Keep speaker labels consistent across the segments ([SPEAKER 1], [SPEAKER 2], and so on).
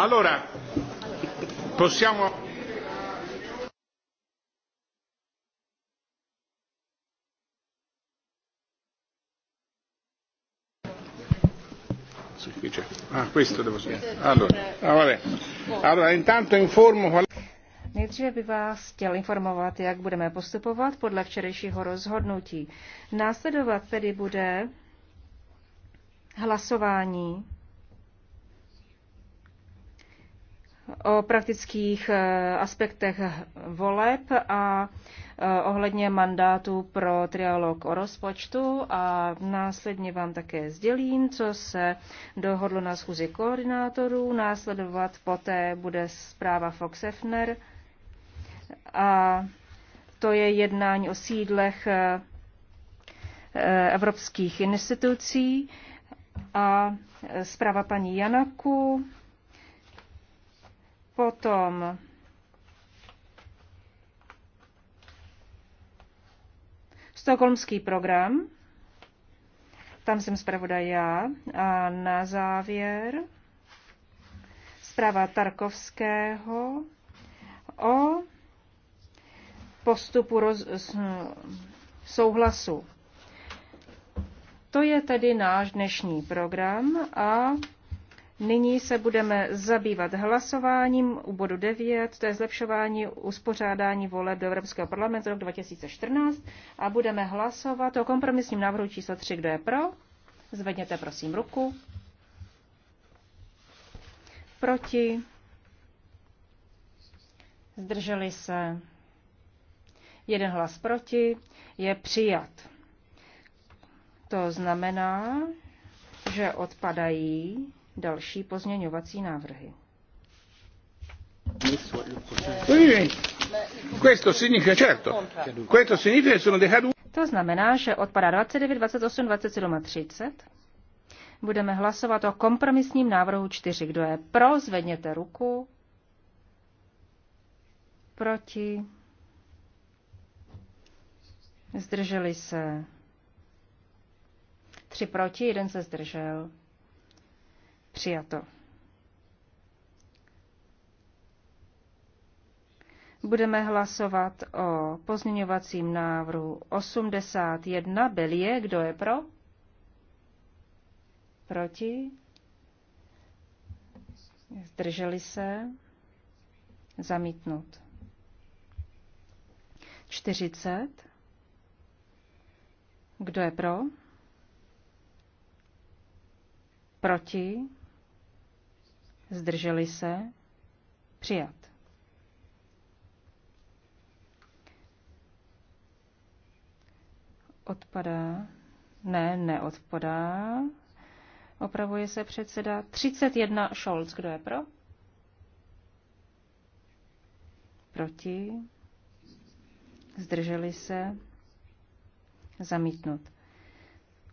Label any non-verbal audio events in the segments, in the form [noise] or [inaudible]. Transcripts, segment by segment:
[SPEAKER 1] Allora,
[SPEAKER 2] possiamo... Ah, questo devo allora, ah, vabbè. allora intanto informo qual... Nejdříve bych vás chtěl informovat, jak budeme postupovat podle včerejšího rozhodnutí. Následovat tedy bude hlasování o praktických eh, aspektech voleb a eh, ohledně mandátu pro trialog o rozpočtu a následně vám také sdělím, co se dohodlo na schůzi koordinátorů. Následovat poté bude zpráva Fox Hefner a to je jednání o sídlech eh, evropských institucí a zpráva paní Janaku Potom Stokholmský program. Tam jsem zpravodaj já. A na závěr zpráva Tarkovského o postupu roz, souhlasu. To je tedy náš dnešní program a Nyní se budeme zabývat hlasováním u bodu 9, to je zlepšování uspořádání voleb do Evropského parlamentu rok 2014 a budeme hlasovat o kompromisním návrhu číslo 3, kdo je pro. Zvedněte prosím ruku. Proti. Zdrželi se. Jeden hlas proti je přijat. To znamená, že odpadají další pozměňovací návrhy. To znamená, že odpadá 29, 28, 27 a 30. Budeme hlasovat o kompromisním návrhu 4. Kdo je pro, zvedněte ruku. Proti. Zdrželi se. Tři proti, jeden se zdržel. Přijato. Budeme hlasovat o pozměňovacím návrhu 81 Belie. Kdo je pro? Proti? Zdrželi se? Zamítnut. 40. Kdo je pro? Proti? zdrželi se, přijat. Odpadá, ne, neodpadá. Opravuje se předseda 31 Scholz. Kdo je pro? Proti? Zdrželi se? Zamítnut.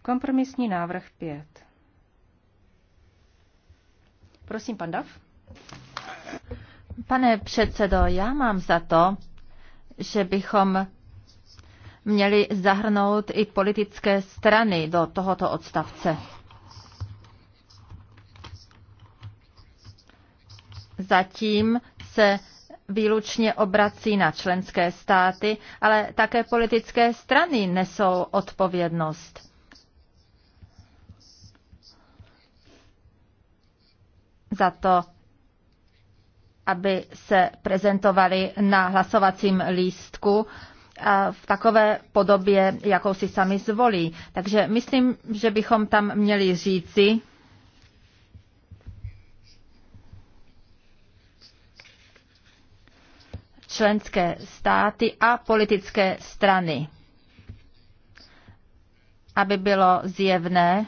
[SPEAKER 2] Kompromisní návrh 5.
[SPEAKER 1] Prosím, pan Dav. Pane předsedo, já mám za to, že bychom měli zahrnout i politické strany do tohoto odstavce. Zatím se výlučně obrací na členské státy, ale také politické strany nesou odpovědnost. za to, aby se prezentovali na hlasovacím lístku v takové podobě, jakou si sami zvolí. Takže myslím, že bychom tam měli říci, členské státy a politické strany, aby bylo zjevné,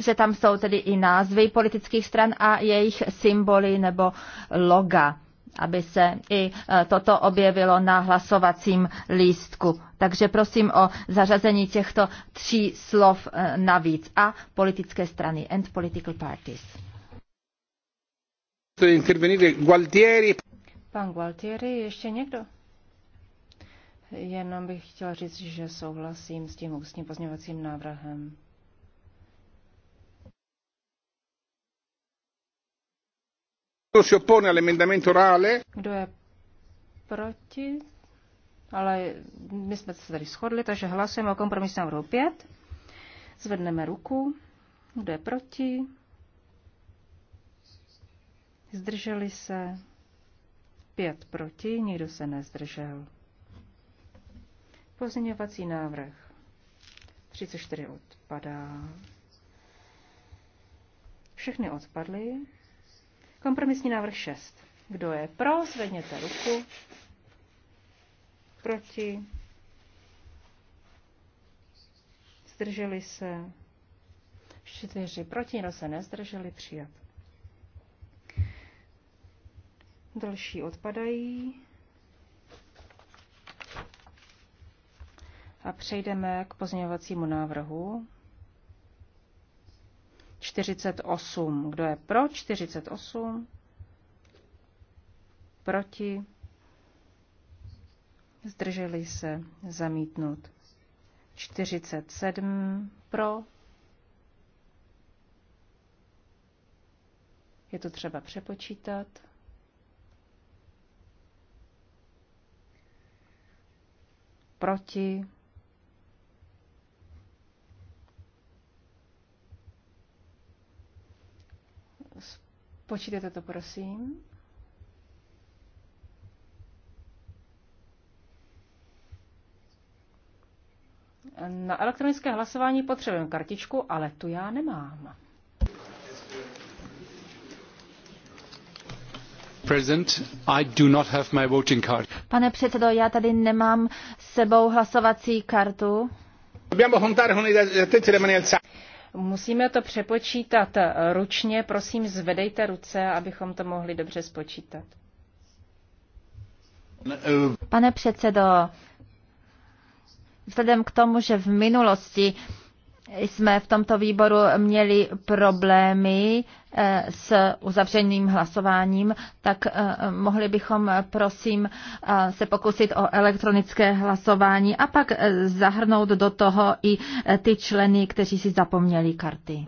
[SPEAKER 1] že tam jsou tedy i názvy politických stran a jejich symboly nebo loga aby se i e, toto objevilo na hlasovacím lístku. Takže prosím o zařazení těchto tří slov e, navíc a politické strany and political parties.
[SPEAKER 2] Gualtieri. Pan Gualtieri, ještě někdo? Jenom bych chtěla říct, že souhlasím s tím ústním pozměňovacím návrhem. si oppone all'emendamento orale. Kdo je proti? Ale my jsme se tady shodli, takže hlasujeme o kompromisním návrhu 5. Zvedneme ruku. Kdo je proti? Zdrželi se. Pět proti, nikdo se nezdržel. Pozměňovací návrh 34 odpadá. Všechny odpadly. Kompromisní návrh 6. Kdo je pro, zvedněte ruku. Proti. Zdrželi se. Čtyři proti, kdo se nezdrželi, přijat. Další odpadají. A přejdeme k pozměňovacímu návrhu 48. Kdo je pro 48? Proti? Zdrželi se zamítnout. 47 pro. Je to třeba přepočítat. Proti. Počítejte to, prosím. Na elektronické hlasování potřebujeme kartičku, ale tu já nemám.
[SPEAKER 1] Pane předsedo, já tady nemám sebou hlasovací kartu. Musíme to
[SPEAKER 2] přepočítat eh, ručně. Prosím, zvedejte ruce, abychom to mohli dobře spočítat.
[SPEAKER 1] Pane předsedo, vzhledem k tomu, že v minulosti jsme v tomto výboru měli problémy eh, s uzavřeným hlasováním, tak eh, mohli bychom prosím eh, se pokusit o elektronické hlasování a pak zahrnout do toho i ty členy, kteří si zapomněli karty.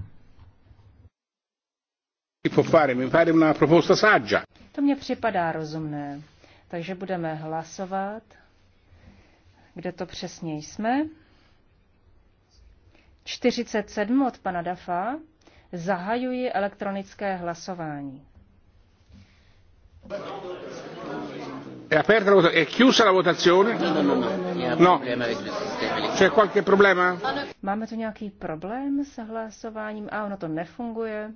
[SPEAKER 1] To mě připadá
[SPEAKER 2] rozumné. Takže budeme hlasovat, kde to přesně jsme. 47 od pana Dafa zahajuji elektronické hlasování. È aperta la votazione? È chiusa la votazione? No. no, no. no, no. no. C'è qualche problema? Máme tu nějaký problém s hlasováním? A ono to nefunguje.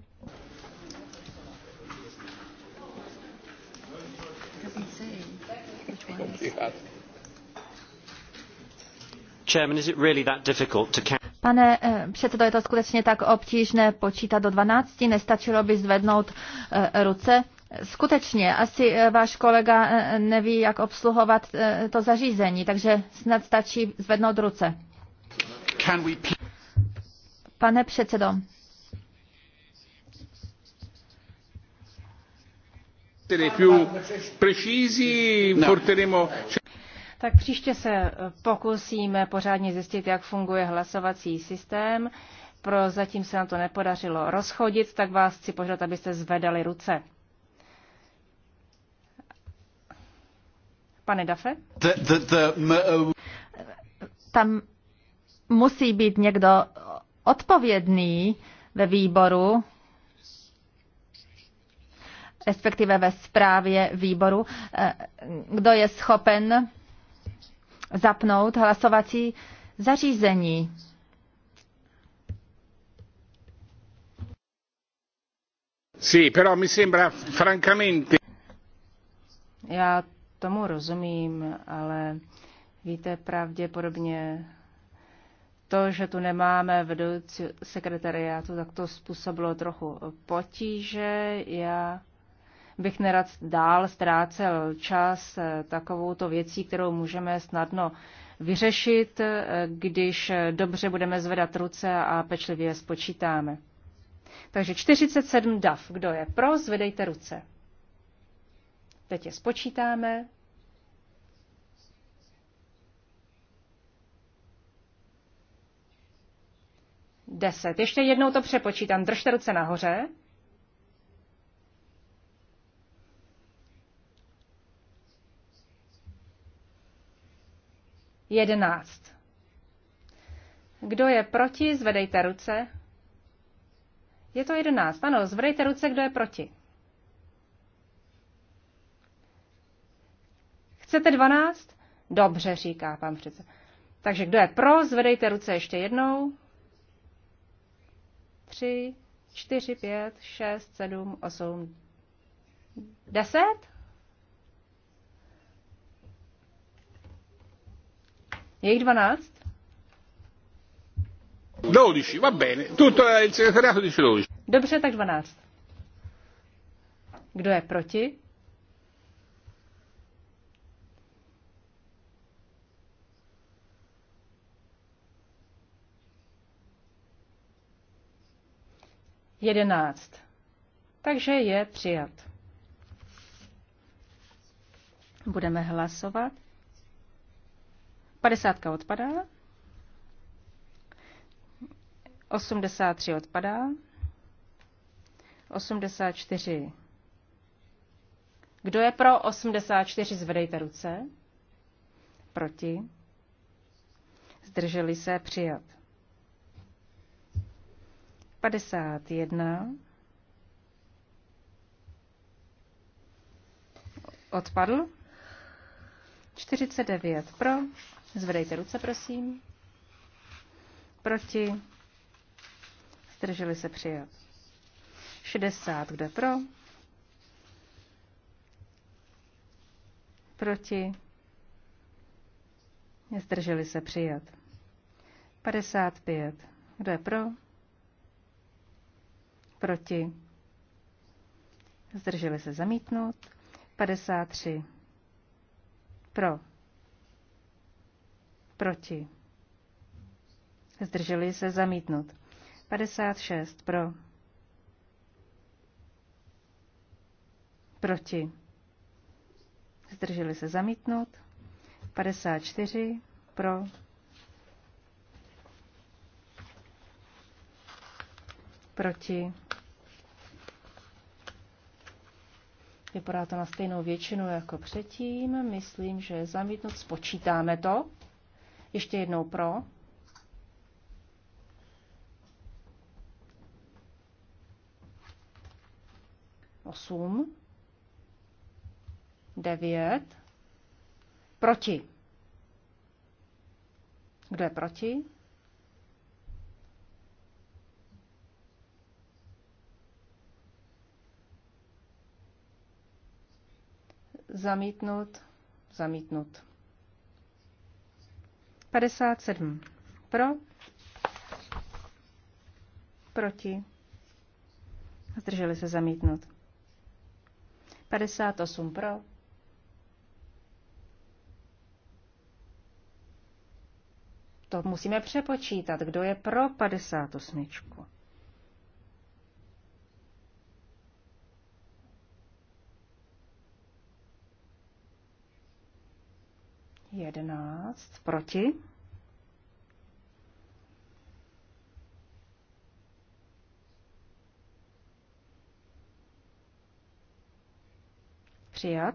[SPEAKER 1] Chairman, is it really that difficult to count? Pane eh, předsedo, je to skutečně tak obtížné počítat do 12, nestačilo by zvednout eh, ruce? Skutečně, asi eh, váš kolega neví, jak obsluhovat to zařízení, takže snad stačí zvednout ruce. Pane předsedo,
[SPEAKER 3] più
[SPEAKER 2] precisi, porteremo... No tak příště se pokusíme pořádně zjistit, jak funguje hlasovací systém. Pro zatím se nám to nepodařilo rozchodit, tak vás chci požádat, abyste zvedali ruce.
[SPEAKER 1] Pane Dafe? The, the, the, uh... Tam musí být někdo odpovědný ve výboru, respektive ve správě výboru, eh, kdo je schopen zapnout hlasovací zařízení.
[SPEAKER 2] Sí, pero mi sembra francamente... Já tomu rozumím, ale víte, pravděpodobně to, že tu nemáme vedoucí sekretariátu, tak to způsobilo trochu potíže. Já bych nerad dál ztrácel čas eh, takovouto věcí, kterou můžeme snadno vyřešit, eh, když eh, dobře budeme zvedat ruce a pečlivě spočítáme. Takže 47 DAF. Kdo je pro, zvedejte ruce. Teď je spočítáme. Deset. Ještě jednou to přepočítám. Držte ruce nahoře. 11. Kdo je proti, zvedejte ruce. Je to 11. Ano, zvedejte ruce, kdo je proti. Chcete 12? Dobře, říká pan přece. Takže kdo je pro, zvedejte ruce ještě jednou. 3, 4, 5, 6, 7, 8, 10? Je jich 12? 12, va bene. Tutto il segretariato dice 12. Dobře, tak 12. Kdo je proti? Jedenáct. Takže je přijat. Budeme hlasovat 50 odpadá. 83 odpadá. 84. Kdo je pro 84, zvedejte ruce. Proti. Zdrželi se přijat. 51. Odpadl. 49 pro. Zvedejte ruce, prosím. Proti? Zdrželi se přijat. 60, kdo pro? Proti? Zdrželi se přijat. 55. Kdo je pro? Proti? Zdrželi se zamítnout. 53. Pro. Proti. Zdrželi se zamítnut. 56 pro. Proti. Zdrželi se zamítnout. 54 pro. Proti. Vypadá to na stejnou většinu jako předtím. Myslím, že zamítnout spočítáme to. Ještě jednou pro. Osm. Devět. Proti. Kdo je proti? Zamítnut, zamítnut. 57 pro, proti, zdrželi se zamítnout. 58 pro, to musíme přepočítat, kdo je pro 58. 11 proti. Přijat.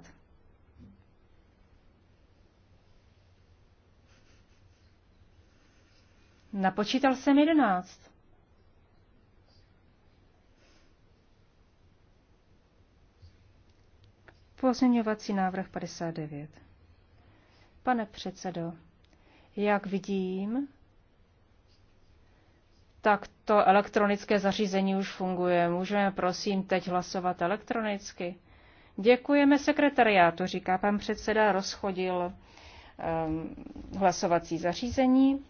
[SPEAKER 2] Napočítal jsem jedenáct. Pozměňovací návrh 59. Pane předsedo, jak vidím, tak to elektronické zařízení už funguje. Můžeme prosím teď hlasovat elektronicky. Děkujeme sekretariátu, říká pan předseda, rozchodil um, hlasovací zařízení.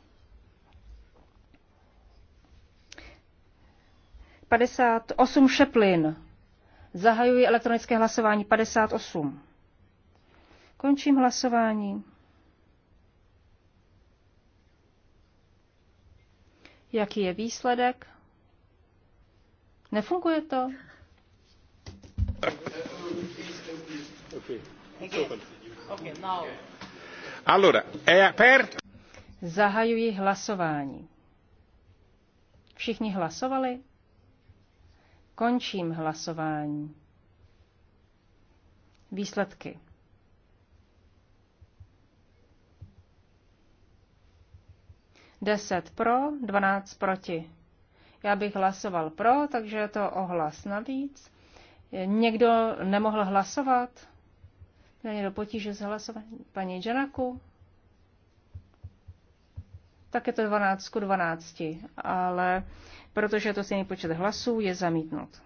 [SPEAKER 2] 58 Šeplin. Zahajuji elektronické hlasování 58. Končím hlasování. Jaký je výsledek? Nefunguje to? Zahajuji hlasování. Všichni hlasovali? Končím hlasování. Výsledky. 10 pro, 12 proti. Já bych hlasoval pro, takže je to ohlas navíc. Někdo nemohl hlasovat? Není někdo potíže s hlasováním? Paní Janaku? Tak je to 12 ku 12, ale protože je to stejný počet hlasů, je zamítnut.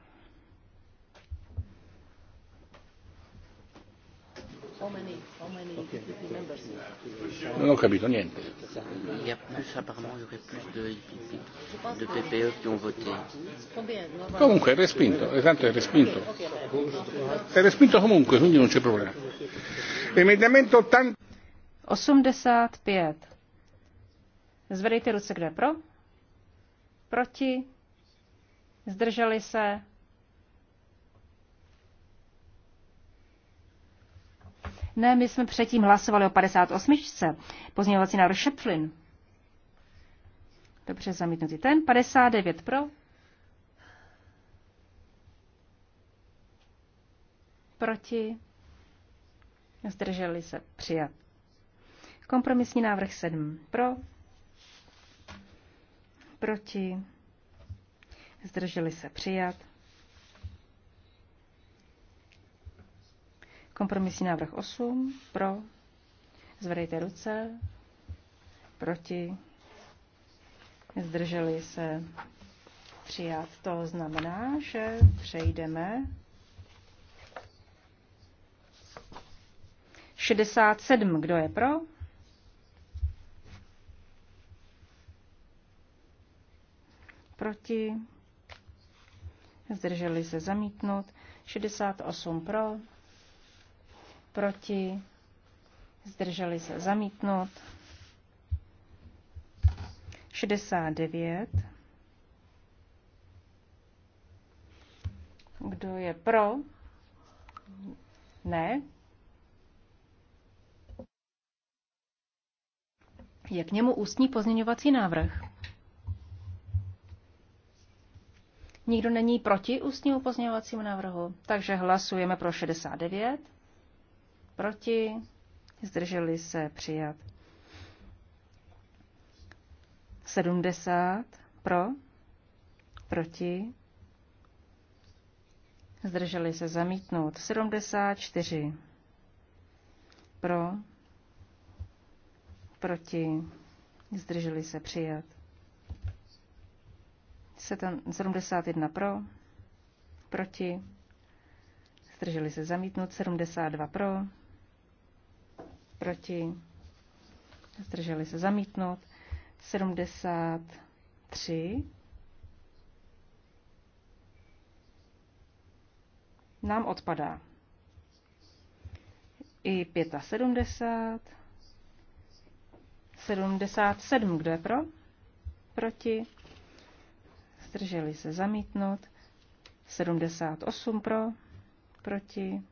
[SPEAKER 3] How many Non, many okay. Non,
[SPEAKER 1] capito niente. Il y a
[SPEAKER 3] plus, apparemment, il y aurait plus de, de PPE qui ont voté.
[SPEAKER 1] Comunque è respinto, esatto è respinto.
[SPEAKER 2] È respinto comunque, quindi non c'è problema. Emendamento 80. 85. Zvedejte ruce, kdo je pro? Proti? Zdrželi se? Ne, my jsme předtím hlasovali o 58. Pozměňovací návrh Šepflin. Dobře, zamítnutý ten. 59 pro. Proti. Zdrželi se. Přijat. Kompromisní návrh 7 pro. Proti. Zdrželi se. Přijat. Kompromisní návrh 8 pro, zvedejte ruce, proti, zdrželi se přijat. To znamená, že přejdeme 67. Kdo je pro? Proti? Zdrželi se zamítnout. 68 pro proti, zdrželi se zamítnout. 69. Kdo je pro? Ne. Je k němu ústní pozměňovací návrh? Nikdo není proti ústnímu pozměňovacímu návrhu, takže hlasujeme pro 69. Proti? Zdrželi se přijat. 70 pro, proti, zdrželi se zamítnout. 74 pro, proti, zdrželi se přijat. 71 pro, proti, zdrželi se zamítnout. 72 pro, proti, zdrželi se zamítnout, 73 nám odpadá. I 75, 77, kdo je pro? Proti, zdrželi se zamítnout, 78 pro, proti,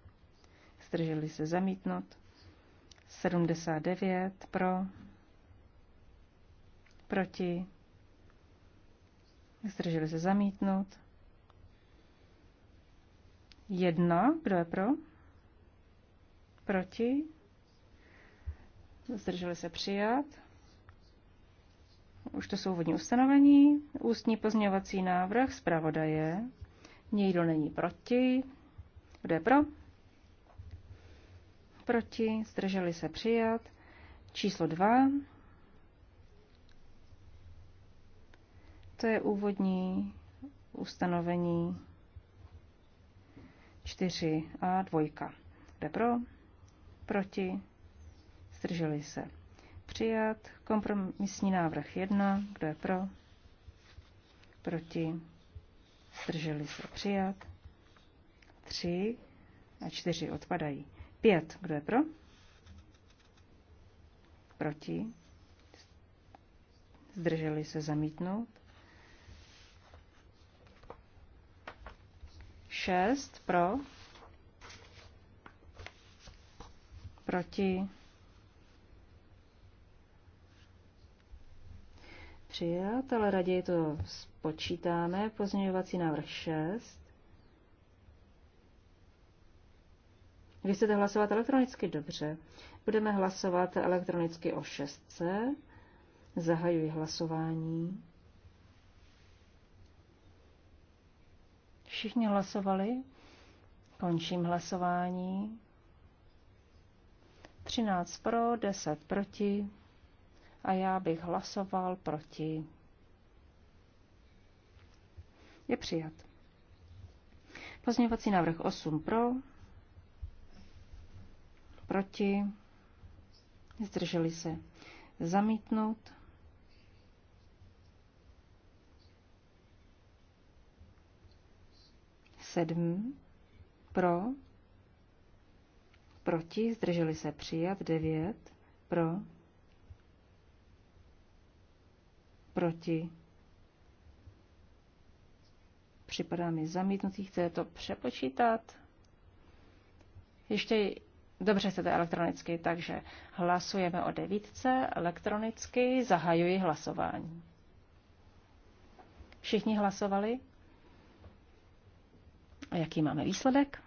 [SPEAKER 2] zdrželi se zamítnout, 79 pro, proti, zdrželi se zamítnout. Jedna, kdo je pro, proti, zdrželi se přijat. Už to jsou vodní ustanovení. Ústní pozměňovací návrh zpravodaje. nikdo není proti. Kdo je pro? proti, zdrželi se přijat. Číslo 2. To je úvodní ustanovení 4 a 2. Jde pro, proti, zdrželi se. Přijat kompromisní návrh 1. Kdo je pro, proti, zdrželi se. Přijat 3 a 4 odpadají. 5. Kdo je pro? Proti? Zdrželi se zamítnout? 6. Pro? Proti? Přijat, ale raději to spočítáme. Pozměňovací návrh 6. Když chcete hlasovat elektronicky, dobře. Budeme hlasovat elektronicky o 6 Zahajuji hlasování. Všichni hlasovali. Končím hlasování. 13 pro, 10 proti. A já bych hlasoval proti. Je přijat. Pozměňovací návrh 8 pro, proti, zdrželi se zamítnout. Sedm pro, proti, zdrželi se přijat, devět pro, proti. Připadá mi zamítnutý, chce to přepočítat. Ještě Dobře, chcete elektronicky, takže hlasujeme o devítce elektronicky, zahajuji hlasování. Všichni hlasovali? A jaký máme výsledek?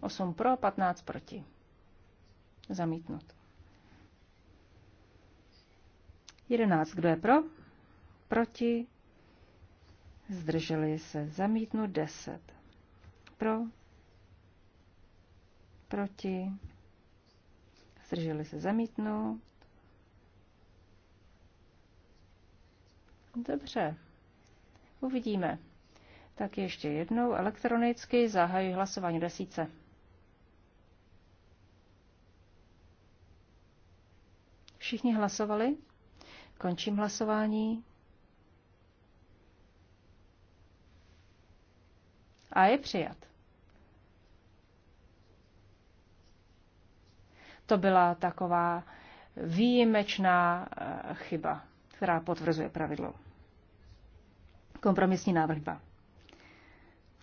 [SPEAKER 2] 8 pro, 15 proti. Zamítnut. 11. Kdo je pro? Proti. Zdrželi se. Zamítnut 10. Pro proti, zdrželi se zamítnu. Dobře, uvidíme. Tak ještě jednou elektronicky zahajuji hlasování desíce. Všichni hlasovali? Končím hlasování. A je přijat. To byla taková výjimečná eh, chyba, která potvrzuje pravidlo. Kompromisní návrh 2.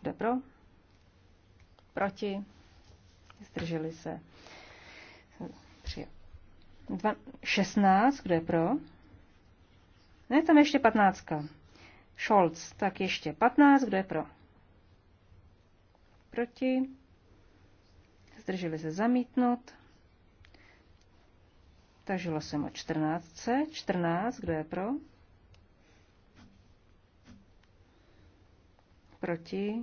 [SPEAKER 2] Jde pro? Proti? Zdrželi se. Přijat. 16, kdo je pro? Ne, tam ještě 15. Scholz, tak ještě 15, kdo je pro? Proti? Zdrželi se zamítnout. Takže hlasujeme o 14. 14, kdo je pro? Proti?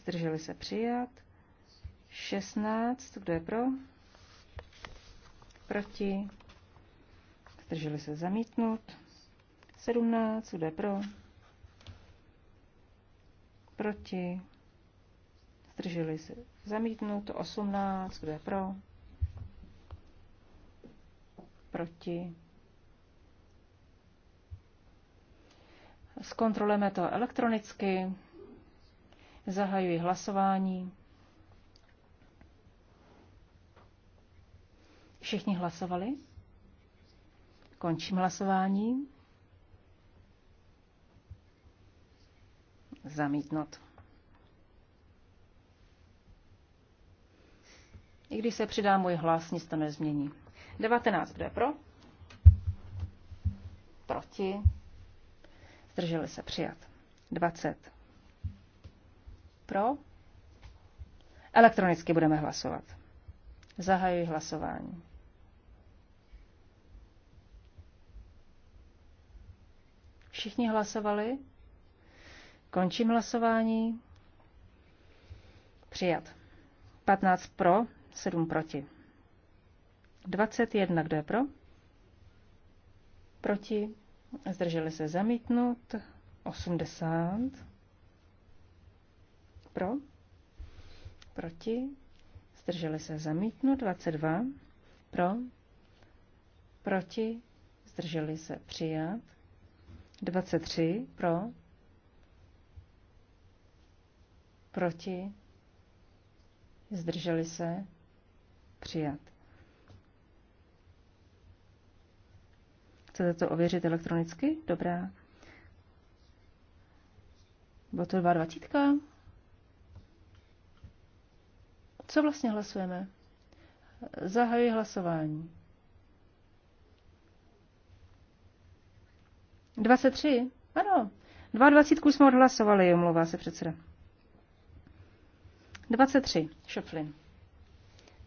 [SPEAKER 2] Zdrželi se přijat. 16, kdo je pro? Proti? Zdrželi se zamítnout. 17, kdo je pro? Proti? Zdrželi se zamítnout. 18, kdo je pro? proti. Zkontrolujeme to elektronicky. Zahajuji hlasování. Všichni hlasovali? Končím hlasování. Zamítnout. I když se přidá můj hlas, nic to nezmění. 19. Kdo je pro? Proti? Zdrželi se přijat. 20. Pro? Elektronicky budeme hlasovat. Zahajuji hlasování. Všichni hlasovali? Končím hlasování. Přijat. 15 pro, 7 proti. 21. Kdo je pro? Proti? Zdrželi se zamítnout. 80. Pro? Proti? Zdrželi se zamítnout. 22. Pro? Proti? Zdrželi se přijat. 23. Pro? Proti? Zdrželi se přijat. Chcete to ověřit elektronicky? Dobrá. Bylo to 22. Co vlastně hlasujeme? Zahajuji hlasování. 23? Ano. 22 jsme odhlasovali, omlouvá se předseda. 23. Šoflin.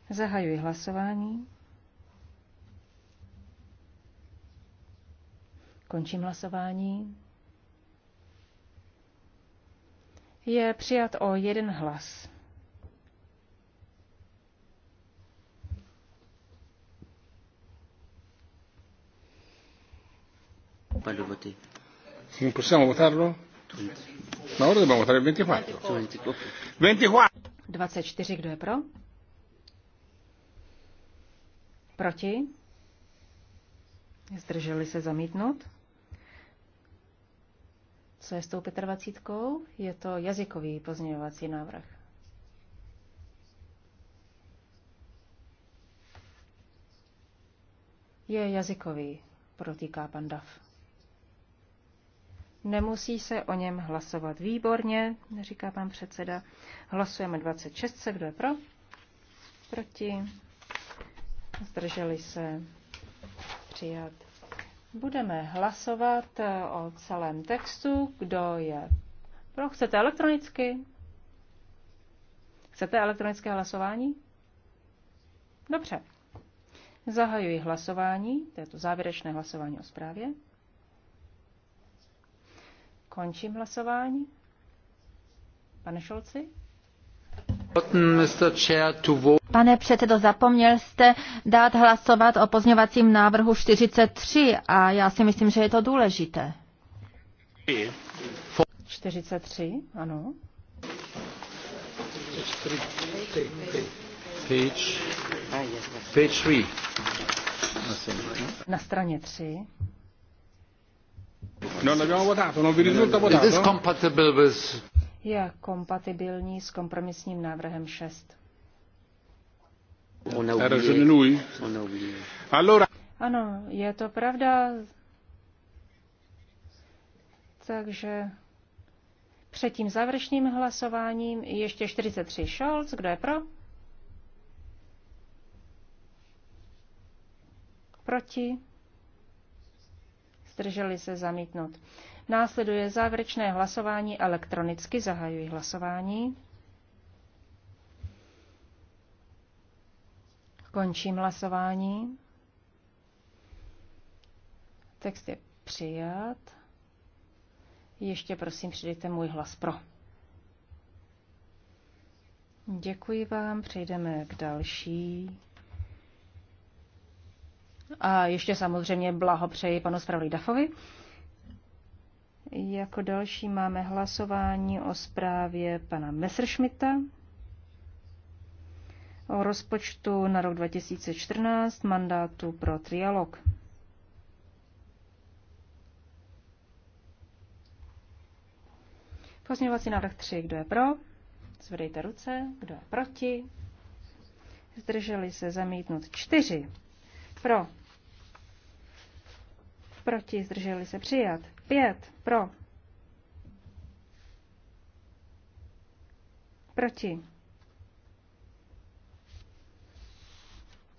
[SPEAKER 2] Zahajuji hlasování. Končím hlasování. Je přijat o jeden hlas. possiamo votarlo? Ma ora dobbiamo votare il 24. 24. 24, kdo je pro? Proti? Zdrželi se zamítnout? Co je s tou 25? Je to jazykový pozměňovací návrh. Je jazykový, protýká pan Dav. Nemusí se o něm hlasovat. Výborně, říká pan předseda. Hlasujeme 26. Kdo je pro? Proti? Zdrželi se. Přijat. Budeme hlasovat eh, o celém textu. Kdo je pro? Chcete elektronicky? Chcete elektronické hlasování? Dobře. Zahajuji hlasování, to je to závěrečné hlasování o zprávě. Končím
[SPEAKER 1] hlasování.
[SPEAKER 2] Pane Šolci?
[SPEAKER 1] Pane předsedo, zapomněl jste dát hlasovat o pozměňovacím návrhu 43 a já si myslím, že je to důležité. 43, ano.
[SPEAKER 2] Na straně 3.
[SPEAKER 1] Non no, abbiamo votato, non vi risulta votato? Is this compatible with
[SPEAKER 2] je kompatibilní s kompromisním návrhem 6. Ano, je to pravda. Takže před tím závěrečným hlasováním ještě 43 Scholz. Kdo je pro? Proti? Zdrželi se zamítnout. Následuje závěrečné hlasování elektronicky. Zahajuji hlasování. Končím hlasování. Text je přijat. Ještě prosím přidejte můj hlas pro. Děkuji vám, přejdeme k další. A ještě samozřejmě blahopřeji panu zpravodaji Dafovi. Jako další máme hlasování o zprávě pana Messerschmitta o rozpočtu na rok 2014 mandátu pro trialog. Pozměňovací návrh 3. Kdo je pro? Zvedejte ruce. Kdo je proti? Zdrželi se zamítnut 4. Pro. Proti zdrželi se přijat. 5 pro. Proti.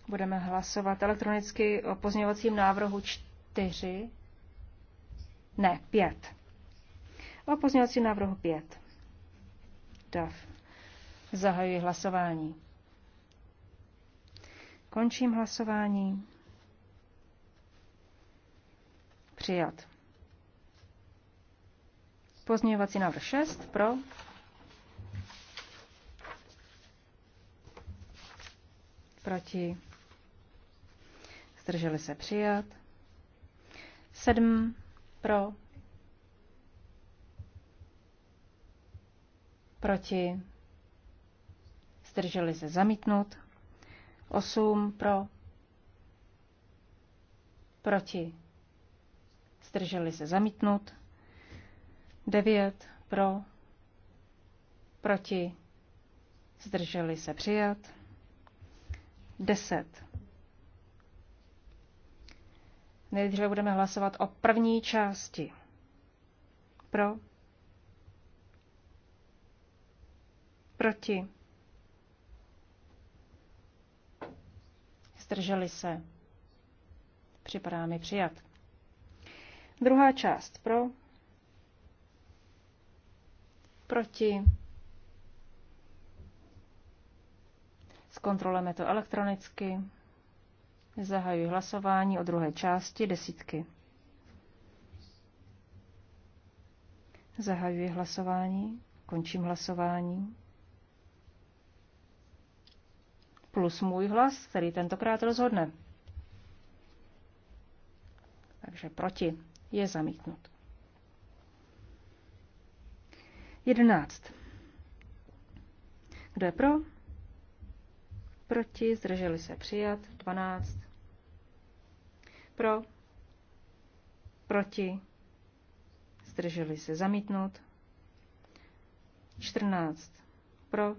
[SPEAKER 2] Budeme hlasovat elektronicky o pozměňovacím návrhu 4. Ne, 5. O pozměňovacím návrhu 5. DAF. Zahajuji hlasování. Končím hlasování. Přijat. Pozměňovací návrh 6 pro. Proti. Zdrželi se přijat. 7 pro. Proti. Zdrželi se zamítnout. 8 pro. Proti. Zdrželi se zamítnout. 9 pro, proti, zdrželi se přijat. 10. Nejdříve budeme hlasovat o první části. Pro, proti, zdrželi se. Připadá mi přijat. Druhá část pro, Proti. Zkontrolujeme to elektronicky. Zahajuji hlasování o druhé části desítky. Zahajuji hlasování, končím hlasování. Plus můj hlas, který tentokrát rozhodne. Takže proti je zamítnut. 11. Kdo je pro? Proti, zdrželi se přijat. 12. Pro. Proti. Zdrželi se zamítnout. 14. Pro.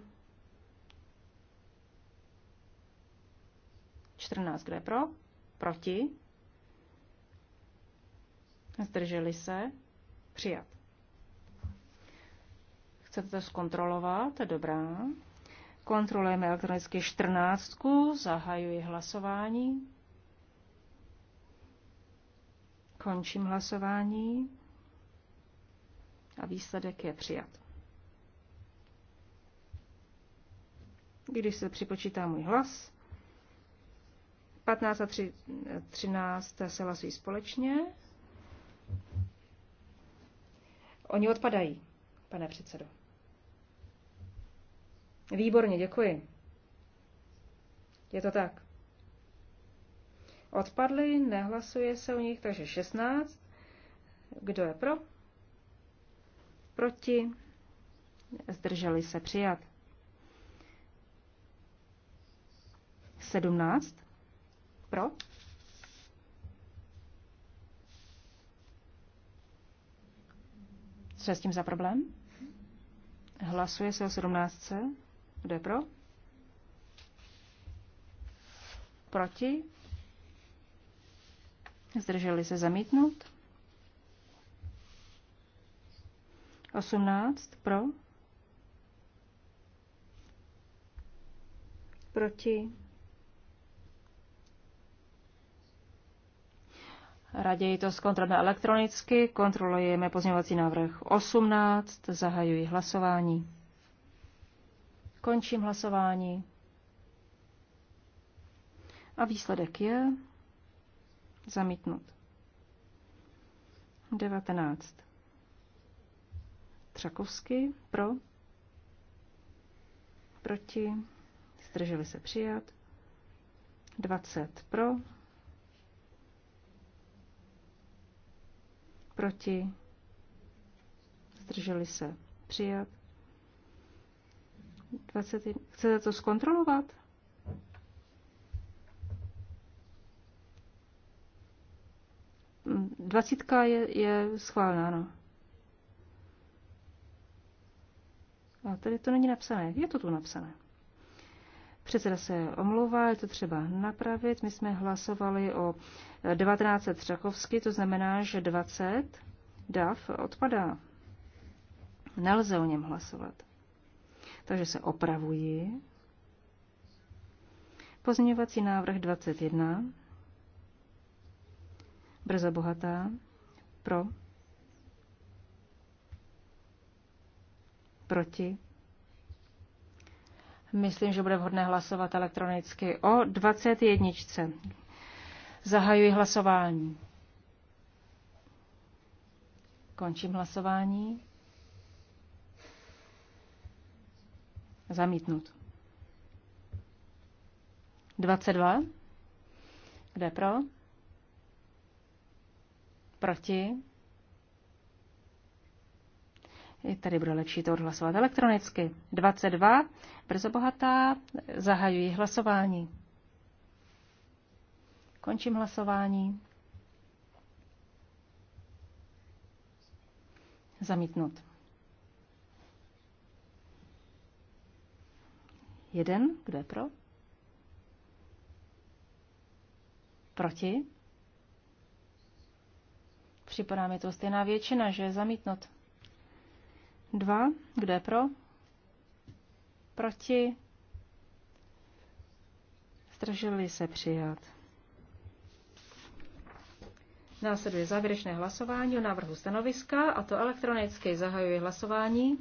[SPEAKER 2] 14. Kdo je pro? Proti. Zdrželi se. Přijat. Chcete to zkontrolovat? Dobrá. Kontrolujeme elektronicky 14. Zahajuji hlasování. Končím hlasování. A výsledek je přijat. Když se připočítá můj hlas, 15 a 3, 13 se hlasují společně. Oni odpadají, pane předsedo. Výborně, děkuji. Je to tak. Odpadly, nehlasuje se o nich, takže 16. Kdo je pro? Proti? Zdrželi se přijat. 17. Pro? Co je s tím za problém? Hlasuje se o 17. Kdo je pro? Proti? Zdrželi se zamítnout? 18 pro? Proti? Raději to zkontrolujeme elektronicky. Kontrolujeme pozměňovací návrh 18. Zahajuji hlasování. Končím hlasování. A výsledek je zamítnut. 19. Třakovsky pro, proti, zdrželi se přijat. 20 pro, proti, zdrželi se přijat. 21. Chcete to zkontrolovat? Dvacítka je, je schválená, ano. A tady to není napsané. Je to tu napsané. Předseda se omlouvá, je to třeba napravit. My jsme hlasovali o 19 Třakovsky, to znamená, že 20 DAF odpadá. Nelze o něm hlasovat takže se opravuji. Pozměňovací návrh 21. Brzo bohatá. Pro. Proti. Myslím, že bude vhodné hlasovat elektronicky o 21. Zahajuji hlasování. Končím hlasování. Zamítnut. 22. Kdo je pro? Proti? I tady bude lepší to odhlasovat elektronicky. 22. Brzo bohatá. Zahajuji hlasování. Končím hlasování. Zamítnut. Jeden, kdo je pro? Proti? Připadá mi to stejná většina, že je zamítnut. Dva, kdo je pro? Proti? Zdrželi se přijat. Následuje závěrečné hlasování o návrhu stanoviska, a to elektronicky zahajuje hlasování.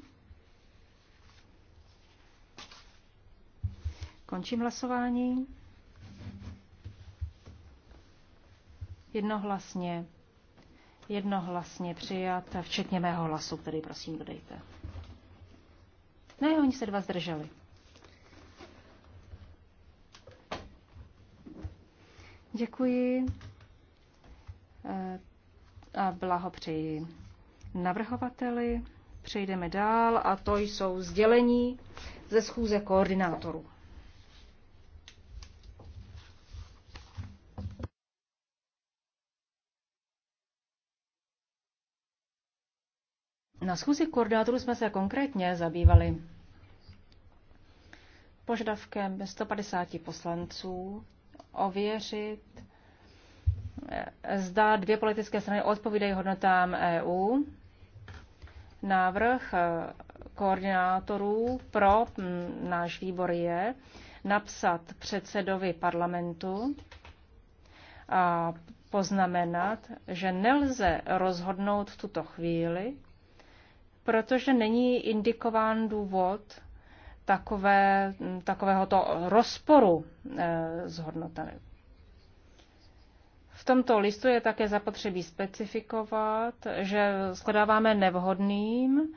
[SPEAKER 2] Končím hlasování. Jednohlasně. Jednohlasně přijat, včetně mého hlasu, který prosím dodejte. Ne, oni se dva zdrželi. Děkuji eh, a blahopřeji navrhovateli. Přejdeme dál a to jsou sdělení ze schůze koordinátorů. Na schůzi koordinátorů jsme se konkrétně zabývali požadavkem 150 poslanců ověřit, eh, zda dvě politické strany odpovídají hodnotám EU. Návrh eh, koordinátorů pro hm, náš výbor je napsat předsedovi parlamentu a poznamenat, že nelze rozhodnout v tuto chvíli protože není indikován důvod takové, takovéhoto rozporu eh, s hodnotami. V tomto listu je také zapotřebí specifikovat, že shledáváme nevhodným,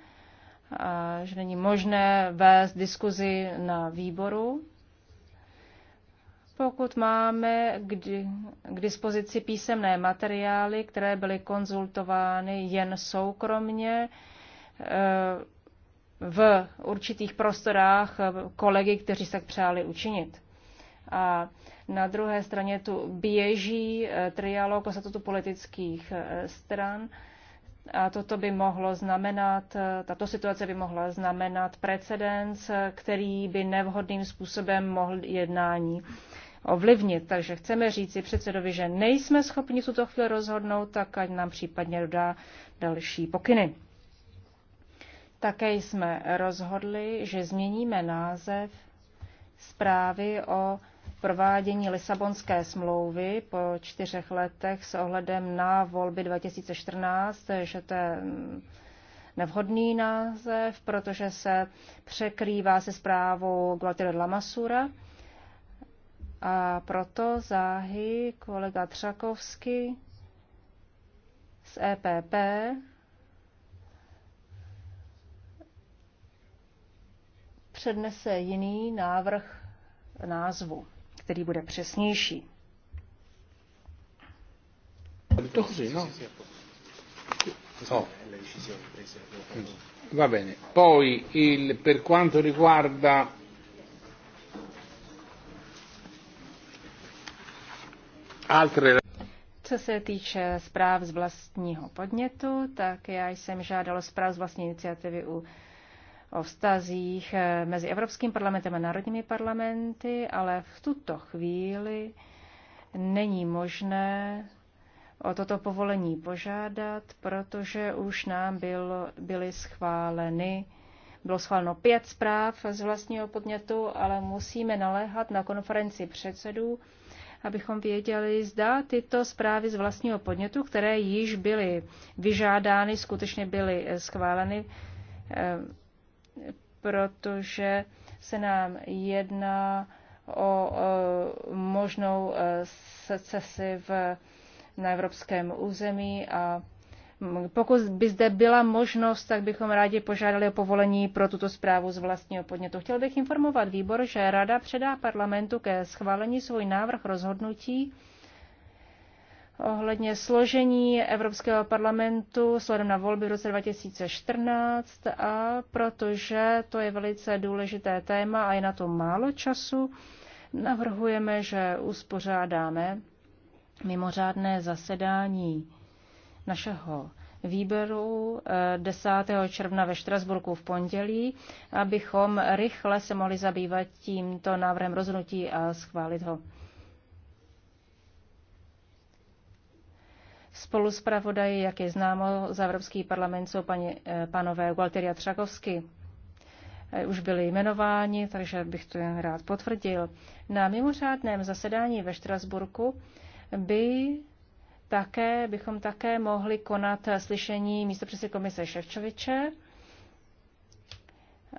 [SPEAKER 2] že není možné vést diskuzi na výboru, pokud máme k, k dispozici písemné materiály, které byly konzultovány jen soukromně, v určitých prostorách kolegy, kteří se tak přáli učinit. A na druhé straně tu běží eh, trialog o statutu politických eh, stran. A toto by mohlo znamenat, eh, tato situace by mohla znamenat precedens, který by nevhodným způsobem mohl jednání ovlivnit. Takže chceme říci předsedovi, že nejsme schopni tuto chvíli rozhodnout, tak ať nám případně dodá další pokyny. Také jsme rozhodli, že změníme název zprávy o provádění Lisabonské smlouvy po čtyřech letech s ohledem na volby 2014, že to je mm, nevhodný název, protože se překrývá se zprávou Gualtiero Lamasura. A proto záhy kolega Třakovsky z EPP přednese jiný návrh názvu, který bude přesnější.
[SPEAKER 3] Così, no? No. Va bene. Poi il, per quanto riguarda altre
[SPEAKER 1] co
[SPEAKER 2] se týče zpráv z vlastního podnětu, tak já jsem žádala zpráv z vlastní iniciativy u o vztazích eh, mezi Evropským parlamentem a národními parlamenty, ale v tuto chvíli není možné o toto povolení požádat, protože už nám bylo, byly schváleny bylo schváleno pět zpráv z vlastního podnětu, ale musíme naléhat na konferenci předsedů, abychom věděli, zda tyto zprávy z vlastního podnětu, které již byly vyžádány, skutečně byly schváleny eh, protože se nám jedná o možnou e, secesi v, na evropském území a pokud by zde byla možnost, tak bychom rádi požádali o povolení pro tuto zprávu z vlastního podnětu. Chtěl bych informovat výbor, že Rada předá parlamentu ke schválení svůj návrh rozhodnutí ohledně složení Evropského parlamentu sledem na volby v roce 2014 a protože to je velice důležité téma a je na to málo času, navrhujeme, že uspořádáme mimořádné zasedání našeho výběru 10. Eh, června ve Štrasburku v pondělí, abychom rychle se mohli zabývat tímto návrhem rozhodnutí a schválit ho. Spolu s pravodají, jak je známo, za Evropský parlament jsou paní, eh, panové Gualteria Třakovsky. Eh, už byli jmenováni, takže bych to jen rád potvrdil. Na mimořádném zasedání ve Štrasburku by také, bychom také mohli konat slyšení místopředsedy komise Ševčoviče,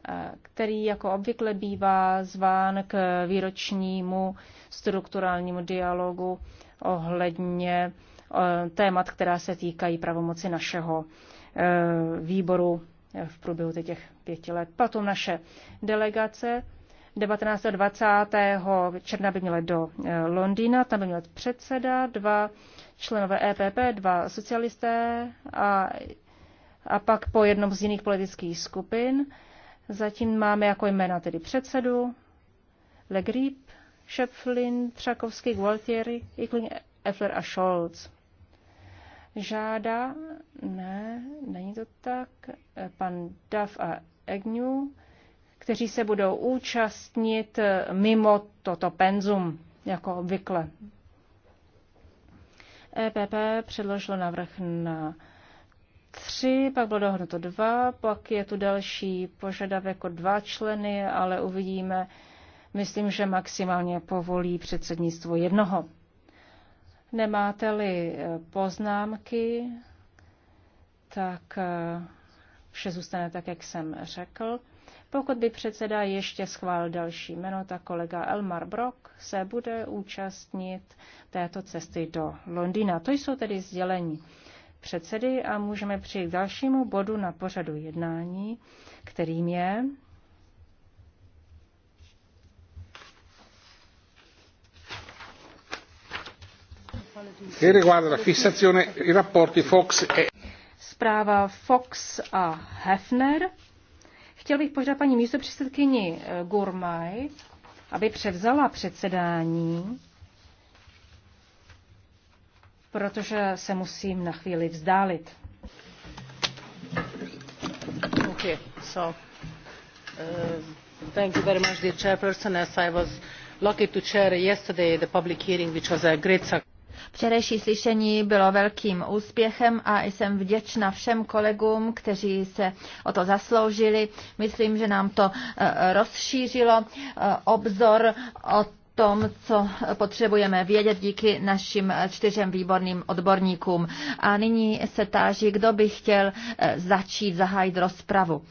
[SPEAKER 2] eh, který jako obvykle bývá zván k výročnímu strukturálnímu dialogu ohledně Eh, témat, která se týkají pravomoci našeho eh, výboru eh, v průběhu těch pěti let. Potom naše delegace 19. 20. června by měla do Londýna, tam by měl předseda, dva členové EPP, dva socialisté a, a pak po jednom z jiných politických skupin. Zatím máme jako jména tedy předsedu, Legrip, Šepflin, Třakovský, Gualtieri, Ikling, Effler a Scholz žádá. Ne, není to tak. Pan Duff a Agnew, kteří se budou účastnit mimo toto penzum, jako obvykle. EPP předložilo návrh na tři, pak bylo dohodnuto dva, pak je tu další požadavek jako dva členy, ale uvidíme, myslím, že maximálně povolí předsednictvo jednoho. Nemáte-li eh, poznámky, tak eh, vše zůstane tak, jak jsem řekl. Pokud by předseda ještě schválil další jméno, tak kolega Elmar Brock se bude účastnit této cesty do Londýna. To jsou tedy sdělení předsedy a můžeme přijít k dalšímu bodu na pořadu jednání, kterým je che riguarda la fissazione
[SPEAKER 1] i rapporti Fox e...
[SPEAKER 2] Zpráva Fox a Hefner. Chtěl bych požádat paní místopředsedkyni eh, Gurmaj, aby převzala předsedání, protože se musím na chvíli vzdálit. Okay,
[SPEAKER 1] so, uh, thank you very much, dear chairperson. As I was lucky to chair yesterday the public hearing, which was a great success. Včerejší slyšení bylo velkým úspěchem a jsem vděčna všem kolegům, kteří se o to zasloužili. Myslím, že nám to eh, rozšířilo eh, obzor o tom, co potřebujeme vědět díky našim eh, čtyřem výborným odborníkům. A nyní se táží, kdo by chtěl začít zahájit rozpravu.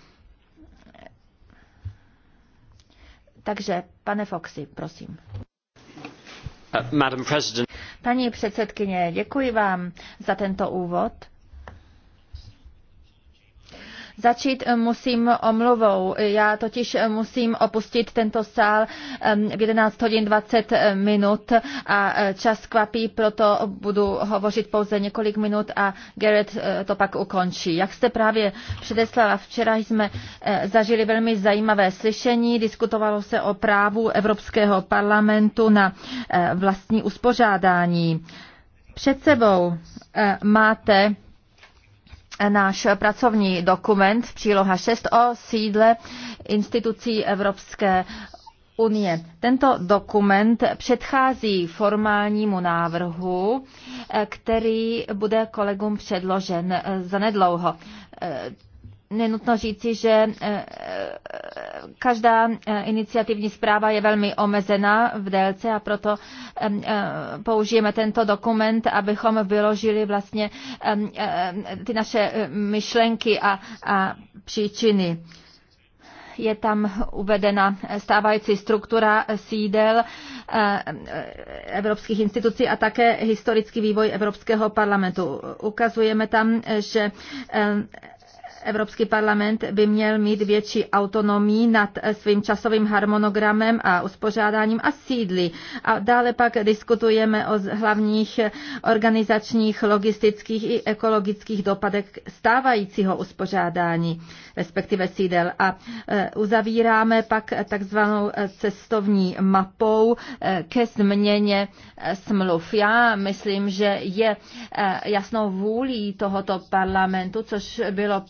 [SPEAKER 1] Takže, pane Foxy, prosím. Uh, Madam President. Paní předsedkyně, děkuji vám za tento úvod. Začít eh, musím omluvou. Já totiž eh, musím opustit tento sál v 11 hodin 20 eh, minut a čas kvapí, proto budu hovořit pouze několik minut a Garrett to pak ukončí. Jak jste právě předeslala, včera jsme zažili velmi zajímavé slyšení. Diskutovalo se o právu Evropského parlamentu na vlastní uspořádání. Před sebou máte náš pracovní dokument, příloha 6 o sídle institucí Evropské unie. Tento dokument předchází formálnímu návrhu, eh, který bude kolegům předložen eh, zanedlouho. Eh, nenutno říci, že eh, eh, každá eh, iniciativní zpráva je velmi omezená v délce a proto použijeme tento dokument, abychom vyložili vlastně ty naše myšlenky a, a příčiny je tam uvedena stávající struktura sídel evropských institucí a také historický vývoj Evropského parlamentu. Ukazujeme tam, že Evropský parlament by měl mít větší autonomii nad svým časovým harmonogramem a uspořádáním a sídly. A dále pak diskutujeme o hlavních organizačních, logistických i ekologických dopadech stávajícího uspořádání, respektive sídel. A e, uzavíráme pak takzvanou e, cestovní mapou e, ke změně smluv. Já myslím, že je jasnou vůlí tohoto parlamentu, což bylo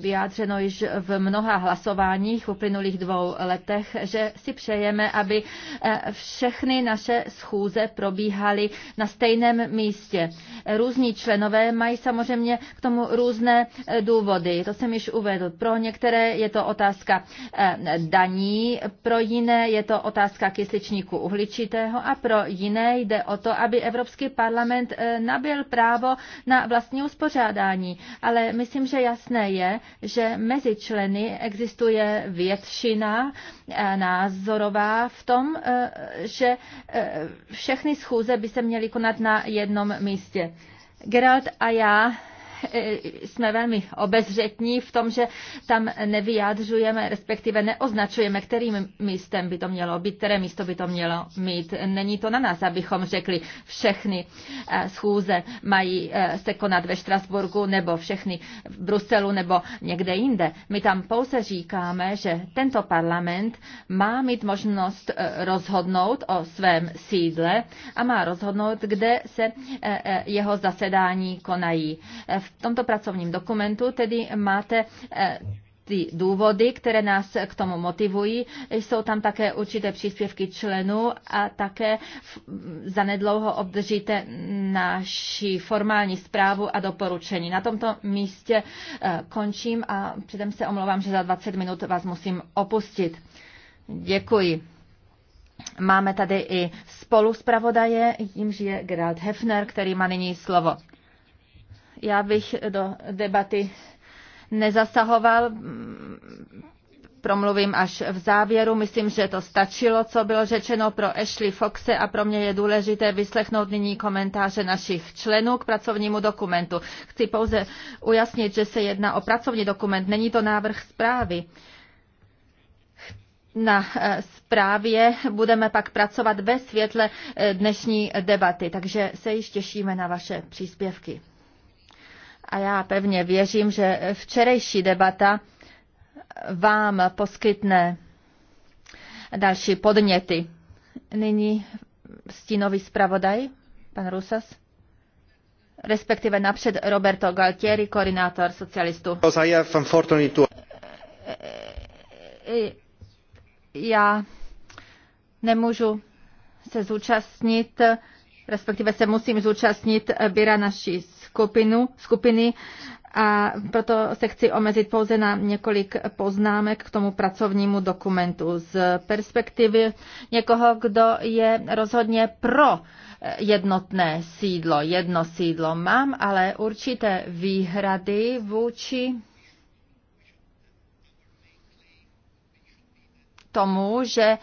[SPEAKER 1] vyjádřeno již v mnoha hlasováních v uplynulých dvou letech, že si přejeme, aby eh, všechny naše schůze probíhaly na stejném místě. Různí členové mají samozřejmě k tomu různé eh, důvody. To jsem již uvedl. Pro některé je to otázka eh, daní, pro jiné je to otázka kysličníku uhličitého a pro jiné jde o to, aby Evropský parlament nabil právo na vlastní uspořádání. Ale myslím, že jasné je, že mezi členy existuje většina eh, názorová v tom, eh, že eh, všechny schůze by se měly konat na jednom místě. Gerald a já Eh, jsme velmi obezřetní v tom, že tam nevyjádřujeme, respektive neoznačujeme, kterým místem by to mělo být, které místo by to mělo mít. Není to na nás, abychom řekli, všechny eh, schůze mají eh, se konat ve Štrasburgu nebo všechny v Bruselu nebo někde jinde. My tam pouze říkáme, že tento parlament má mít možnost rozhodnout o svém sídle a má rozhodnout, kde se jeho zasedání konají. V v tomto pracovním dokumentu tedy máte eh, ty důvody, které nás k tomu motivují. Jsou tam také určité příspěvky členů a také zanedlouho obdržíte naši formální zprávu a doporučení. Na tomto místě eh, končím a předem se omlouvám, že za 20 minut vás musím opustit. Děkuji. Máme tady i spolu jimž je Gerald Hefner, který má nyní slovo. Já bych do debaty nezasahoval, promluvím až v závěru. Myslím, že to stačilo, co bylo řečeno pro Ashley Foxe a pro mě je důležité vyslechnout nyní komentáře našich členů k pracovnímu dokumentu. Chci pouze ujasnit, že se jedná o pracovní dokument, není to návrh zprávy. Na eh, zprávě budeme pak pracovat ve světle eh, dnešní debaty, takže se již těšíme na vaše příspěvky. A já pevně věřím, že včerejší debata vám poskytne další podněty. Nyní stínový zpravodaj, pan Rusas, respektive napřed Roberto Galtieri, koordinátor socialistů. Já nemůžu se zúčastnit, respektive se musím zúčastnit Bira naší skupinu, skupiny a proto se chci omezit pouze na několik poznámek k tomu pracovnímu dokumentu z perspektivy někoho, kdo je rozhodně pro jednotné sídlo, jedno sídlo. Mám ale určité výhrady vůči tomu, že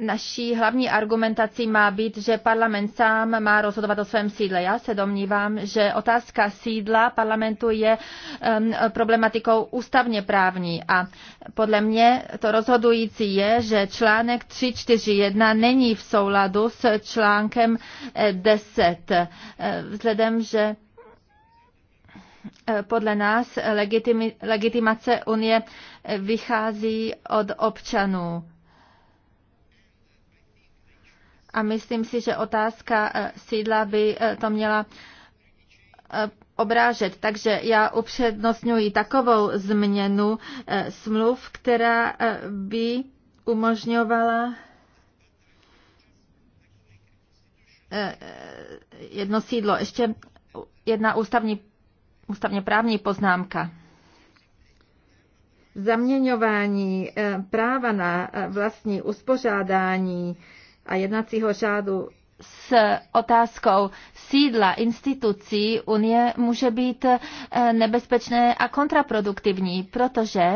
[SPEAKER 1] Naší hlavní argumentací má být, že parlament sám má rozhodovat o svém sídle. Já se domnívám, že otázka sídla parlamentu je um, problematikou ústavně právní a podle mě to rozhodující je, že článek 341 není v souladu s článkem 10, eh, eh, vzhledem, že eh, podle nás legitimace Unie vychází od občanů a myslím si, že otázka eh, sídla by eh, to měla eh, obrážet. Takže já upřednostňuji takovou změnu smluv, která by umožňovala jedno sídlo. Ještě jedna ústavní, ústavně právní poznámka. Zaměňování práva na vlastní uspořádání a jednacího řádu s otázkou sídla institucí Unie může být eh, nebezpečné a kontraproduktivní, protože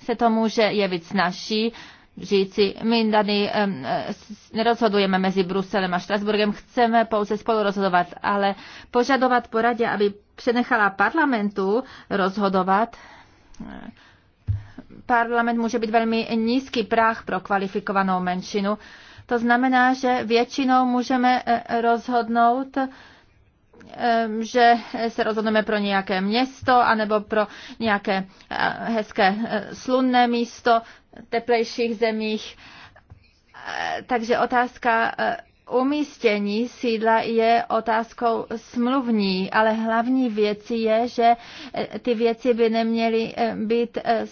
[SPEAKER 1] se to může jevit snažší, říci, my tady eh, nerozhodujeme mezi Bruselem a Štrasburgem, chceme pouze spolu rozhodovat, ale požadovat poradě, aby přenechala parlamentu rozhodovat, eh, parlament může být velmi nízký práh pro kvalifikovanou menšinu, to znamená, že většinou můžeme e, rozhodnout, e, že se rozhodneme pro nějaké město anebo pro nějaké e, hezké slunné místo v teplejších zemích. Takže otázka umístění sídla je otázkou smluvní, ale hlavní věcí je, že eh, ty věci by neměly eh, být eh,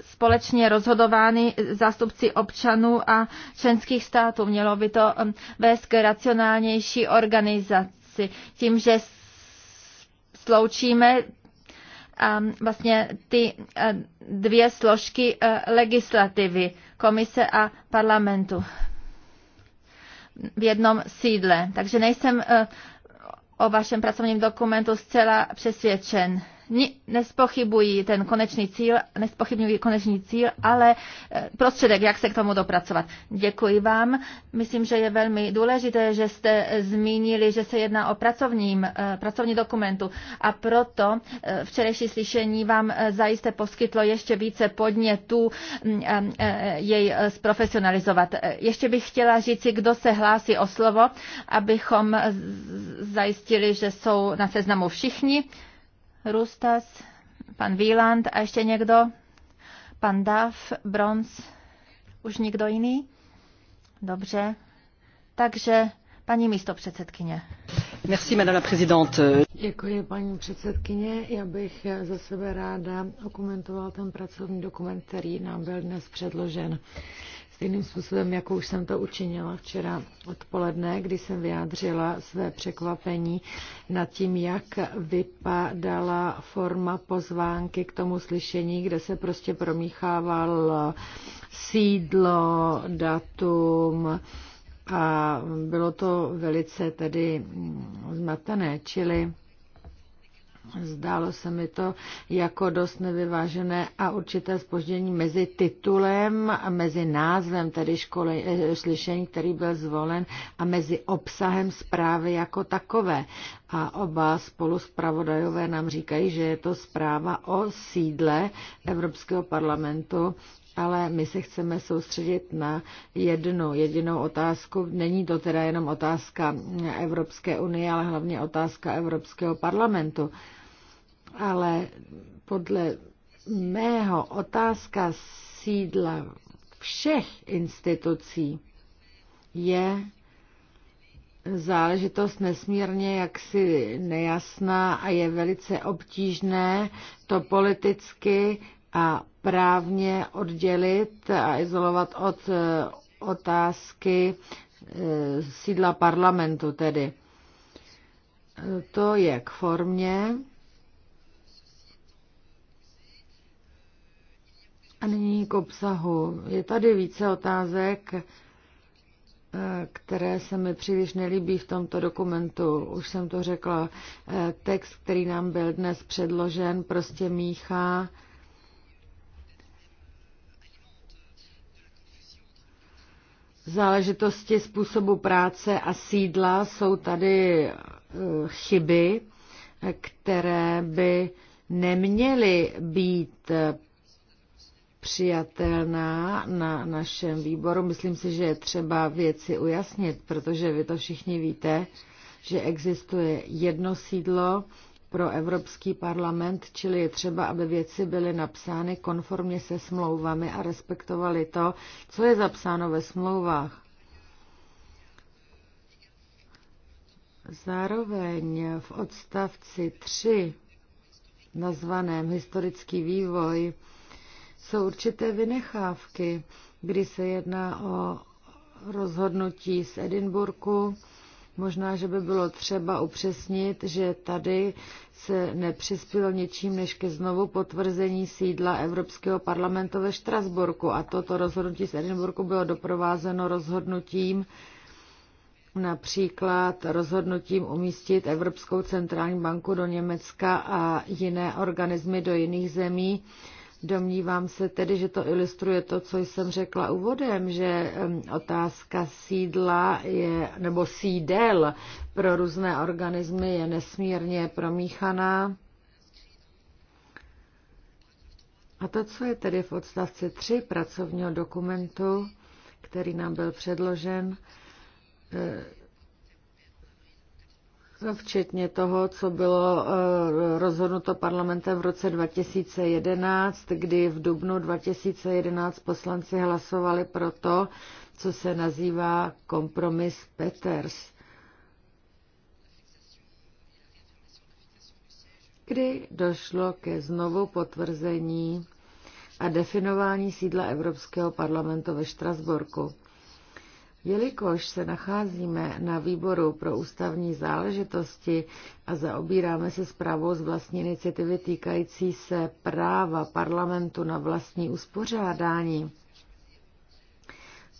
[SPEAKER 1] společně rozhodovány zástupci občanů a členských států. Mělo by to hm, vést k racionálnější organizaci. Tím, že sloučíme hm, vlastně ty dvě složky legislativy, komise a parlamentu v jednom sídle. Takže nejsem eh, o vašem pracovním dokumentu zcela přesvědčen nespochybují ten konečný cíl, nespochybňují konečný cíl, ale eh, prostředek, jak se k tomu dopracovat. Děkuji vám. Myslím, že je velmi důležité, že jste eh, zmínili, že se jedná o pracovním, eh, pracovní dokumentu a proto včerejší slyšení vám zajisté poskytlo ještě více podnětů mm, jej zprofesionalizovat. Ještě bych chtěla říci, kdo se hlásí o slovo, abychom zajistili, že jsou na seznamu všichni. Rustas, pan Wieland a ještě někdo? Pan Dav, Bronz, už nikdo jiný?
[SPEAKER 3] Dobře. Takže paní místo předsedkyně. Merci, madame la présidente. Děkuji, paní předsedkyně. Já bych za sebe ráda okomentoval ten pracovní dokument, který nám byl dnes předložen stejným způsobem, jako už jsem to učinila včera odpoledne, kdy jsem vyjádřila své překvapení nad tím, jak vypadala forma pozvánky k tomu slyšení, kde se prostě promíchával sídlo, datum a bylo to velice tedy zmatené, čili Zdálo se mi to jako dost nevyvážené a určité spoždění mezi titulem a mezi názvem tedy školy, eh, slyšení, který byl zvolen a mezi obsahem zprávy jako takové. A oba spolu zpravodajové nám říkají, že je to zpráva o sídle Evropského parlamentu ale my se chceme soustředit na jednu jedinou otázku. Není to teda jenom otázka Evropské unie, ale hlavně otázka Evropského parlamentu. Ale podle mého otázka sídla všech institucí je záležitost nesmírně jaksi nejasná a je velice obtížné to politicky a právně oddělit a izolovat od eh, otázky eh, sídla parlamentu tedy. To je k formě. A nyní k obsahu. Je tady více otázek, eh, které se mi příliš nelíbí v tomto dokumentu. Už jsem to řekla. Text, který nám byl dnes předložen, prostě míchá záležitosti způsobu práce a sídla jsou tady eh, chyby, které by neměly být eh, přijatelná na našem výboru. Myslím si, že je třeba věci ujasnit, protože vy to všichni víte, že existuje jedno sídlo pro Evropský parlament, čili je třeba, aby věci byly napsány konformně se smlouvami a respektovali to, co je zapsáno ve smlouvách. Zároveň v odstavci 3 nazvaném historický vývoj jsou určité vynechávky, kdy se jedná o rozhodnutí z Edinburgu, Možná, že by bylo třeba upřesnit, že tady se nepřispělo něčím než ke znovu potvrzení sídla Evropského parlamentu ve Štrasburku. A toto rozhodnutí z Edinburgu bylo doprovázeno rozhodnutím, například rozhodnutím umístit Evropskou centrální banku do Německa a jiné organismy do jiných zemí, Domnívám se tedy, že to ilustruje to, co jsem řekla úvodem, že otázka sídla je, nebo sídel pro různé organismy je nesmírně promíchaná. A to, co je tedy v odstavci 3 pracovního dokumentu, který nám byl předložen, včetně toho, co bylo eh, rozhodnuto parlamentem v roce 2011, kdy v dubnu 2011 poslanci hlasovali pro to, co se nazývá kompromis Peters. kdy došlo ke znovu potvrzení a definování sídla Evropského parlamentu ve Štrasburku. Jelikož se nacházíme na výboru pro ústavní záležitosti a zaobíráme se zprávou z vlastní iniciativy týkající se práva parlamentu na vlastní uspořádání,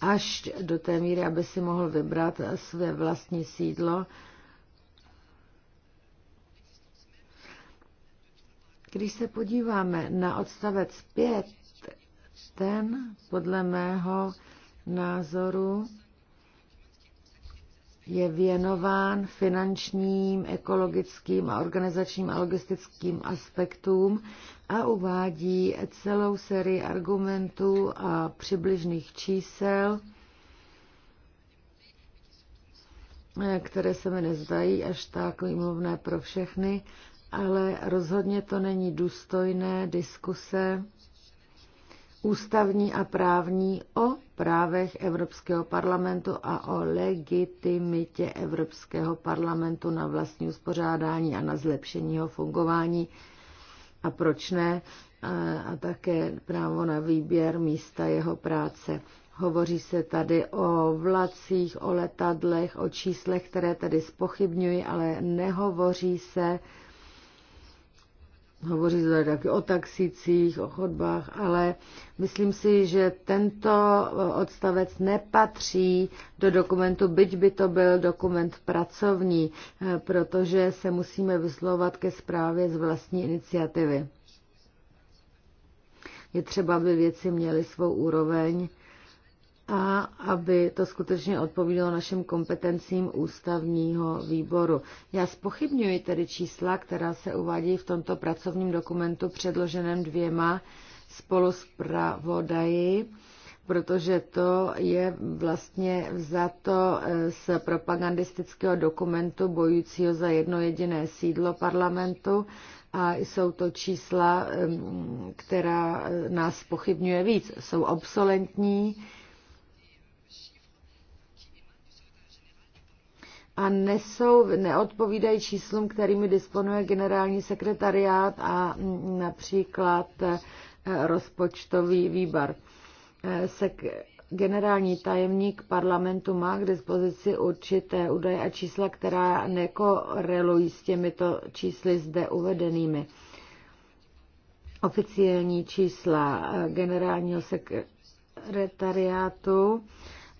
[SPEAKER 3] až do té míry, aby si mohl vybrat své vlastní sídlo, Když se podíváme na odstavec 5, ten podle mého názoru je věnován finančním, ekologickým a organizačním a logistickým aspektům a uvádí celou sérii argumentů a přibližných čísel, které se mi nezdají až tak výmluvné pro všechny, ale rozhodně to není důstojné diskuse ústavní a právní o právech Evropského parlamentu a o legitimitě Evropského parlamentu na vlastní uspořádání a na zlepšení jeho fungování. A proč ne? A také právo na výběr místa jeho práce. Hovoří se tady o vlacích, o letadlech, o číslech, které tady spochybňuji, ale nehovoří se Hovoří se taky o taxicích, o chodbách, ale myslím si, že tento e, odstavec nepatří do dokumentu, byť by to byl dokument pracovní, e, protože se musíme vyslovovat ke zprávě z vlastní iniciativy. Je třeba, aby věci měly svou úroveň a aby to skutečně odpovídalo našim kompetencím ústavního výboru. Já spochybňuji tedy čísla, která se uvádí v tomto pracovním dokumentu předloženém dvěma pravodají, protože to je vlastně vzato eh, z propagandistického dokumentu bojujícího za jedno jediné sídlo parlamentu, a jsou to čísla, která eh, nás pochybňuje víc. Jsou obsolentní, a nesou, neodpovídají číslům, kterými disponuje generální sekretariát a například eh, rozpočtový výbar. Eh, sek- generální tajemník parlamentu má k dispozici určité údaje a čísla, která nekorelují s těmito čísly zde uvedenými. Oficiální čísla eh, generálního sekretariátu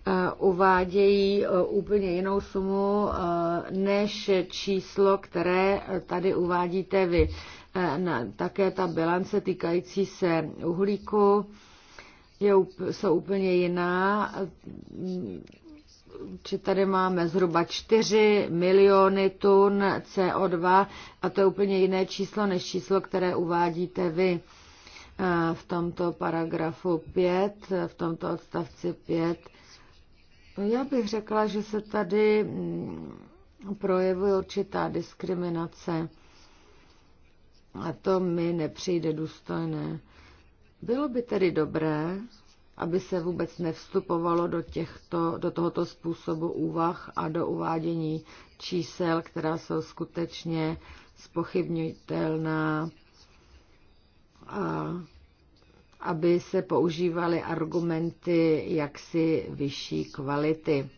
[SPEAKER 3] Eh, uvádějí eh, úplně jinou sumu eh, než číslo, které tady uvádíte vy. Také ta bilance týkající se uhlíku je, jsou úplně jiná. Či tady máme zhruba 4 miliony tun CO2 a to je úplně jiné číslo než číslo, které uvádíte vy v tomto paragrafu 5, v tomto odstavci 5 já bych řekla, že se tady mm, projevuje určitá diskriminace a to mi nepřijde důstojné. Bylo by tedy dobré, aby se vůbec nevstupovalo do, těchto, do tohoto způsobu úvah a do uvádění čísel, která jsou skutečně spochybnitelná a aby se používaly argumenty jaksi vyšší kvality.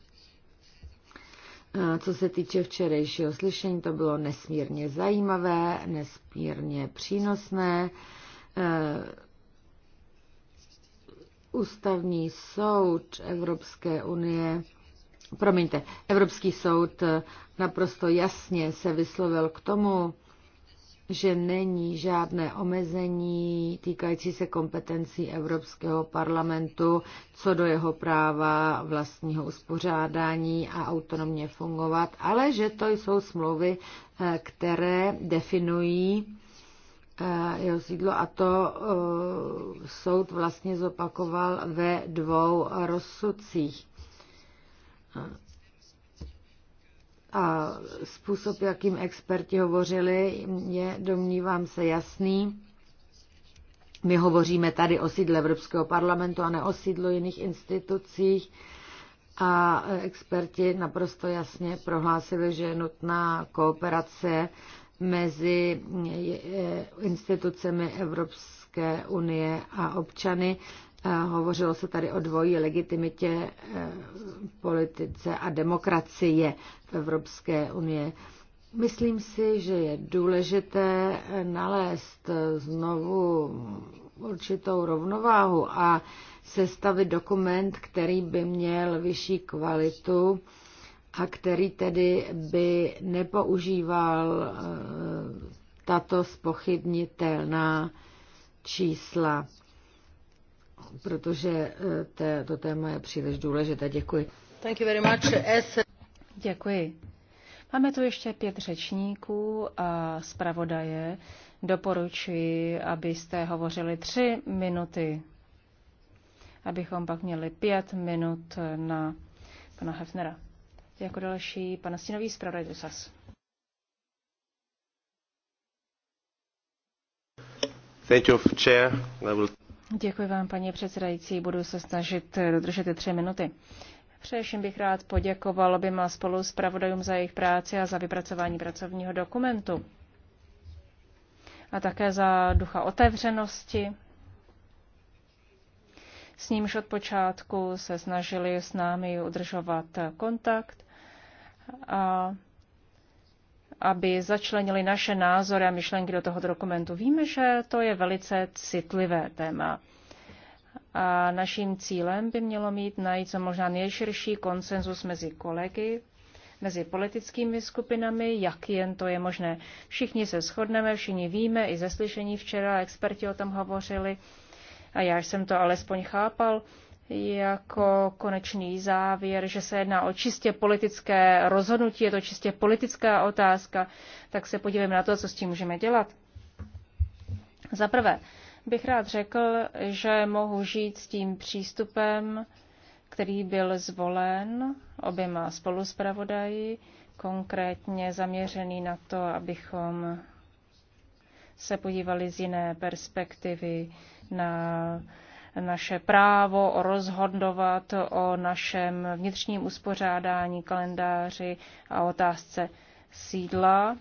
[SPEAKER 3] Eh, co se týče včerejšího slyšení, to bylo nesmírně zajímavé, nesmírně přínosné. Eh, Ústavní soud Evropské unie, promiňte, Evropský soud naprosto jasně se vyslovil k tomu, že není žádné omezení týkající se kompetencí Evropského parlamentu co do jeho práva vlastního uspořádání a autonomně fungovat, ale že to jsou smlouvy, eh, které definují eh, jeho sídlo a to eh, soud vlastně zopakoval ve dvou rozsudcích. A způsob, jakým experti hovořili, je, domnívám se, jasný. My hovoříme tady o sídle Evropského parlamentu a ne o sídlu jiných institucích. A experti naprosto jasně prohlásili, že je nutná kooperace mezi institucemi Evropské unie a občany, Hovořilo se tady o dvojí legitimitě eh, politice a demokracie v Evropské unii. Myslím si, že je důležité eh, nalézt eh, znovu určitou rovnováhu a sestavit dokument, který by měl vyšší kvalitu a který tedy by nepoužíval tato spochybnitelná čísla protože eh, té, to téma je příliš důležité. Děkuji.
[SPEAKER 2] Thank you very much. Děkuji. Máme tu ještě pět řečníků a zpravodaje. Doporučuji, abyste hovořili tři minuty, abychom pak měli pět minut na pana Hefnera. Jako další pana Stinový zpravodaj sas. Thank you, chair. I will... Děkuji vám, paní předsedající. Budu se snažit dodržet ty tři minuty. Především bych rád poděkoval oběma spolu s pravodajům za jejich práci a za vypracování pracovního dokumentu. A také za ducha otevřenosti, s nímž od počátku se snažili s námi udržovat kontakt. A aby začlenili naše názory a myšlenky do tohoto dokumentu. Víme, že to je velice citlivé téma. A naším cílem by mělo mít najít co možná nejširší konsenzus mezi kolegy, mezi politickými skupinami, jak jen to je možné. Všichni se shodneme, všichni víme, i ze slyšení včera experti o tom hovořili, a já jsem to alespoň chápal, jako konečný závěr, že se jedná o čistě politické rozhodnutí, je to čistě politická otázka, tak se podívejme na to, co s tím můžeme dělat. Za prvé bych rád řekl, že mohu žít s tím přístupem, který byl zvolen oběma spoluspravodaji, konkrétně zaměřený na to, abychom se podívali z jiné perspektivy na naše právo rozhodovat o našem vnitřním uspořádání, kalendáři a otázce sídla.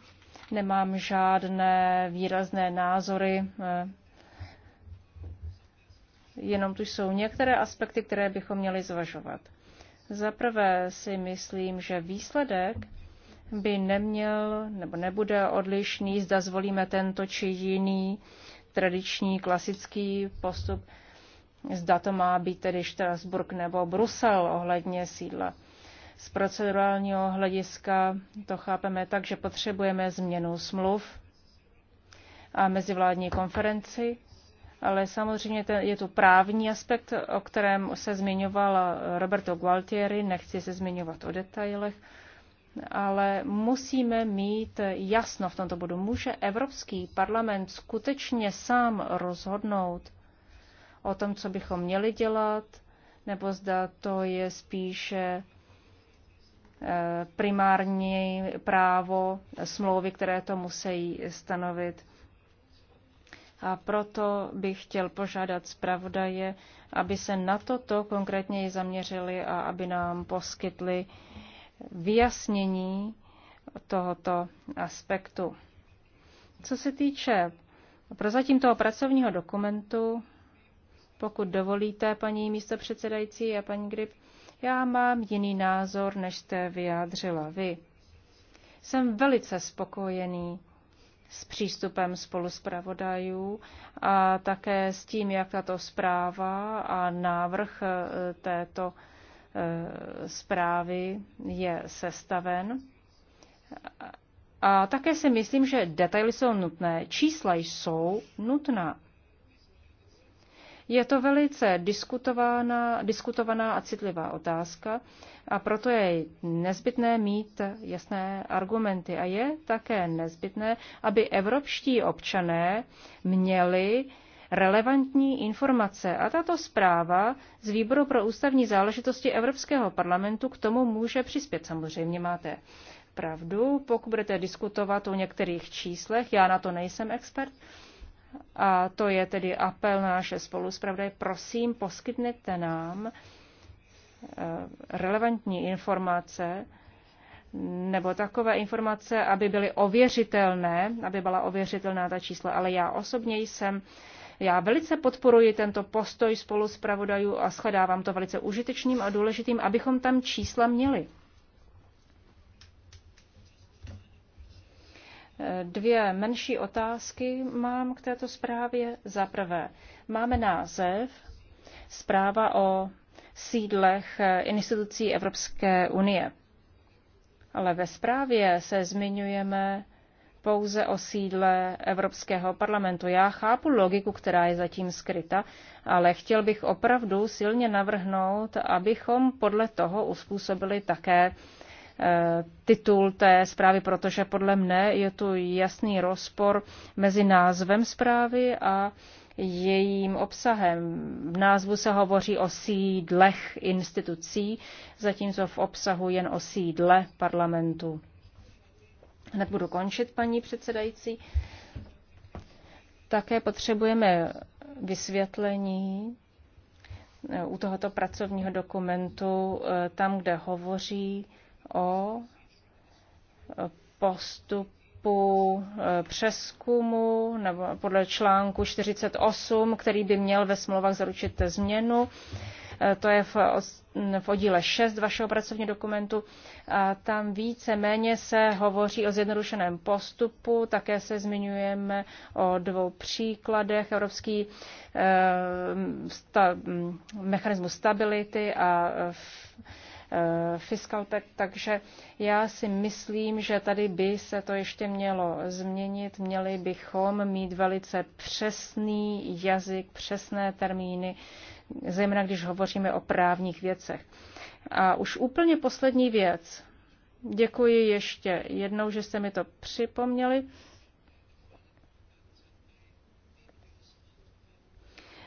[SPEAKER 2] Nemám žádné výrazné názory, eh, jenom tu jsou některé aspekty, které bychom měli zvažovat. Za prvé si myslím, že výsledek by neměl nebo nebude odlišný, zda zvolíme tento či jiný tradiční klasický postup Zda to má být tedy Štrasburg nebo Brusel ohledně sídla. Z procedurálního hlediska to chápeme tak, že potřebujeme změnu smluv a mezivládní konferenci, ale samozřejmě je tu právní aspekt, o kterém se zmiňoval Roberto Gualtieri, nechci se zmiňovat o detailech, ale musíme mít jasno v tomto bodu. Může Evropský parlament skutečně sám rozhodnout o tom, co bychom měli dělat, nebo zda to je spíše eh, primární právo smlouvy, které to musí stanovit. A proto bych chtěl požádat zpravodaje, aby se na toto konkrétně zaměřili a aby nám poskytli vyjasnění tohoto aspektu. Co se týče prozatím toho pracovního dokumentu, pokud dovolíte, paní místo předsedající a paní Grip, já mám jiný názor, než jste vyjádřila vy. Jsem velice spokojený s přístupem spoluspravodajů a také s tím, jak tato zpráva a návrh eh, této eh, zprávy je sestaven. A také si myslím, že detaily jsou nutné, čísla jsou nutná. Je to velice diskutovaná, diskutovaná a citlivá otázka a proto je nezbytné mít jasné argumenty a je také nezbytné, aby evropští občané měli relevantní informace a tato zpráva z Výboru pro ústavní záležitosti Evropského parlamentu k tomu může přispět. Samozřejmě máte pravdu, pokud budete diskutovat o některých číslech, já na to nejsem expert, a to je tedy apel na naše spoluspravdaje. Prosím, poskytněte nám eh, relevantní informace nebo takové informace, aby byly ověřitelné, aby byla ověřitelná ta čísla. Ale já osobně jsem já velice podporuji tento postoj spolu s a shledávám to velice užitečným a důležitým, abychom tam čísla měli. Dvě menší otázky mám k této zprávě. Za prvé, máme název zpráva o sídlech institucí Evropské unie. Ale ve zprávě se zmiňujeme pouze o sídle Evropského parlamentu. Já chápu logiku, která je zatím skryta, ale chtěl bych opravdu silně navrhnout, abychom podle toho uspůsobili také Eh, titul té zprávy, protože podle mne je tu jasný rozpor mezi názvem zprávy a jejím obsahem. V názvu se hovoří o sídlech institucí, zatímco v obsahu jen o sídle parlamentu. Hned budu končit, paní předsedající. Také potřebujeme vysvětlení eh, u tohoto pracovního dokumentu, eh, tam, kde hovoří o postupu e, přeskumu nebo podle článku 48, který by měl ve smlouvách zaručit změnu. E, to je v, oddíle 6 vašeho pracovního dokumentu. A tam více méně se hovoří o zjednodušeném postupu, také se zmiňujeme o dvou příkladech. Evropský eh, sta, mechanismus stability a eh, Eh, Fiskal tak, takže já si myslím, že tady by se to ještě mělo změnit. Měli bychom mít velice přesný jazyk, přesné termíny, zejména když hovoříme o právních věcech. A už úplně poslední věc. Děkuji ještě jednou, že jste mi to připomněli.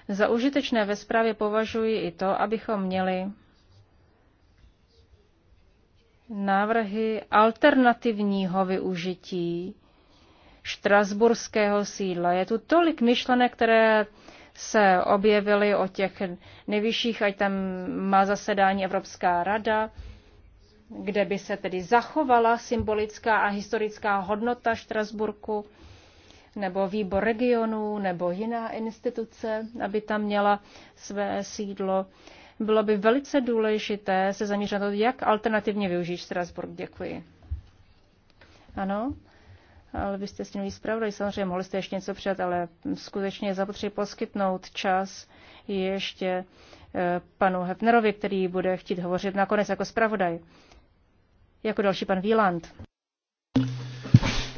[SPEAKER 2] Za užitečné ve zprávě považuji i to, abychom měli návrhy alternativního využití štrasburského sídla. Je tu tolik myšlenek, které se objevily o těch nejvyšších, ať tam má zasedání Evropská rada, kde by se tedy zachovala symbolická a historická hodnota Štrasburku, nebo výbor regionů, nebo jiná instituce, aby tam měla své sídlo bylo by velice důležité se zaměřit na to, jak alternativně využít Strasburg. Děkuji. Ano, ale byste s tím zpravodaj, samozřejmě mohli jste ještě něco přijat, ale skutečně je zapotřebí poskytnout čas ještě eh, panu Hefnerovi, který bude chtít hovořit nakonec jako zpravodaj. Jako další pan Wieland.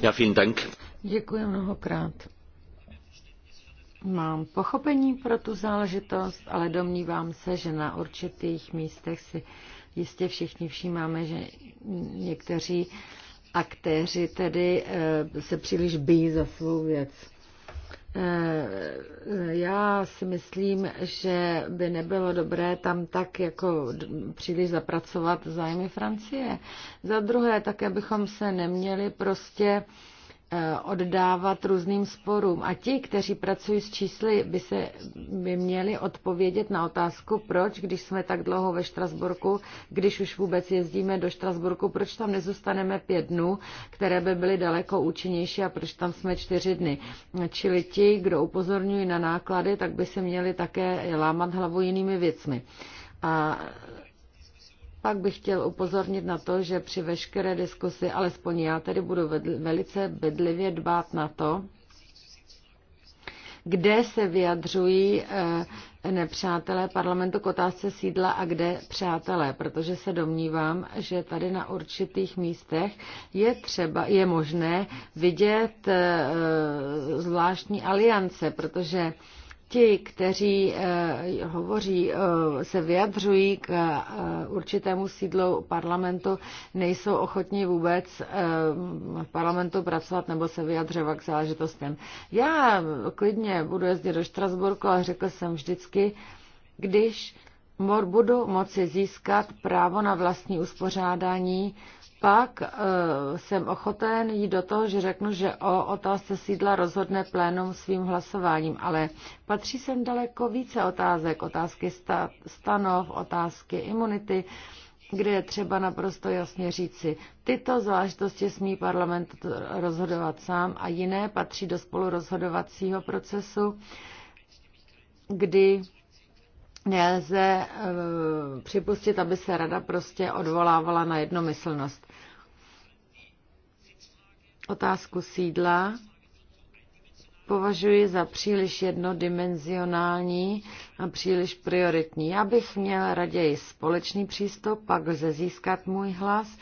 [SPEAKER 2] Já ja, Dank.
[SPEAKER 3] Děkuji mnohokrát. Mám pochopení pro tu záležitost, ale domnívám se, že na určitých místech si jistě všichni všímáme, že někteří aktéři tedy eh, se příliš bijí za svou věc. Eh, já si myslím, že by nebylo dobré tam tak jako příliš zapracovat zájmy Francie. Za druhé, také bychom se neměli prostě Eh, oddávat různým sporům. A ti, kteří pracují s čísly, by, se, by měli odpovědět na otázku, proč, když jsme tak dlouho ve Štrasburku, když už vůbec jezdíme do Štrasburku, proč tam nezůstaneme pět dnů, které by byly daleko účinnější a proč tam jsme čtyři dny. Čili ti, kdo upozorňují na náklady, tak by se měli také lámat hlavu jinými věcmi. A pak bych chtěl upozornit na to, že při veškeré diskusi, alespoň já tedy budu velice bedlivě dbát na to, kde se vyjadřují eh, nepřátelé parlamentu k otázce sídla a kde přátelé, protože se domnívám, že tady na určitých místech je třeba, je možné vidět eh, zvláštní aliance, protože ti, kteří eh, hovoří, eh, se vyjadřují k eh, určitému sídlu parlamentu, nejsou ochotní vůbec v parlamentu pracovat nebo se vyjadřovat k záležitostem. Já klidně budu jezdit do Štrasburku, ale řekl jsem vždycky, když budu moci získat právo na vlastní uspořádání, pak eh, jsem ochoten jít do toho, že řeknu, že o otázce sídla rozhodne plénum svým hlasováním, ale patří sem daleko více otázek, otázky stanov, otázky imunity, kde je třeba naprosto jasně říci, tyto zvláštnosti smí parlament rozhodovat sám a jiné patří do spolurozhodovacího procesu, kdy nelze eh, připustit, aby se rada prostě odvolávala na jednomyslnost. Otázku sídla považuji za příliš jednodimenzionální a příliš prioritní. Já bych měl raději společný přístup, pak lze získat můj hlas,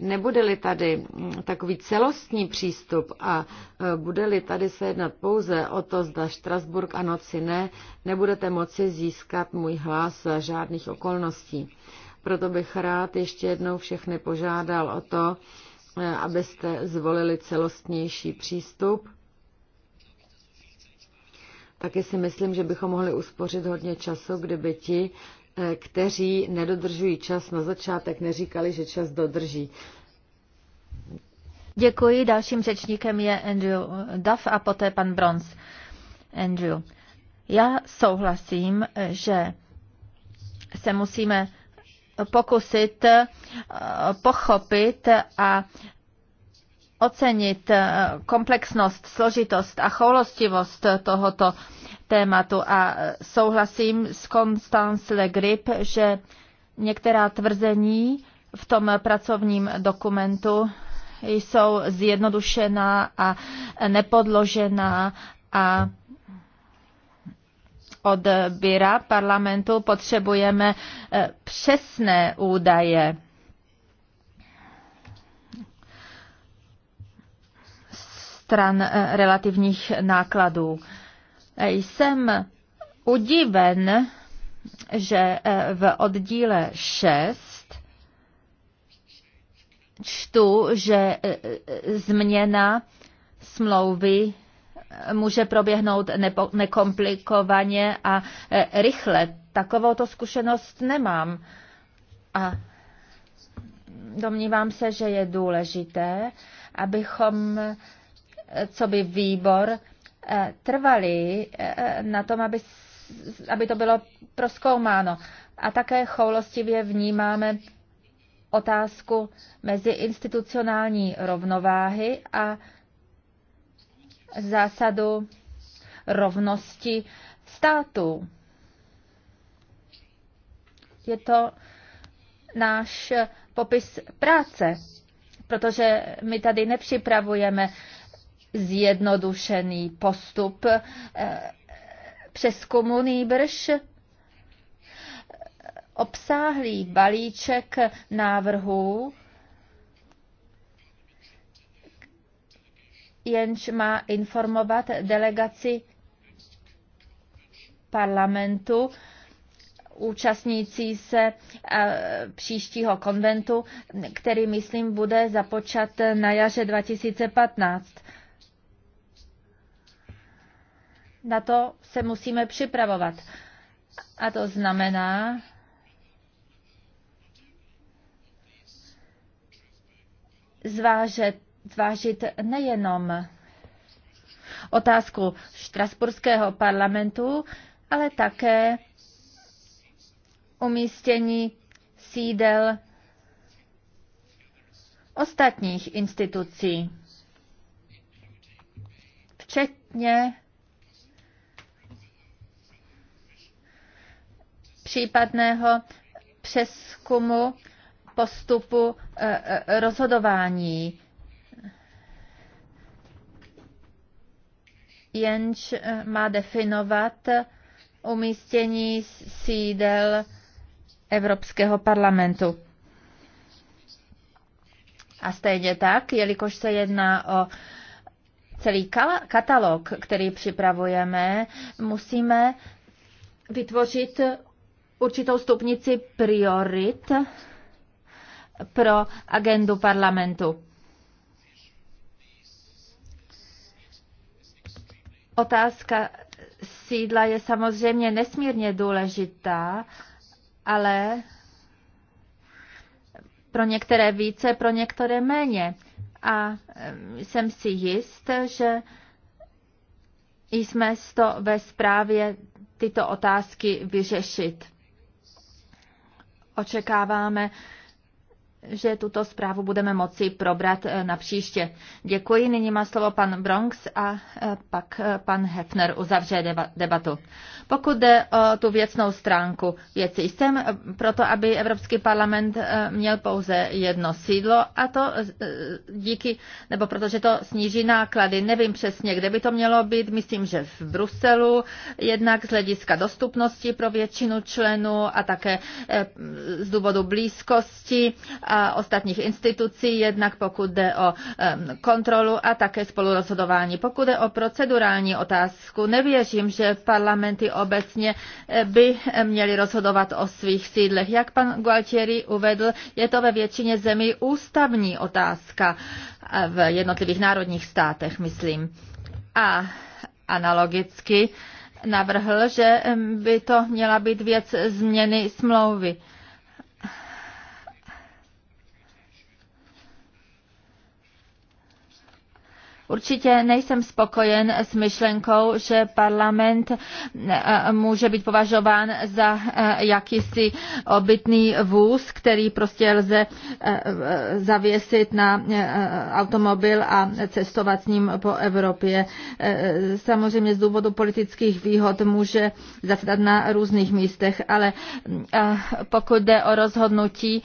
[SPEAKER 3] Nebude-li tady mm, takový celostní přístup a e, bude-li tady se jednat pouze o to, zda Štrasburg a noci ne, nebudete moci získat můj hlas za žádných okolností. Proto bych rád ještě jednou všechny požádal o to, e, abyste zvolili celostnější přístup. Taky si myslím, že bychom mohli uspořit hodně času, kdyby ti, Eh, kteří nedodržují čas na začátek, neříkali, že čas dodrží.
[SPEAKER 1] Děkuji. Dalším řečníkem je Andrew Duff a poté pan Bronz. Andrew, já souhlasím, že se musíme pokusit eh, pochopit a ocenit eh, komplexnost, složitost a choulostivost tohoto tématu a souhlasím s Constance Le Grip, že některá tvrzení v tom pracovním dokumentu jsou zjednodušená a nepodložená a od Byra parlamentu potřebujeme eh, přesné údaje. stran eh, relativních nákladů. Jsem udiven, že eh, v oddíle 6 čtu, že eh, eh, změna smlouvy může proběhnout nekomplikovaně a rychle. Takovou to zkušenost nemám. A domnívám se, že je důležité, abychom co by výbor Eh, trvali eh, eh, na tom, aby, aby to bylo proskoumáno. A také choulostivě vnímáme otázku mezi institucionální rovnováhy a zásadu rovnosti států. Je to náš popis práce, protože my tady nepřipravujeme zjednodušený postup eh, přeskumu nýbrž obsáhlý balíček návrhů, jenž má informovat delegaci parlamentu účastnící se eh, příštího konventu, který, myslím, bude započat na jaře 2015 na to se musíme připravovat. A to znamená, zvážet, zvážit nejenom otázku Štrasburského parlamentu, ale také umístění sídel ostatních institucí, včetně případného přeskumu postupu eh, eh, rozhodování, jenž eh, má definovat umístění sídel Evropského parlamentu. A stejně tak, jelikož se jedná o celý katalog, který připravujeme, musíme vytvořit určitou stupnici priorit pro agendu parlamentu. Otázka sídla je samozřejmě nesmírně důležitá, ale pro některé více, pro některé méně. A eh, jsem si jist, že jsme to ve zprávě tyto otázky vyřešit očekáváme že tuto zprávu budeme moci probrat eh, na příště. Děkuji. Nyní má slovo pan Bronx a eh, pak eh, pan Hefner uzavře debatu. Pokud jde o tu věcnou stránku věci, jsem proto, aby Evropský parlament měl pouze jedno sídlo a to díky, nebo protože to sníží náklady. Nevím přesně, kde by to mělo být. Myslím, že v Bruselu, jednak z hlediska dostupnosti pro většinu členů a také z důvodu blízkosti a ostatních institucí, jednak pokud jde o kontrolu a také spolurozhodování. Pokud jde o procedurální otázku, nevěřím, že parlamenty obecně eh, by eh, měly rozhodovat o svých sídlech. Jak pan Gualtieri uvedl, je to ve většině zemí ústavní otázka eh, v jednotlivých národních státech, myslím. A analogicky navrhl, že by to měla být věc změny smlouvy. Určitě nejsem spokojen s myšlenkou, že parlament eh, může být považován za eh, jakýsi obytný vůz, který prostě lze eh, zavěsit na automobil a cestovat s ním po Evropě. Samozřejmě z důvodu politických výhod může zasedat na různých místech, ale pokud jde o rozhodnutí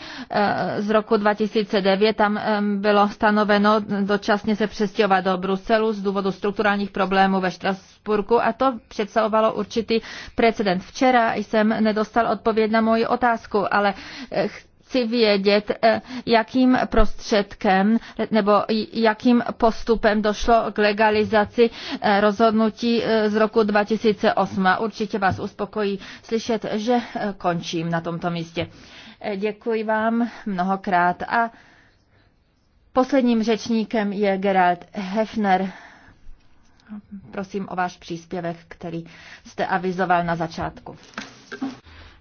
[SPEAKER 1] z roku 2009, tam bylo stanoveno dočasně se přestěhovat do Bruselu z důvodu strukturálních problémů ve Štrasburku a to představovalo určitý precedent. Včera jsem nedostal odpověď na moji otázku, ale eh, chci vědět, eh, jakým prostředkem nebo jakým postupem došlo k legalizaci eh, rozhodnutí z roku 2008. Určitě vás uspokojí slyšet, že končím na tomto místě. Děkuji vám mnohokrát a Posledním řečníkem je Gerald Hefner. Prosím o váš příspěvek, který jste avizoval na začátku.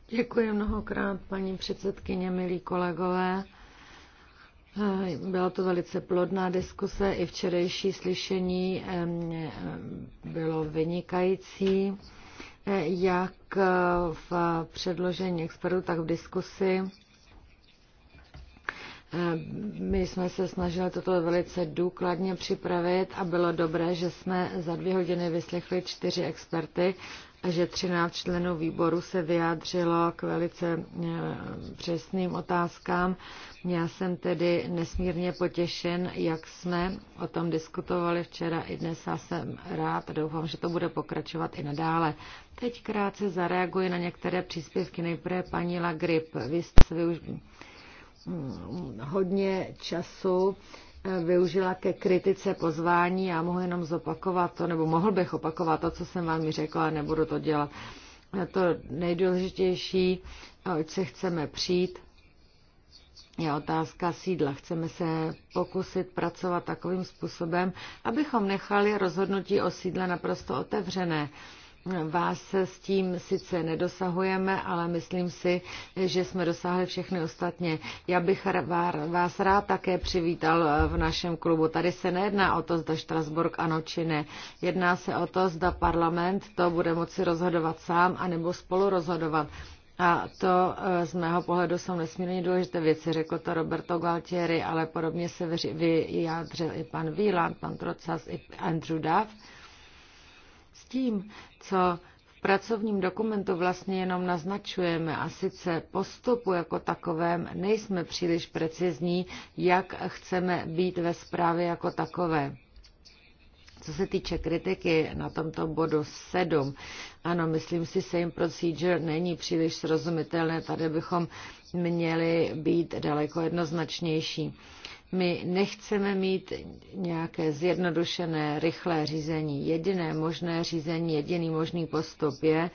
[SPEAKER 3] Děkuji mnohokrát, paní předsedkyně, milí kolegové. Byla to velice plodná diskuse, i včerejší slyšení bylo vynikající, jak v předložení expertů, tak v diskusi. My jsme se snažili toto velice důkladně připravit a bylo dobré, že jsme za dvě hodiny vyslechli čtyři experty a že třináct členů výboru se vyjádřilo k velice e, přesným otázkám. Já jsem tedy nesmírně potěšen, jak jsme o tom diskutovali včera i dnes a jsem rád, doufám, že to bude pokračovat i nadále. Teď krátce zareaguji na některé příspěvky. Nejprve paní Lagrip, vy jste využili hodně času eh, využila ke kritice pozvání. Já mohu jenom zopakovat to, nebo mohl bych opakovat to, co jsem vám řekla, nebudu to dělat. Eh, to nejdůležitější, eh, oč se chceme přijít, je otázka sídla. Chceme se pokusit pracovat takovým způsobem, abychom nechali rozhodnutí o sídle naprosto otevřené. Uh, vás s tím sice nedosahujeme, ale myslím si, že jsme dosáhli všechny ostatně. Já bych vás rád také přivítal eh, v našem klubu. Tady se nejedná o to, zda Štrasburg ano či ne. Jedná se o to, zda parlament to bude moci rozhodovat sám anebo spolu rozhodovat. A to eh, z mého pohledu jsou nesmírně důležité věci. Řekl to Roberto Galtieri, ale podobně se vyjádřil i pan Wieland, pan Trocas, i Andrew Duff. S tím, co v pracovním dokumentu vlastně jenom naznačujeme, a sice postupu jako takovém nejsme příliš precizní, jak chceme být ve zprávě jako takové. Co se týče kritiky na tomto bodu 7, ano, myslím si, same procedure není příliš srozumitelné, tady bychom měli být daleko jednoznačnější. My nechceme mít nějaké zjednodušené, rychlé řízení. Jediné možné řízení, jediný možný postup je,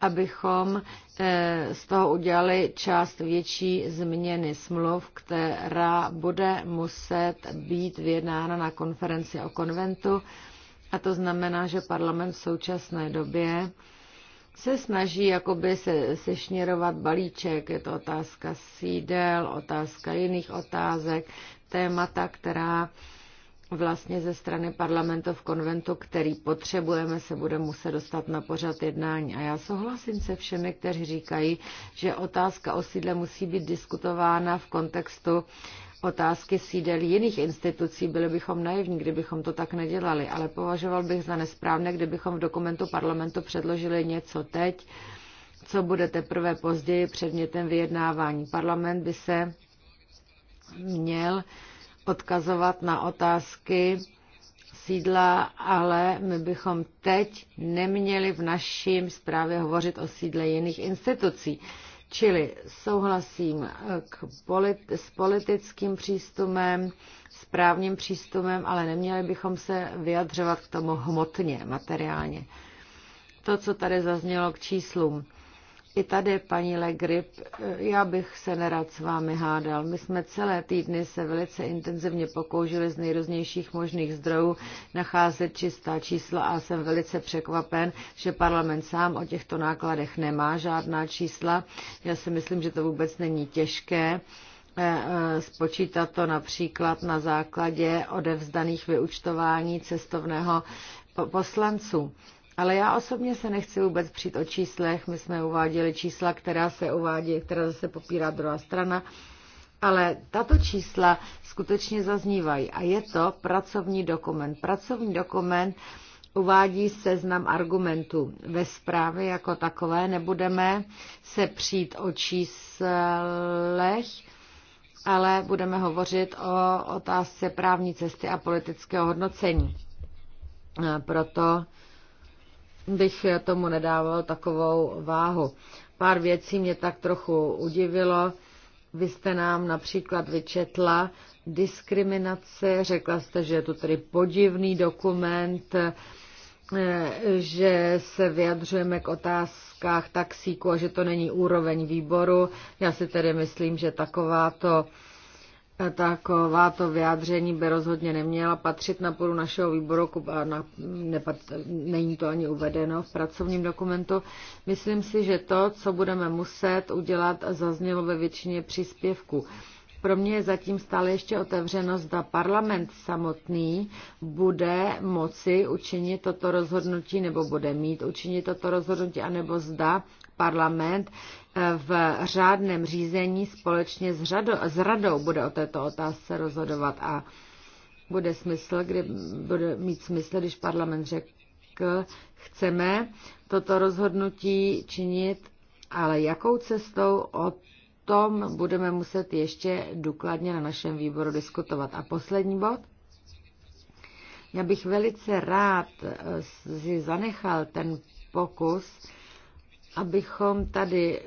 [SPEAKER 3] abychom eh, z toho udělali část větší změny smluv, která bude muset být vyjednána na konferenci o konventu. A to znamená, že parlament v současné době se snaží jakoby se, sešněrovat balíček. Je to otázka sídel, otázka jiných otázek, témata, která vlastně ze strany parlamentu v konventu, který potřebujeme, se bude muset dostat na pořad jednání. A já souhlasím se všemi, kteří říkají, že otázka o sídle musí být diskutována v kontextu otázky sídel jiných institucí. Byli bychom naivní, kdybychom to tak nedělali, ale považoval bych za nesprávné, kdybychom v dokumentu parlamentu předložili něco teď, co bude teprve později předmětem vyjednávání. Parlament by se měl odkazovat na otázky sídla, ale my bychom teď neměli v naší zprávě hovořit o sídle jiných institucí. Čili souhlasím eh, k polit- s politickým přístupem, s právním přístupem, ale neměli bychom se vyjadřovat k tomu hmotně, materiálně. To, co tady zaznělo k číslům, i tady, paní Legrip, já bych se nerad s vámi hádal. My jsme celé týdny se velice intenzivně pokoušeli z nejrůznějších možných zdrojů nacházet čistá čísla a jsem velice překvapen, že parlament sám o těchto nákladech nemá žádná čísla. Já si myslím, že to vůbec není těžké eh, eh, spočítat to například na základě odevzdaných vyučtování cestovného poslanců ale já osobně se nechci vůbec přijít o číslech. My jsme uváděli čísla, která se uvádí, která zase popírá druhá strana. Ale tato čísla skutečně zaznívají a je to pracovní dokument. Pracovní dokument uvádí seznam argumentů. Ve zprávě jako takové nebudeme se přijít o číslech, ale budeme hovořit o otázce právní cesty a politického hodnocení. Proto bych tomu nedával takovou váhu. Pár věcí mě tak trochu udivilo. Vy jste nám například vyčetla diskriminace, řekla jste, že je to tedy podivný dokument, že se vyjadřujeme k otázkách taxíku a že to není úroveň výboru. Já si tedy myslím, že takováto Takováto vyjádření by rozhodně neměla patřit na poru našeho výboru, a na, nepat, není to ani uvedeno v pracovním dokumentu. Myslím si, že to, co budeme muset udělat, zaznělo ve většině příspěvků. Pro mě je zatím stále ještě otevřeno, zda parlament samotný bude moci učinit toto rozhodnutí, nebo bude mít učinit toto rozhodnutí, anebo zda parlament v řádném řízení společně s, řado, s radou bude o této otázce rozhodovat a bude, smysl, kdy, bude mít smysl, když parlament řekl, chceme toto rozhodnutí činit, ale jakou cestou o tom budeme muset ještě důkladně na našem výboru diskutovat. A poslední bod? Já bych velice rád eh, si zanechal ten pokus, abychom tady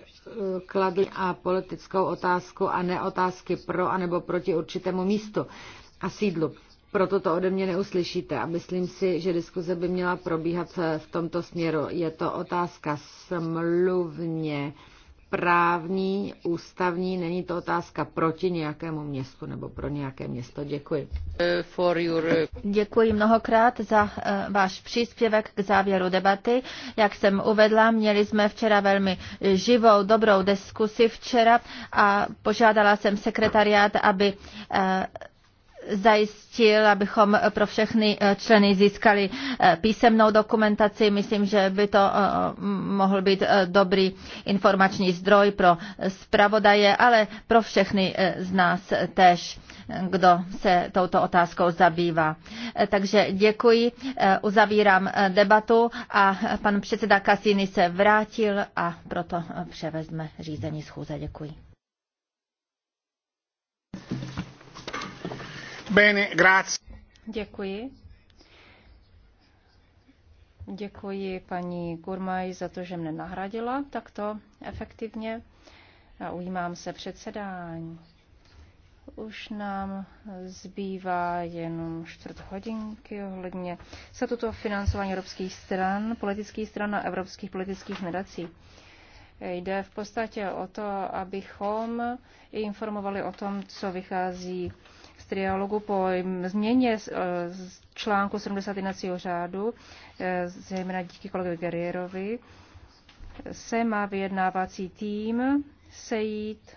[SPEAKER 3] kladl a politickou otázku a ne otázky pro anebo proti určitému místu a sídlu. Proto to ode mě neuslyšíte a myslím si, že diskuze by měla probíhat v tomto směru. Je to otázka smluvně právní, ústavní, není to otázka proti nějakému městu nebo pro nějaké město. Děkuji. For your... Uh,
[SPEAKER 1] Děkuji mnohokrát za uh, váš příspěvek k závěru debaty. Jak jsem uvedla, měli jsme včera velmi živou, dobrou diskusi včera a požádala jsem sekretariát, aby uh, zajistil, abychom pro všechny eh, členy získali eh, písemnou dokumentaci. Myslím, že by to eh, mohl být dobrý informační zdroj pro zpravodaje, ale pro všechny z nás tež kdo se touto otázkou zabývá. Takže děkuji, uzavírám debatu a pan předseda Kasiny se vrátil a proto převezme řízení schůze. Děkuji.
[SPEAKER 2] Bene, grazie. Děkuji. Děkuji paní Gurmaj za to, že mne nahradila takto efektivně a ujímám se předsedání. Už nám zbývá jenom čtvrt hodinky ohledně se tuto financování evropských stran, politických stran a evropských politických nadací. Jde v podstatě o to, abychom informovali o tom, co vychází trialogu po změně z e, článku 70 jednacího řádu, e, zejména díky kolegovi Guerrierovi, se má vyjednávací tým sejít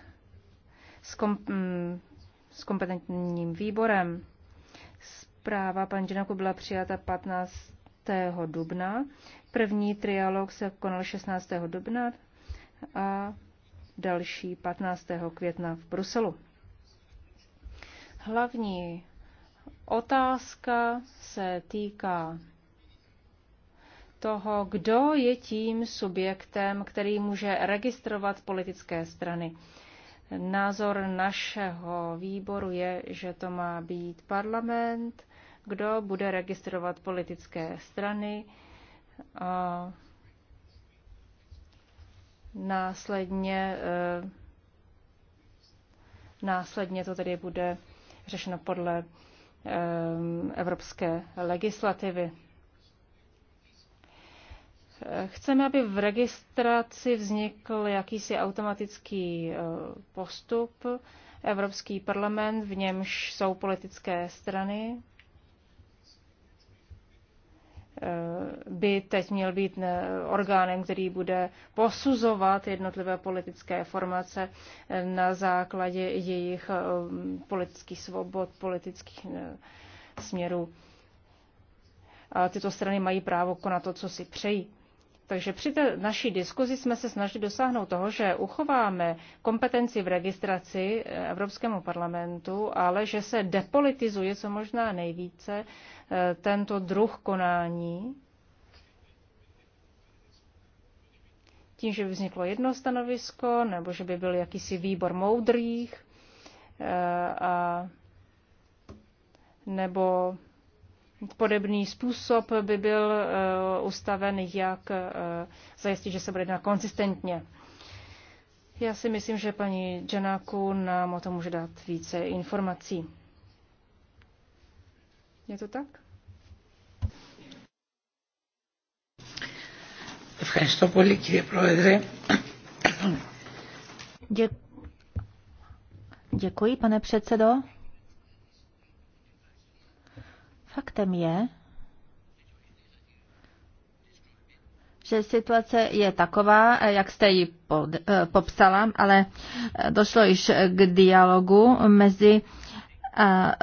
[SPEAKER 2] s, kom, mm, s kompetentním výborem. Zpráva paní Džinaku byla přijata 15. dubna. První trialog se konal 16. dubna a další 15. května v Bruselu. Hlavní otázka se týká toho, kdo je tím subjektem, který může registrovat politické strany. Názor našeho výboru je, že to má být parlament, kdo bude registrovat politické strany. A následně, eh, následně to tedy bude řešeno podle eh, evropské legislativy. Chceme, aby v registraci vznikl jakýsi automatický eh, postup. Evropský parlament, v němž jsou politické strany, Eh, by teď měl být eh, orgánem, který bude posuzovat jednotlivé politické formace eh, na základě jejich politických svobod, politických směrů. A tyto strany mají právo konat to, co si přejí. Takže při té naší diskuzi jsme se snažili dosáhnout toho, že uchováme kompetenci v registraci eh, Evropskému parlamentu, ale že se depolitizuje co možná nejvíce eh, tento druh konání. Tím, že by vzniklo jedno stanovisko, nebo že by byl jakýsi výbor moudrých, eh, a, nebo Podobný způsob by byl eh, ustaven, jak eh, zajistit, že se bude jednat konsistentně. Já si myslím, že paní Janáku nám o tom může dát více informací. Je to tak?
[SPEAKER 1] Děkuji, pane předsedo. Faktem je, že situace je taková, jak jste ji eh, popsala, ale eh, došlo již k dialogu mezi eh,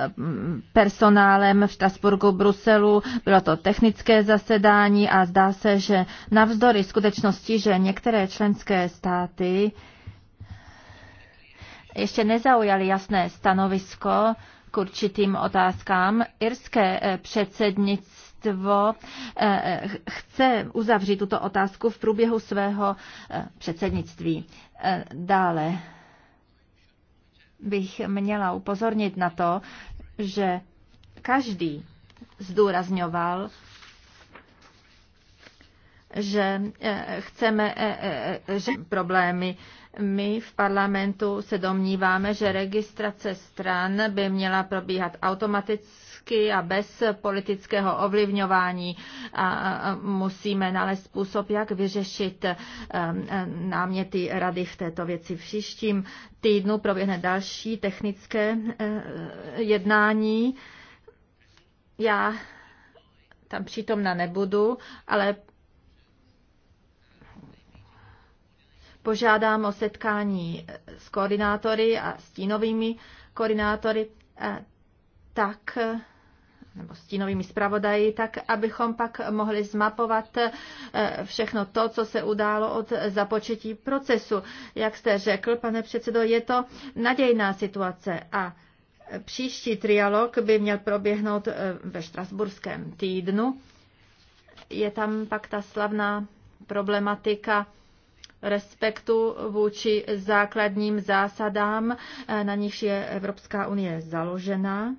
[SPEAKER 1] personálem v Štrasburgu, Bruselu. Bylo to technické zasedání a zdá se, že navzdory skutečnosti, že některé členské státy ještě nezaujaly jasné stanovisko, k určitým otázkám. Irské eh, předsednictvo eh, eh, chce uzavřít tuto otázku v průběhu svého předsednictví. Dále bych měla upozornit na to, že každý zdůrazňoval, že chceme že problémy my v parlamentu se domníváme, že registrace stran by měla probíhat automaticky a bez politického ovlivňování a musíme nalézt způsob, jak vyřešit eh, náměty rady v této věci. V příštím týdnu proběhne další technické eh, jednání. Já tam přítomna nebudu, ale požádám o setkání eh, s koordinátory a stínovými koordinátory, eh, tak eh, nebo stínovými zpravodaji, tak abychom pak mohli zmapovat všechno to, co se událo od započetí procesu. Jak jste řekl, pane předsedo, je to nadějná situace a příští trialog by měl proběhnout ve Štrasburském týdnu. Je tam pak ta slavná problematika respektu vůči základním zásadám, eh, na nichž je Evropská unie založena.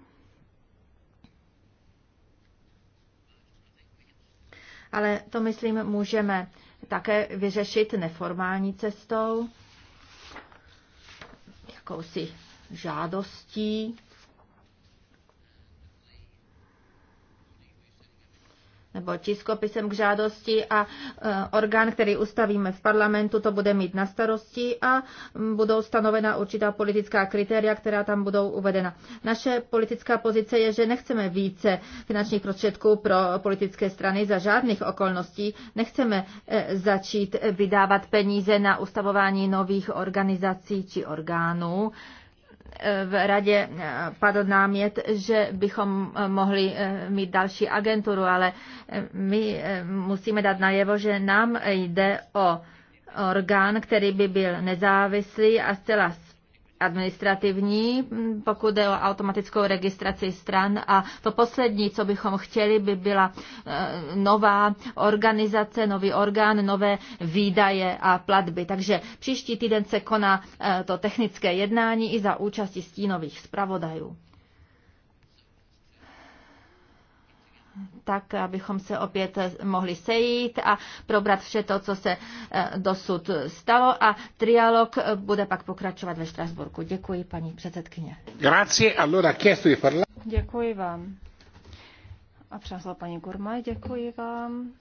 [SPEAKER 1] Ale to, myslím, můžeme také vyřešit neformální cestou, jakousi žádostí nebo tiskopisem k žádosti a e, orgán, který ustavíme v parlamentu, to bude mít na starosti a budou stanovena určitá politická kritéria, která tam budou uvedena. Naše politická pozice je, že nechceme více finančních prostředků pro politické strany za žádných okolností. Nechceme e, začít vydávat peníze na ustavování nových organizací či orgánů v radě eh, padl námět, že bychom eh, mohli eh, mít další agenturu, ale my musíme dát najevo, že nám jde o orgán, který by byl nezávislý a zcela administrativní, pokud je o automatickou registraci stran. A to poslední, co bychom chtěli, by byla e, nová organizace, nový orgán, nové výdaje a platby. Takže příští týden se koná e, to technické jednání i za účasti stínových zpravodajů. tak abychom se opět mohli sejít a probrat vše to, co se eh, dosud stalo a trialog eh, bude pak pokračovat ve Štrasburku. Děkuji, paní předsedkyně.
[SPEAKER 2] Grazie, allora di parlare. Děkuji vám. A přesla paní Gurma, děkuji vám.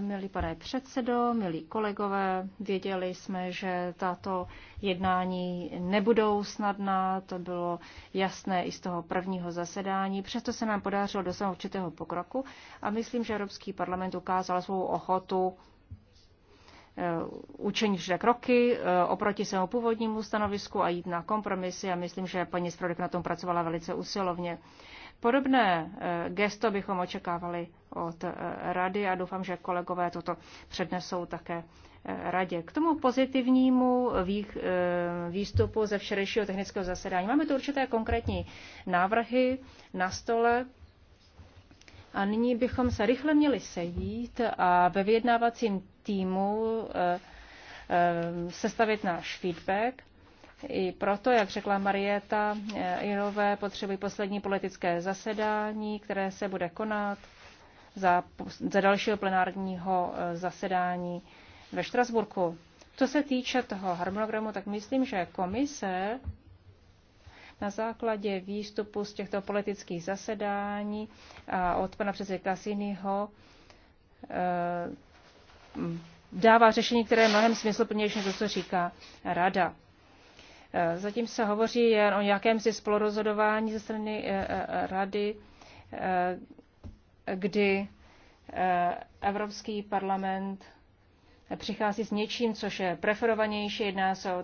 [SPEAKER 2] Milý pane předsedo, milí kolegové, věděli jsme, že tato jednání nebudou snadná, to bylo jasné i z toho prvního zasedání. Přesto se nám podařilo dosáhnout určitého pokroku a myslím, že Evropský parlament ukázal svou ochotu eh, učinit vždy kroky eh, oproti svému původnímu stanovisku a jít na kompromisy a myslím, že paní Sprodek na tom pracovala velice usilovně. Podobné eh, gesto bychom očekávali od eh, rady a doufám, že kolegové toto přednesou také eh, radě. K tomu pozitivnímu výstupu ze včerejšího technického zasedání máme tu určité konkrétní návrhy na stole. A nyní bychom se rychle měli sejít a ve vyjednávacím týmu sestavit náš feedback i proto, jak řekla Marieta eh, Irové, potřebují poslední politické zasedání, které se bude konat za, za dalšího plenárního eh, zasedání ve Štrasburku. Co se týče toho harmonogramu, tak myslím, že komise na základě výstupu z těchto politických zasedání a od pana předsedy Kasinyho eh, dává řešení, které je mnohem smysluplnější než to, co říká rada. Zatím se hovoří jen o nějakém si spolurozhodování ze strany eh, eh, rady, eh, kdy Evropský parlament přichází s něčím, což je preferovanější, jedná se o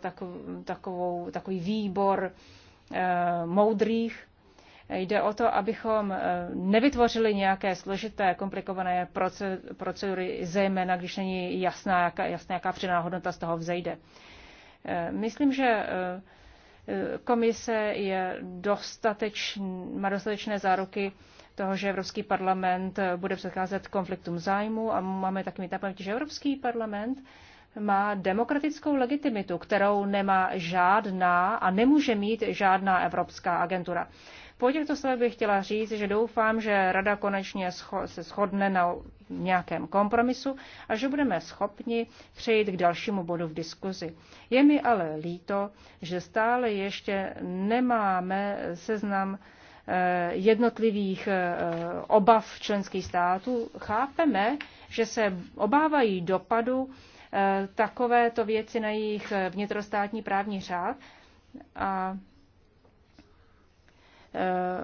[SPEAKER 2] takovou, takový výbor moudrých. Jde o to, abychom nevytvořili nějaké složité, komplikované procedury, zejména když není jasná, jaká, jasná, jaká přináhodnota z toho vzejde. Eh, myslím, že eh, komise je dostateč, má dostatečné záruky toho, že Evropský parlament eh, bude předcházet konfliktům zájmu a máme taky mít na paměti, že Evropský parlament má demokratickou legitimitu, kterou nemá žádná a nemůže mít žádná evropská agentura. Po těchto slovech bych chtěla říct, že doufám, že Rada konečně se shodne na nějakém kompromisu a že budeme schopni přejít k dalšímu bodu v diskuzi. Je mi ale líto, že stále ještě nemáme seznam eh, jednotlivých eh, obav členských států. Chápeme, že se obávají dopadu eh, takovéto věci na jejich vnitrostátní právní řád a Eh,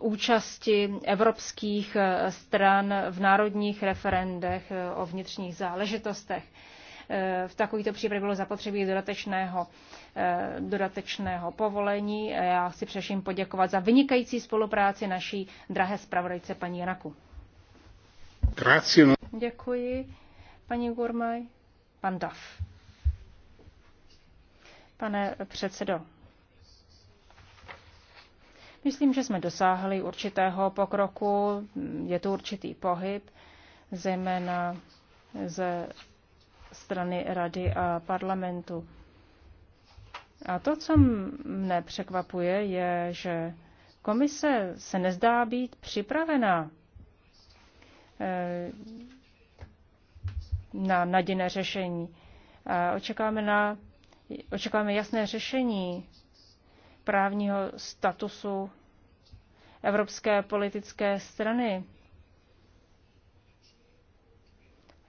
[SPEAKER 2] účasti evropských eh, stran v národních referendech eh, o vnitřních záležitostech. V takovýto případě bylo zapotřebí dodatečného, dodatečného povolení. Já chci především poděkovat za vynikající spolupráci naší drahé zpravodajce paní Janaku. Děkuji, paní Gurmaj. Pan Dav. Pane předsedo, Myslím, že jsme dosáhli určitého pokroku, je to určitý pohyb, zejména ze strany Rady a parlamentu. A to, co mne překvapuje, je, že komise se nezdá být připravená eh, na nadějné řešení. Očekáváme, na, očekáváme jasné řešení právního statusu evropské politické strany.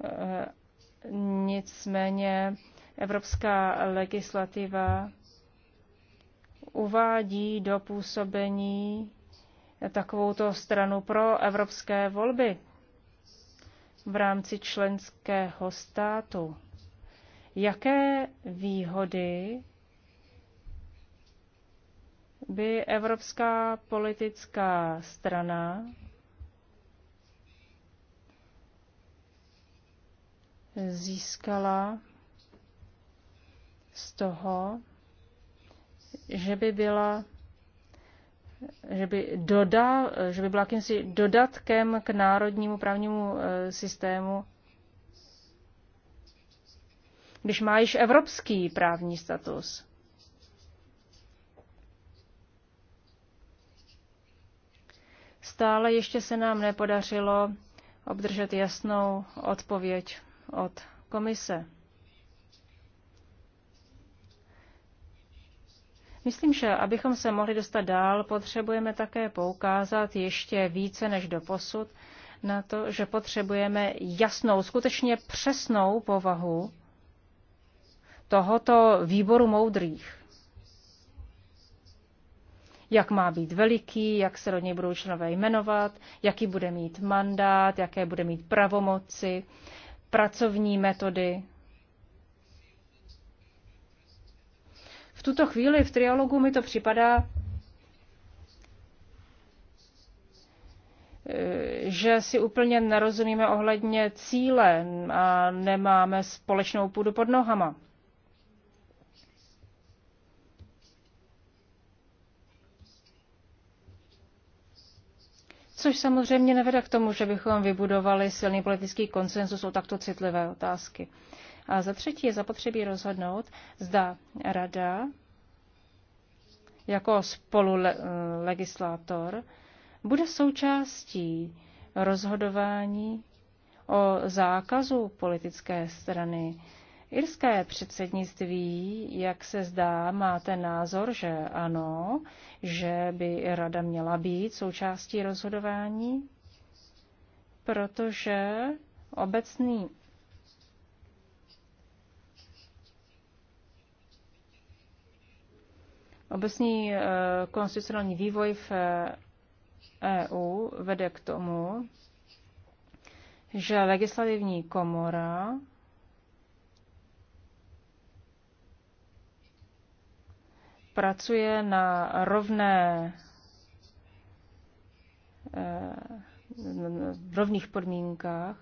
[SPEAKER 2] Eh, nicméně evropská legislativa uvádí do působení takovouto stranu pro evropské volby v rámci členského státu. Jaké výhody by evropská politická strana získala z toho, že by byla že by, doda, že by byla jakýmsi dodatkem k národnímu právnímu e, systému, když má již evropský právní status. Stále ještě se nám nepodařilo obdržet jasnou odpověď od komise. Myslím, že abychom se mohli dostat dál, potřebujeme také poukázat ještě více než do posud na to, že potřebujeme jasnou, skutečně přesnou povahu tohoto výboru moudrých jak má být veliký, jak se do něj budou členové jmenovat, jaký bude mít mandát, jaké bude mít pravomoci, pracovní metody. V tuto chvíli v trialogu mi to připadá, eh, že si úplně nerozumíme ohledně cíle a nemáme společnou půdu pod nohama. což samozřejmě nevede k tomu, že bychom vybudovali silný politický konsenzus o takto citlivé otázky. A za třetí je zapotřebí rozhodnout, zda rada jako spolulegislátor bude součástí rozhodování o zákazu politické strany Irské předsednictví, jak se zdá, má ten názor, že ano, že by rada měla být součástí rozhodování, protože obecný obecný eh, konstitucionální vývoj v EU eh, e vede k tomu, že legislativní komora pracuje na rovné eh, v rovných podmínkách.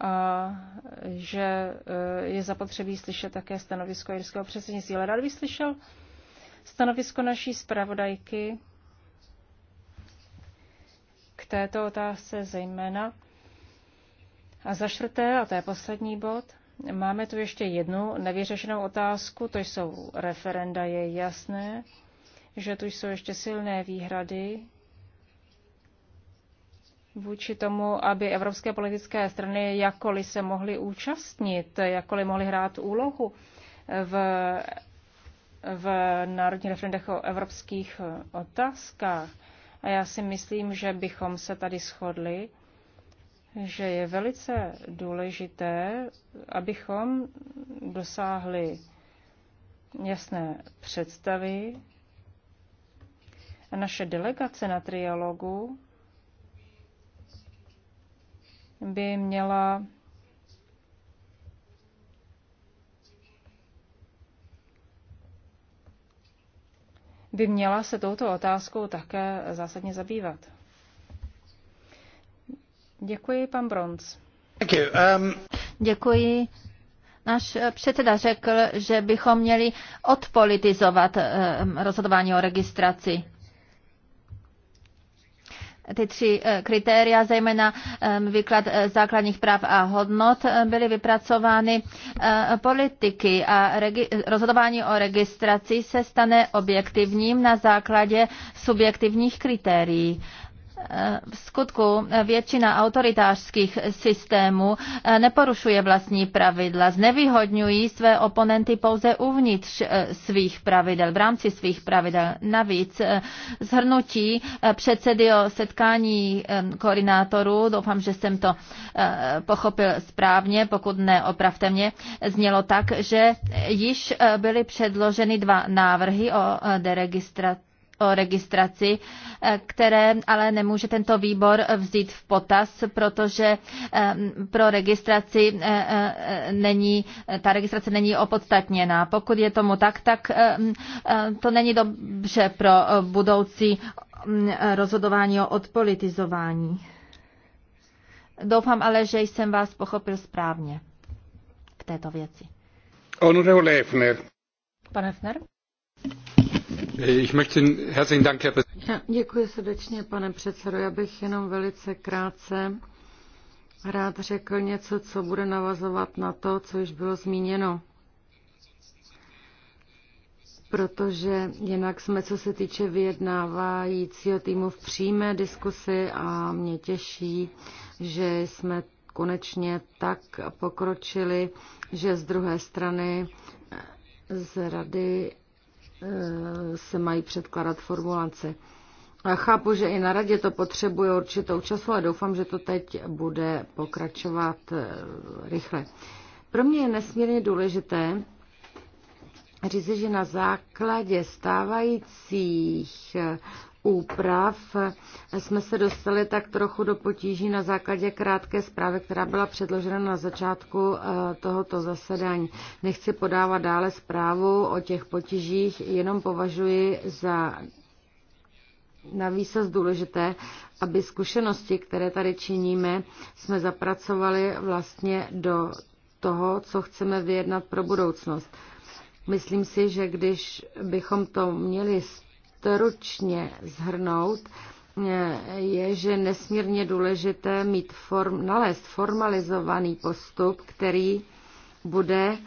[SPEAKER 2] A že eh, je zapotřebí slyšet také stanovisko jirského předsednictví. Ale rád bych slyšel stanovisko naší zpravodajky k této otázce zejména. A za čtvrté, a to je poslední bod, Máme tu ještě jednu nevyřešenou otázku, to jsou referenda. Je jasné, že tu jsou ještě silné výhrady vůči tomu, aby evropské politické strany jakkoliv se mohly účastnit, jakkoliv mohly hrát úlohu v, v národních referendech o evropských otázkách. A já si myslím, že bychom se tady shodli, že je velice důležité, abychom dosáhli jasné představy. A naše delegace na trialogu by měla by měla se touto otázkou také zásadně
[SPEAKER 1] zabývat. Děkuji, pan Bronz. Um... Děkuji. Náš předseda řekl, že bychom měli odpolitizovat um, rozhodování o registraci ty tři uh, kritéria, zejména um, výklad uh, základních práv a hodnot, uh, byly vypracovány politiky a rozhodování o registraci se stane objektivním na základě subjektivních kritérií v skutku většina autoritářských systémů eh, neporušuje vlastní pravidla, znevýhodňují své oponenty pouze uvnitř eh, svých pravidel, v rámci svých pravidel. Navíc eh, zhrnutí předsedy o setkání koordinátorů, doufám, že jsem to pochopil správně, pokud ne, opravte mě, znělo tak, že již byly předloženy dva návrhy o deregistraci o registraci, eh, které ale nemůže tento výbor vzít v potaz, protože ehm, pro registraci eh, eh, není, ta registrace není opodstatněná. Pokud je tomu tak, tak ehm, to není dobře pro budoucí mm, rozhodování o odpolitizování. Doufám ale, že jsem vás pochopil správně v této věci.
[SPEAKER 2] Honorable Efner.
[SPEAKER 3] Pan Efner? Děkuji srdečně, pane předsedo. Já bych jenom velice krátce rád řekl něco, co bude navazovat na to, co již bylo zmíněno. Protože jinak jsme, co se týče vyjednávajícího týmu, v přímé diskusi a mě těší, že jsme konečně tak pokročili, že z druhé strany z rady Eh, se mají předkladat formulace. A Chápu, že i na radě to potřebuje určitou času, ale doufám, že to teď bude pokračovat eh, rychle. Pro mě je nesmírně důležité říct, že na základě stávajících úprav jsme se dostali tak trochu do potíží na základě krátké zprávy, která byla předložena na začátku eh, tohoto zasedání. Nechci podávat dále zprávu o těch potížích, jenom považuji za na výsaz důležité, aby zkušenosti, které tady činíme, jsme zapracovali vlastně do toho, co chceme vyjednat pro budoucnost. Myslím si, že když bychom to měli stručně zhrnout, je, že nesmírně důležité mít form, nalézt formalizovaný postup, který bude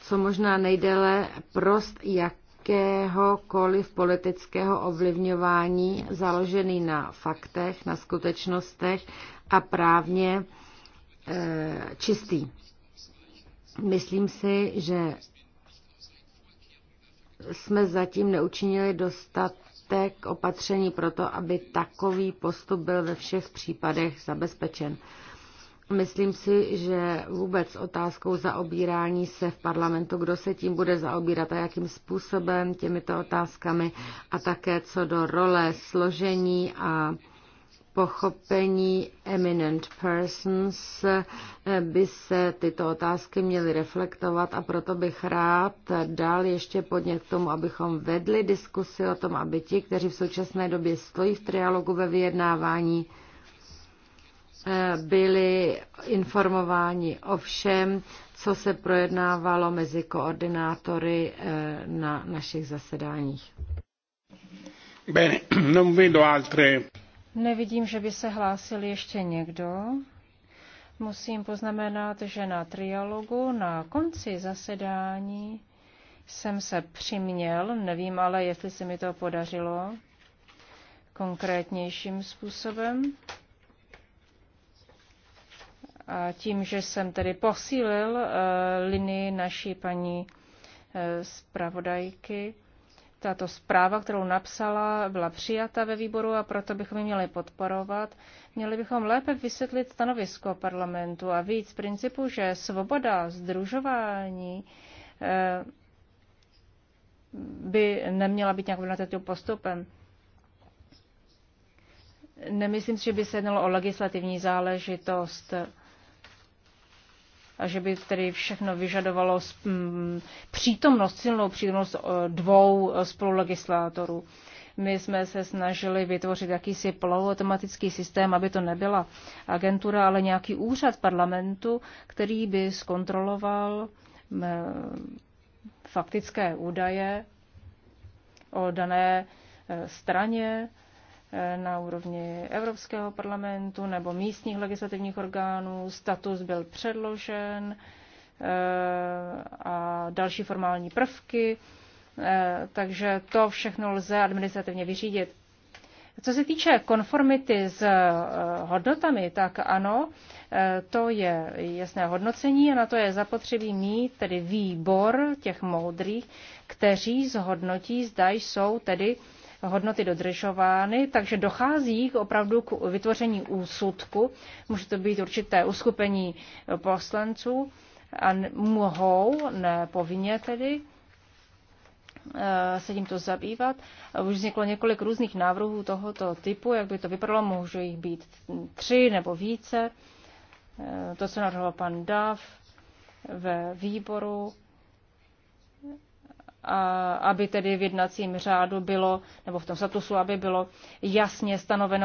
[SPEAKER 3] co možná nejdéle prost jakéhokoliv politického ovlivňování, založený na faktech, na skutečnostech a právně e, čistý. Myslím si, že jsme zatím neučinili dostatek opatření pro to, aby takový postup byl ve všech případech zabezpečen. Myslím si, že vůbec otázkou zaobírání se v parlamentu, kdo se tím bude zaobírat a jakým způsobem těmito otázkami a také co do role složení a pochopení eminent persons eh, by se tyto otázky měly reflektovat a proto bych rád dal ještě podnět k tomu, abychom vedli diskusi o tom, aby ti, kteří v současné době stojí v trialogu ve vyjednávání, eh, byli informováni o všem, co se projednávalo mezi koordinátory eh, na našich zasedáních. Bene, [clears throat] non vedo altre
[SPEAKER 2] Nevidím, že by se hlásil ještě někdo. Musím poznamenat, že na trialogu na konci zasedání jsem se přiměl, nevím ale, jestli se mi to podařilo konkrétnějším způsobem. A tím, že jsem tedy posílil uh, linii naší paní uh, zpravodajky, tato zpráva, kterou napsala, byla přijata ve výboru a proto bychom ji měli podporovat. Měli bychom lépe vysvětlit stanovisko parlamentu a víc principu, že svoboda združování eh, by neměla být nějak vynatým postupem. Nemyslím si, že by se jednalo o legislativní záležitost a že by tedy všechno vyžadovalo přítomnost, silnou přítomnost dvou e, spolulegislátorů. My jsme se snažili vytvořit jakýsi poloautomatický systém, aby to nebyla agentura, ale nějaký úřad parlamentu, který by zkontroloval faktické údaje o dané e, straně, na úrovni Evropského parlamentu nebo místních legislativních orgánů. Status byl předložen eh, a další formální prvky, eh, takže to všechno lze administrativně vyřídit. Co se týče konformity s eh, hodnotami, tak ano, to je jasné hodnocení a na to je zapotřebí mít tedy výbor těch moudrých, kteří zhodnotí, zda jsou tedy hodnoty dodržovány, takže dochází k opravdu k vytvoření úsudku. Může to být určité uskupení poslanců a mohou, nepovinně tedy, eh, se tímto zabývat. Už vzniklo několik různých návrhů tohoto typu, jak by to vypadalo, může jich být tři nebo více. Eh, to, co navrhoval pan Dav ve výboru, aby tedy v jednacím řádu bylo, nebo v tom statusu, aby bylo jasně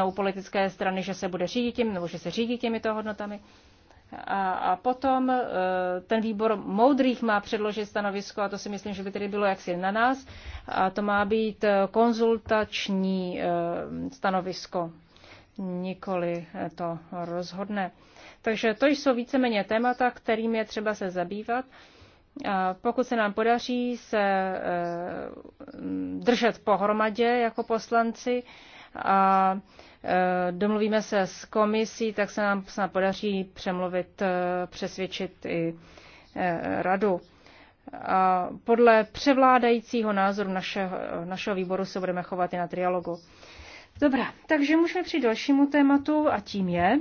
[SPEAKER 2] u politické strany, že se bude řídit tím, nebo že se řídí těmito hodnotami. A, a potom e, ten výbor moudrých má předložit stanovisko, a to si myslím, že by tedy bylo jaksi na nás, a to má být konzultační e, stanovisko, nikoli to rozhodne. Takže to jsou víceméně témata, kterým je třeba se zabývat pokud se nám podaří se eh, držet pohromadě jako poslanci a eh, domluvíme se s komisí, tak se nám snad podaří přemluvit, eh, přesvědčit i radu. A podle převládajícího názoru našeho, našeho výboru se budeme chovat i na trialogu. Dobrá, takže můžeme přijít dalšímu tématu a tím je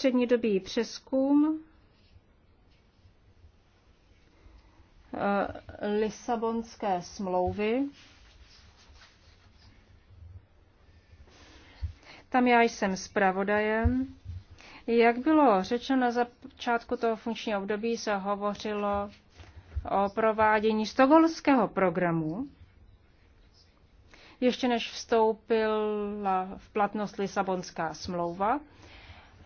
[SPEAKER 2] střednědobý přeskum eh, Lisabonské smlouvy. Tam já jsem zpravodajem. Jak bylo řečeno na začátku toho funkčního období, se hovořilo o provádění stogolského programu, ještě než vstoupila v platnost Lisabonská smlouva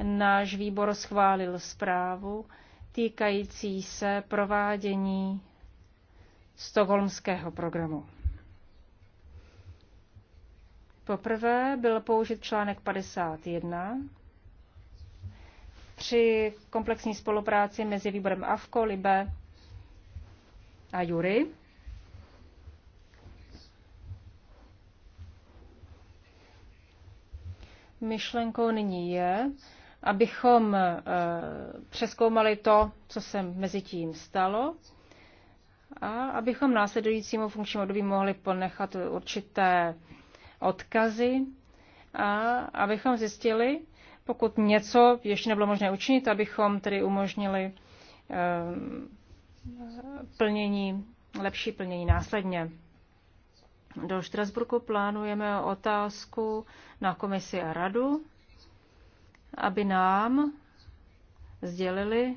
[SPEAKER 2] náš výbor schválil zprávu týkající se provádění stokholmského programu. Poprvé byl použit článek 51 při komplexní spolupráci mezi výborem AFKO, LIBE a JURY. Myšlenkou nyní je, abychom eh, přeskoumali to, co se mezi tím stalo a abychom následujícímu funkčnímu období mohli ponechat určité odkazy a abychom zjistili, pokud něco ještě nebylo možné učinit, abychom tedy umožnili eh, plnění, lepší plnění následně. Do Štrasburku plánujeme otázku na komisi a radu aby nám sdělili,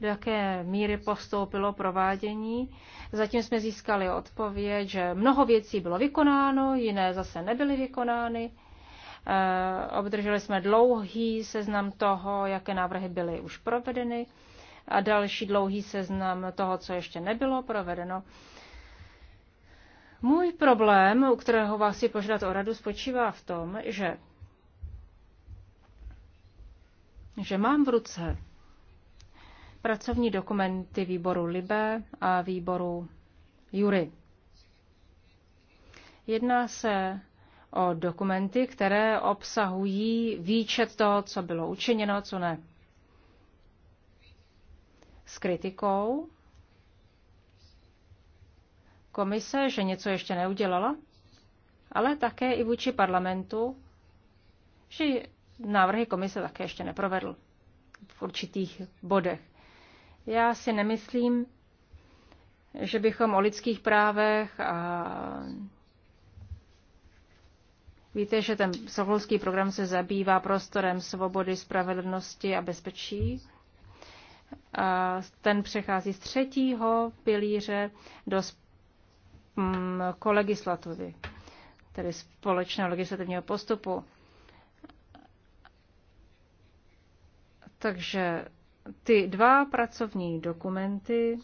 [SPEAKER 2] do jaké míry postoupilo provádění. Zatím jsme získali odpověď, že mnoho věcí bylo vykonáno, jiné zase nebyly vykonány. Eh, obdrželi jsme dlouhý seznam toho, jaké návrhy byly už provedeny a další dlouhý seznam toho, co ještě nebylo provedeno. Můj problém, u kterého vás si požádat o radu, spočívá v tom, že, že mám v ruce pracovní dokumenty výboru Libe a výboru Jury. Jedná se o dokumenty, které obsahují výčet toho, co bylo učiněno, co ne. S kritikou komise, že něco ještě neudělala, ale také i vůči parlamentu, že návrhy komise také ještě neprovedl v určitých bodech. Já si nemyslím, že bychom o lidských právech a Víte, že ten sokolský program se zabývá prostorem svobody, spravedlnosti a bezpečí. A ten přechází z třetího pilíře do Mm, legislativy, tedy společného legislativního postupu. Takže ty dva pracovní dokumenty,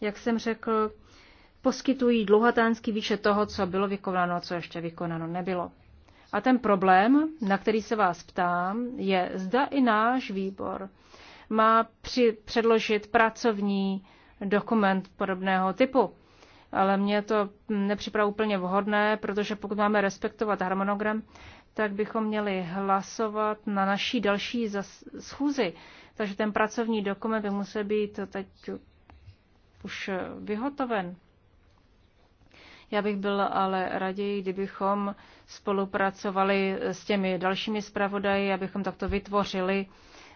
[SPEAKER 2] jak jsem řekl, poskytují dlouhatánský výčet toho, co bylo vykonáno, co ještě vykonáno nebylo. A ten problém, na který se vás ptám, je, zda i náš výbor má při, předložit pracovní dokument podobného typu ale mně to nepřipadá úplně vhodné, protože pokud máme respektovat harmonogram, tak bychom měli hlasovat na naší další schůzi. Takže ten pracovní dokument by musel být teď už vyhotoven. Já bych byl ale raději, kdybychom spolupracovali s těmi dalšími zpravodaji, abychom takto vytvořili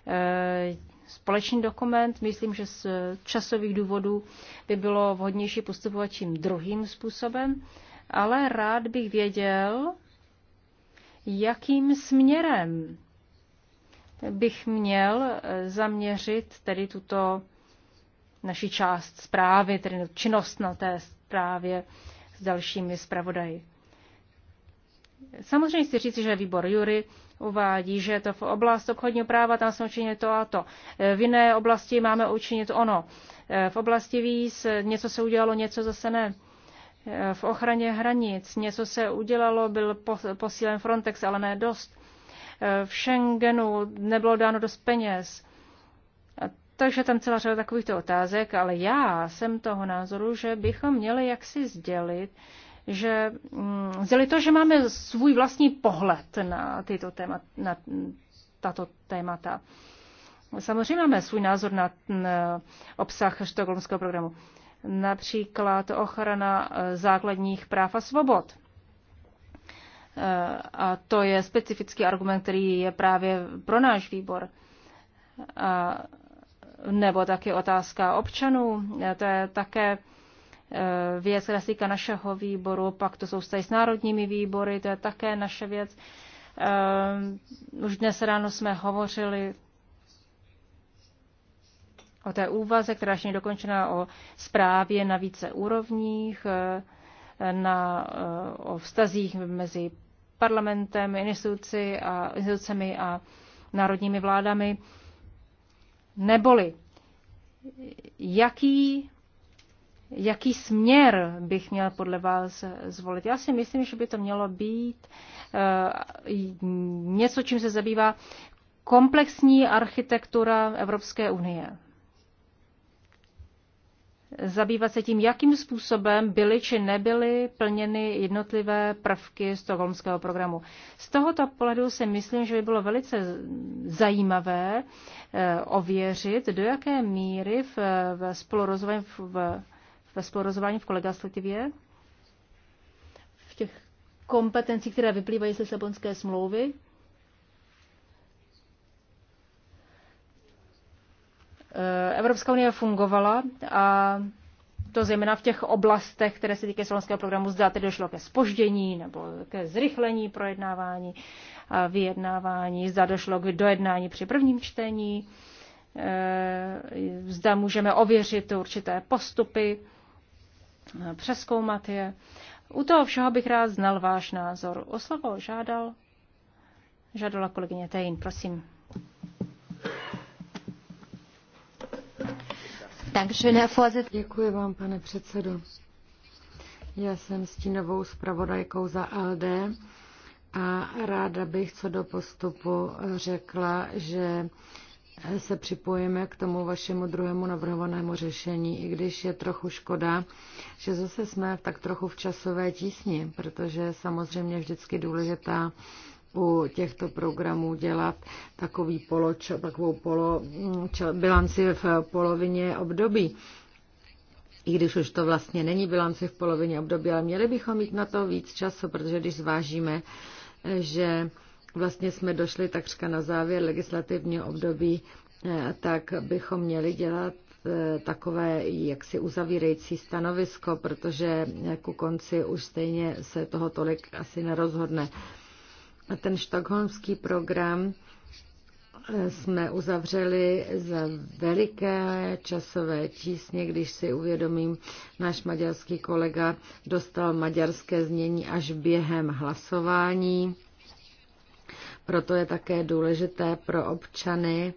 [SPEAKER 2] eh, společný dokument. Myslím, že z časových důvodů by bylo vhodnější postupovat tím druhým způsobem, ale rád bych věděl, jakým směrem bych měl eh, zaměřit tedy tuto naši část zprávy, tedy činnost na té zprávě s dalšími zpravodaji. Samozřejmě chci říct, že výbor Jury uvádí, že to v oblast obchodního práva tam jsme učinili to a to. E, v jiné oblasti máme učinit ono. E, v oblasti víz e, něco se udělalo, něco zase ne. V ochraně hranic něco se udělalo, byl posílen Frontex, ale ne dost. V Schengenu nebylo dáno dost peněz. Takže tam celá řada takovýchto otázek, ale já jsem toho názoru, že bychom měli jaksi sdělit, že zjeli mm, to, že máme svůj vlastní pohled na, tyto téma, na tato témata. Samozřejmě máme svůj názor na mm, obsah štokholmského programu. Například ochrana eh, základních práv a svobod. Eh, a to je specifický argument, který je právě pro náš výbor. A nebo taky otázka občanů. Eh, to je také Eh, věc, která se týká našeho výboru, pak to jsou s národními výbory, to je také naše věc. Eh, už dnes ráno jsme hovořili o té úvaze, která ještě dokončená o zprávě na více úrovních, eh, na, o vztazích mezi parlamentem, instituci a, institucemi a národními vládami. Neboli, jaký jaký směr bych měl podle vás zvolit. Já si myslím, že by to mělo být eh, něco, čím se zabývá komplexní architektura Evropské unie. Zabývat se tím, jakým způsobem byly či nebyly plněny jednotlivé prvky stokholmského programu. Z tohoto pohledu si myslím, že by bylo velice zajímavé eh, ověřit, do jaké míry v, v spolurozvoji v ve spolurozování v kolegaslativě, v těch kompetencích, které vyplývají ze Sabonské smlouvy. Eh, Evropská unie fungovala a to zejména v těch oblastech, které se týkají slovenského programu, zda tedy došlo ke spoždění nebo ke zrychlení projednávání a vyjednávání, zda došlo k dojednání při prvním čtení, eh, zda můžeme ověřit určité postupy Eh, přeskoumat je. U toho všeho bych rád znal váš názor. O slovo žádal, žádala kolegyně Tejn, prosím.
[SPEAKER 3] Děkuji vám, pane předsedo. Já jsem stínovou zpravodajkou za LD a ráda bych co do postupu řekla, že se připojíme k tomu vašemu druhému navrhovanému řešení, i když je trochu škoda, že zase jsme tak trochu v časové tísni, protože samozřejmě vždycky důležitá u těchto programů dělat takový poloč, takovou polo, čel, bilanci v polovině období. I když už to vlastně není bilance v polovině období, ale měli bychom mít na to víc času, protože když zvážíme, že vlastně jsme došli takřka na závěr legislativního období, eh, tak bychom měli dělat eh, takové jaksi uzavírající stanovisko, protože eh, ku konci už stejně se toho tolik asi nerozhodne. A ten štokholmský program jsme uzavřeli za veliké časové tísně, když si uvědomím, náš maďarský kolega dostal maďarské znění až během hlasování proto je také důležité pro občany,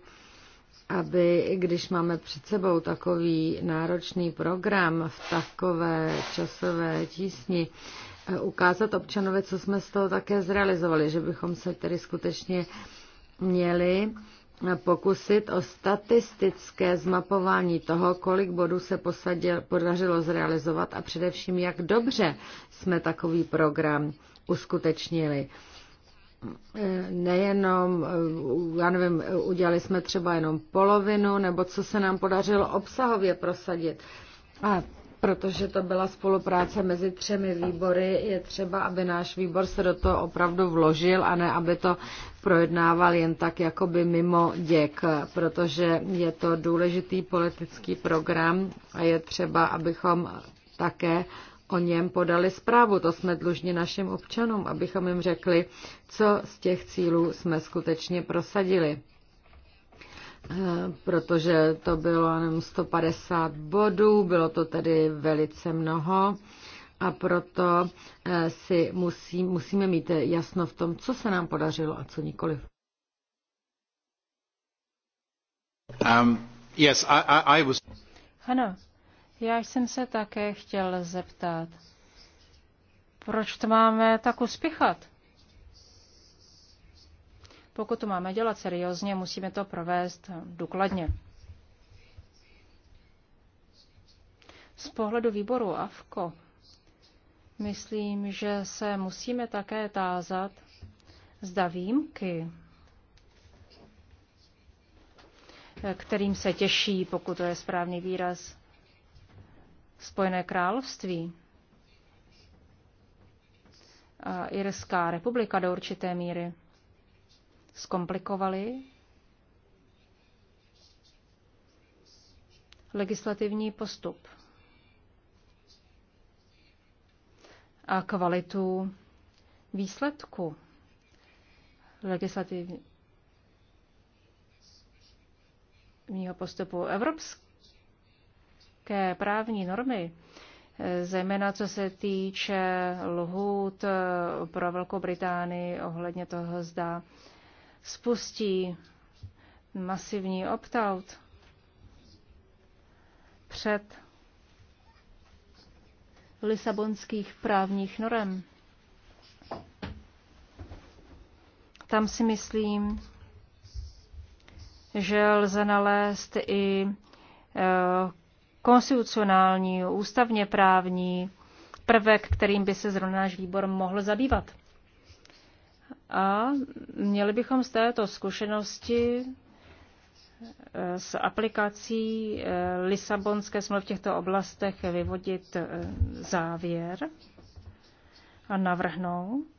[SPEAKER 3] aby, když máme před sebou takový náročný program v takové časové tísni, eh, ukázat občanovi, co jsme z toho také zrealizovali, že bychom se tedy skutečně měli eh, pokusit o statistické zmapování toho, kolik bodů se posadil, podařilo zrealizovat a především, jak dobře jsme takový program uskutečnili nejenom, já nevím, udělali jsme třeba jenom polovinu, nebo co se nám podařilo obsahově prosadit. A protože to byla spolupráce mezi třemi výbory, je třeba, aby náš výbor se do toho opravdu vložil a ne, aby to projednával jen tak jakoby mimo děk, protože je to důležitý politický program a je třeba, abychom také o něm podali zprávu. To jsme dlužni našim občanům, abychom jim řekli, co z těch cílů jsme skutečně prosadili. Eh, protože to bylo jenom 150 bodů, bylo to tedy velice mnoho a proto eh, si musí, musíme mít jasno v tom, co se nám podařilo a co nikoliv.
[SPEAKER 2] Um, yes, I, I, I was... Ano, já jsem se také chtěl zeptat, proč to máme tak uspěchat? Pokud to máme dělat seriózně, musíme to provést důkladně. Z pohledu výboru AFKO myslím, že se musíme také tázat, zda výjimky, kterým se těší, pokud to je správný výraz, Spojené království a Irská republika do určité míry zkomplikovaly legislativní postup a kvalitu výsledku legislativního postupu. Evropský evropské právní normy, eh, zejména co se týče lhůt eh, pro Velkou Británii ohledně toho, zda spustí masivní opt-out před lisabonských právních norem. Tam si myslím, že lze nalézt i eh, konstitucionální, ústavně právní prvek, kterým by se zrovna náš výbor mohl zabývat. A měli bychom z této zkušenosti eh, s aplikací eh, Lisabonské smlouvy v těchto oblastech vyvodit eh, závěr a navrhnout,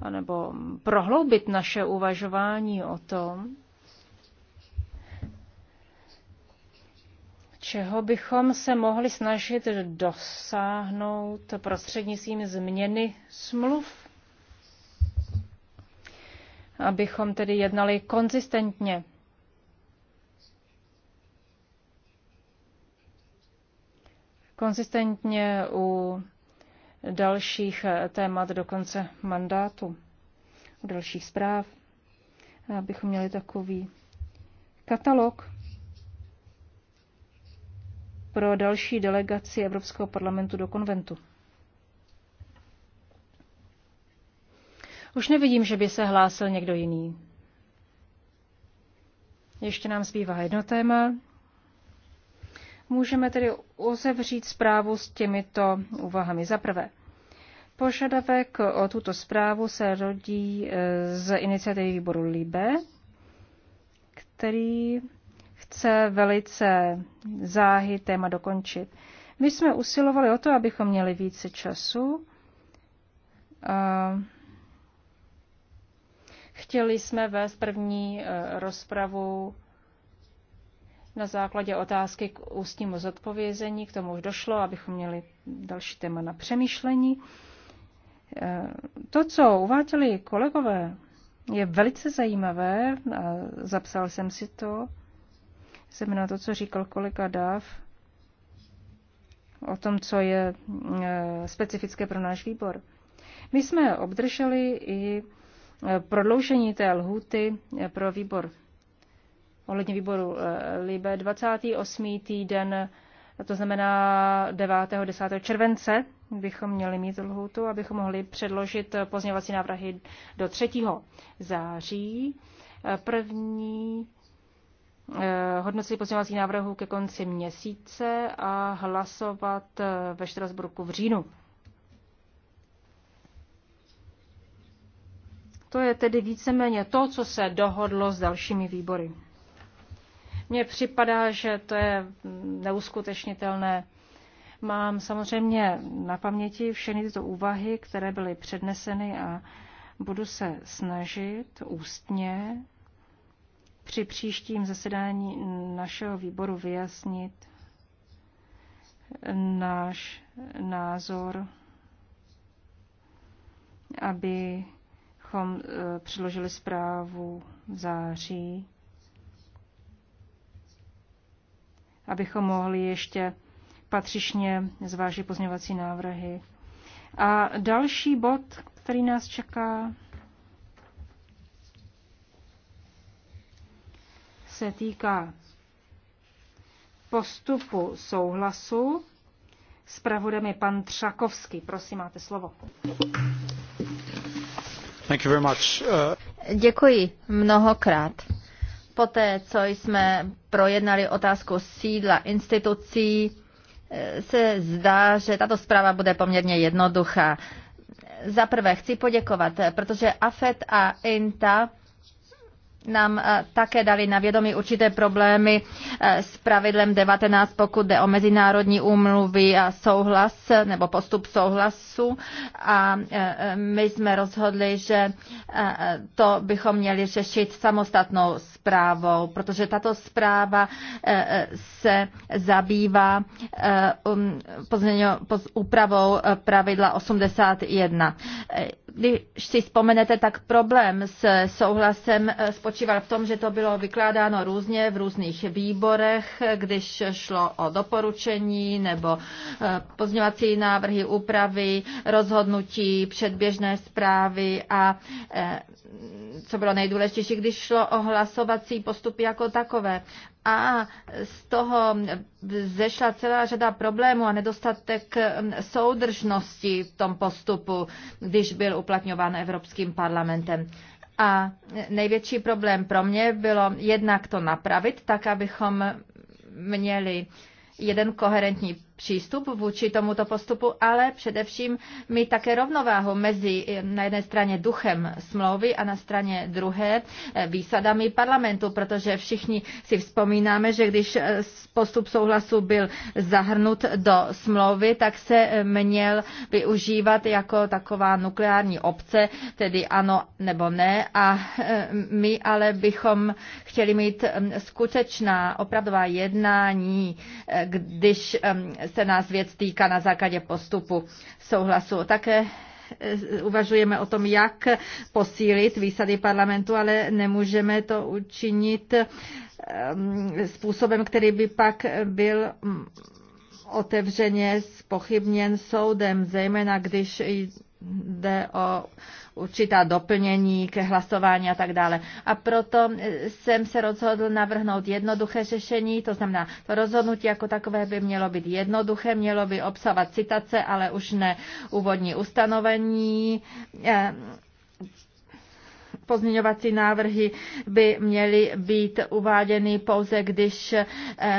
[SPEAKER 2] anebo prohloubit naše uvažování o tom, čeho bychom se mohli snažit dosáhnout prostřednictvím změny smluv, abychom tedy jednali konzistentně. Konzistentně u dalších témat do konce mandátu, u dalších zpráv, abychom měli takový katalog pro další delegaci Evropského parlamentu do konventu. Už nevidím, že by se hlásil někdo jiný. Ještě nám zbývá jedno téma. Můžeme tedy uzavřít zprávu s těmito úvahami. Za prvé, požadavek o tuto zprávu se rodí eh, z iniciativy výboru LIBE, který chce velice záhy téma dokončit. My jsme usilovali o to, abychom měli více času. Chtěli jsme vést první e, rozpravu na základě otázky k ústnímu zodpovězení, k tomu už došlo, abychom měli další téma na přemýšlení. E, to, co uváděli kolegové, je velice zajímavé, zapsal jsem si to, jsem na to, co říkal kolega Dáv, o tom, co je e, specifické pro náš výbor. My jsme obdrželi i e, prodloužení té lhuty e, pro výbor, ohledně výboru Libe, 28. týden, to znamená 9. 10. července, bychom měli mít lhutu, abychom mohli předložit pozměňovací návrhy do 3. září. První Eh, hodnocení pozměňovacích návrhů ke konci měsíce a hlasovat eh, ve Štrasburku v říjnu. To je tedy víceméně to, co se dohodlo s dalšími výbory. Mně připadá, že to je mm, neuskutečnitelné. Mám samozřejmě na paměti všechny tyto úvahy, které byly předneseny a budu se snažit ústně při příštím zasedání našeho výboru vyjasnit náš názor, abychom e, předložili zprávu v září, abychom mohli ještě patřičně zvážit pozměňovací návrhy. A další bod, který nás čeká, se týká postupu souhlasu. Spravodem je pan Třakovský. Prosím, máte slovo.
[SPEAKER 1] Thank you very much. Uh... Děkuji mnohokrát. Poté, co jsme projednali otázku sídla institucí, eh, se zdá, že tato zpráva bude poměrně jednoduchá. Za prvé chci poděkovat, protože AFET a INTA nám eh, také dali na vědomí určité problémy eh, s pravidlem 19, pokud jde o mezinárodní úmluvy a souhlas eh, nebo postup souhlasu. A my jsme rozhodli, že to bychom měli řešit samostatnou zprávou, protože tato zpráva se zabývá um, úpravou pravidla 81 když si vzpomenete, tak problém s souhlasem eh, spočíval v tom, že to bylo vykládáno různě v různých výborech, když šlo o doporučení nebo eh, pozňovací návrhy, úpravy, rozhodnutí, předběžné zprávy a eh, co bylo nejdůležitější, když šlo o hlasovací postupy jako takové a z toho zešla celá řada problémů a nedostatek mm, soudržnosti v tom postupu, když byl uplatňován Evropským parlamentem. A největší problém pro mě bylo jednak to napravit, tak abychom měli jeden koherentní přístup vůči tomuto postupu, ale především mít také rovnováhu mezi eh, na jedné straně duchem smlouvy a na straně druhé eh, výsadami parlamentu, protože všichni si vzpomínáme, že když eh, postup souhlasu byl zahrnut do smlouvy, tak se měl využívat jako taková nukleární obce, tedy ano nebo ne. A my ale bychom chtěli mít skutečná opravdová jednání, když se nás věc týká na základě postupu souhlasu. Také eh, uvažujeme o tom, jak posílit výsady parlamentu, ale nemůžeme to učinit ehm, způsobem, který by pak byl mm, otevřeně spochybněn soudem, zejména když jde o určitá doplnění ke hlasování a tak dále. A proto e, jsem se rozhodl navrhnout jednoduché řešení, to znamená, to rozhodnutí jako takové by mělo být jednoduché, mělo by obsahovat citace, ale už ne úvodní ustanovení e, pozměňovací návrhy by měly být uváděny pouze, když eh,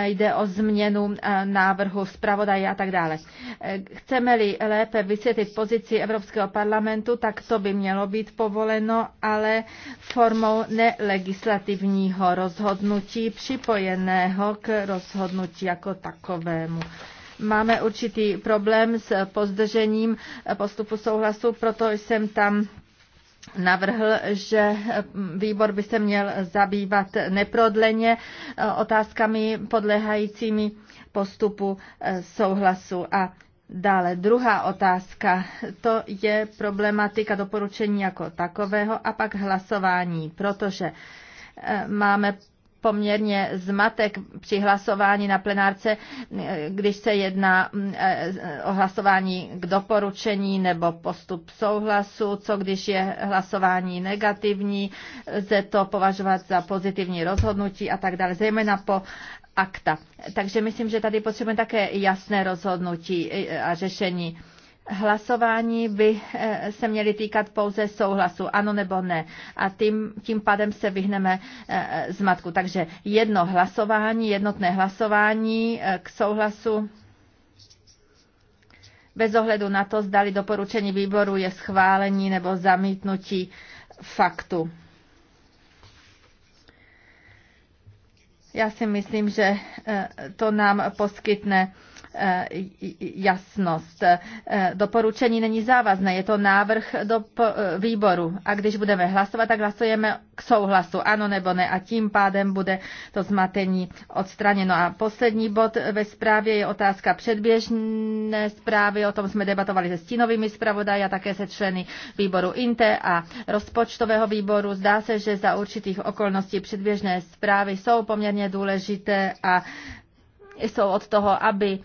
[SPEAKER 1] jde o změnu eh, návrhu zpravodaje a tak dále. Eh, chceme-li lépe vysvětlit pozici Evropského parlamentu, tak to by mělo být povoleno, ale formou nelegislativního rozhodnutí připojeného k rozhodnutí jako takovému máme určitý problém s pozdržením postupu souhlasu, proto jsem tam navrhl, že výbor by se měl zabývat neprodleně e, otázkami podléhajícími postupu e, souhlasu. A dále druhá otázka, to je problematika doporučení jako takového a pak hlasování, protože e, máme poměrně zmatek při hlasování na plenárce, když se jedná eh, o hlasování k doporučení nebo postup souhlasu, co když je hlasování negativní, lze to považovat za pozitivní rozhodnutí a tak dále, zejména po akta. Takže myslím, že tady potřebujeme také jasné rozhodnutí eh, a řešení hlasování by eh, se měly týkat pouze souhlasu, ano nebo ne. A tím, tím pádem se vyhneme eh, zmatku. Takže jedno hlasování, jednotné hlasování eh, k souhlasu bez ohledu na to, zdali doporučení výboru je schválení nebo zamítnutí faktu. Já si myslím, že to nám poskytne Eh, jasnost. Eh, doporučení není závazné, je to návrh do eh, výboru. A když budeme hlasovat, tak hlasujeme k souhlasu, ano nebo ne. A tím pádem bude to zmatení odstraněno. A poslední bod ve zprávě je otázka předběžné zprávy. O tom jsme debatovali se stínovými zpravodaji a také se členy výboru INTE a rozpočtového výboru. Zdá se, že za určitých okolností předběžné zprávy jsou poměrně důležité a jsou od toho, aby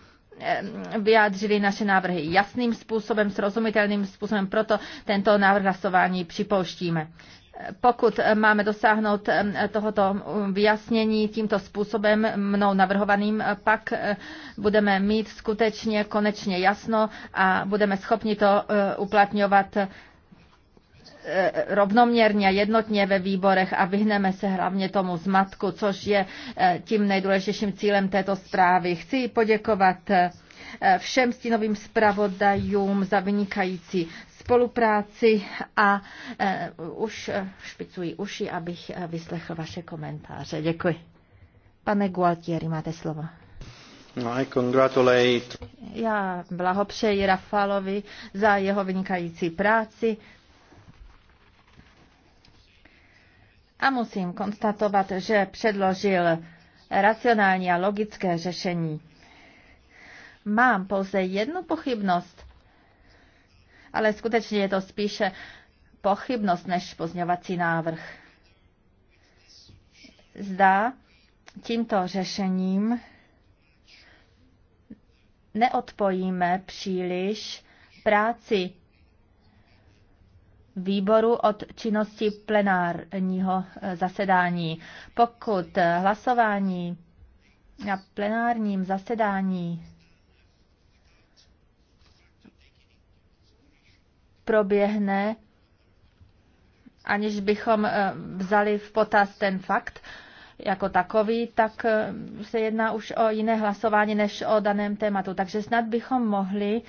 [SPEAKER 1] vyjádřili naše návrhy jasným způsobem, srozumitelným způsobem, proto tento návrh hlasování připouštíme pokud máme dosáhnout tohoto vyjasnění tímto způsobem mnou navrhovaným, pak eh, budeme mít skutečně konečně jasno a budeme schopni to eh, uplatňovat Eh, rovnoměrně a jednotně ve výborech a vyhneme se hlavně tomu zmatku, což je eh, tím nejdůležitějším cílem této zprávy. Chci poděkovat eh, všem stínovým zpravodajům za vynikající spolupráci a už špicuji uši, abych vyslechl vaše komentáře. Děkuji. Pane Gualtieri, máte slovo.
[SPEAKER 3] No, I congratulate.
[SPEAKER 1] Já blahopřeji Rafalovi za jeho vynikající práci A musím konstatovat, že předložil racionální a logické řešení. Mám pouze jednu pochybnost, ale skutečně je to spíše pochybnost než pozňovací návrh. Zdá tímto řešením neodpojíme příliš práci výboru od činnosti plenárního eh, zasedání. Pokud eh, hlasování na plenárním zasedání proběhne, aniž bychom eh, vzali v potaz ten fakt jako takový, tak se jedná už o jiné hlasování než o daném tématu. Takže snad bychom mohli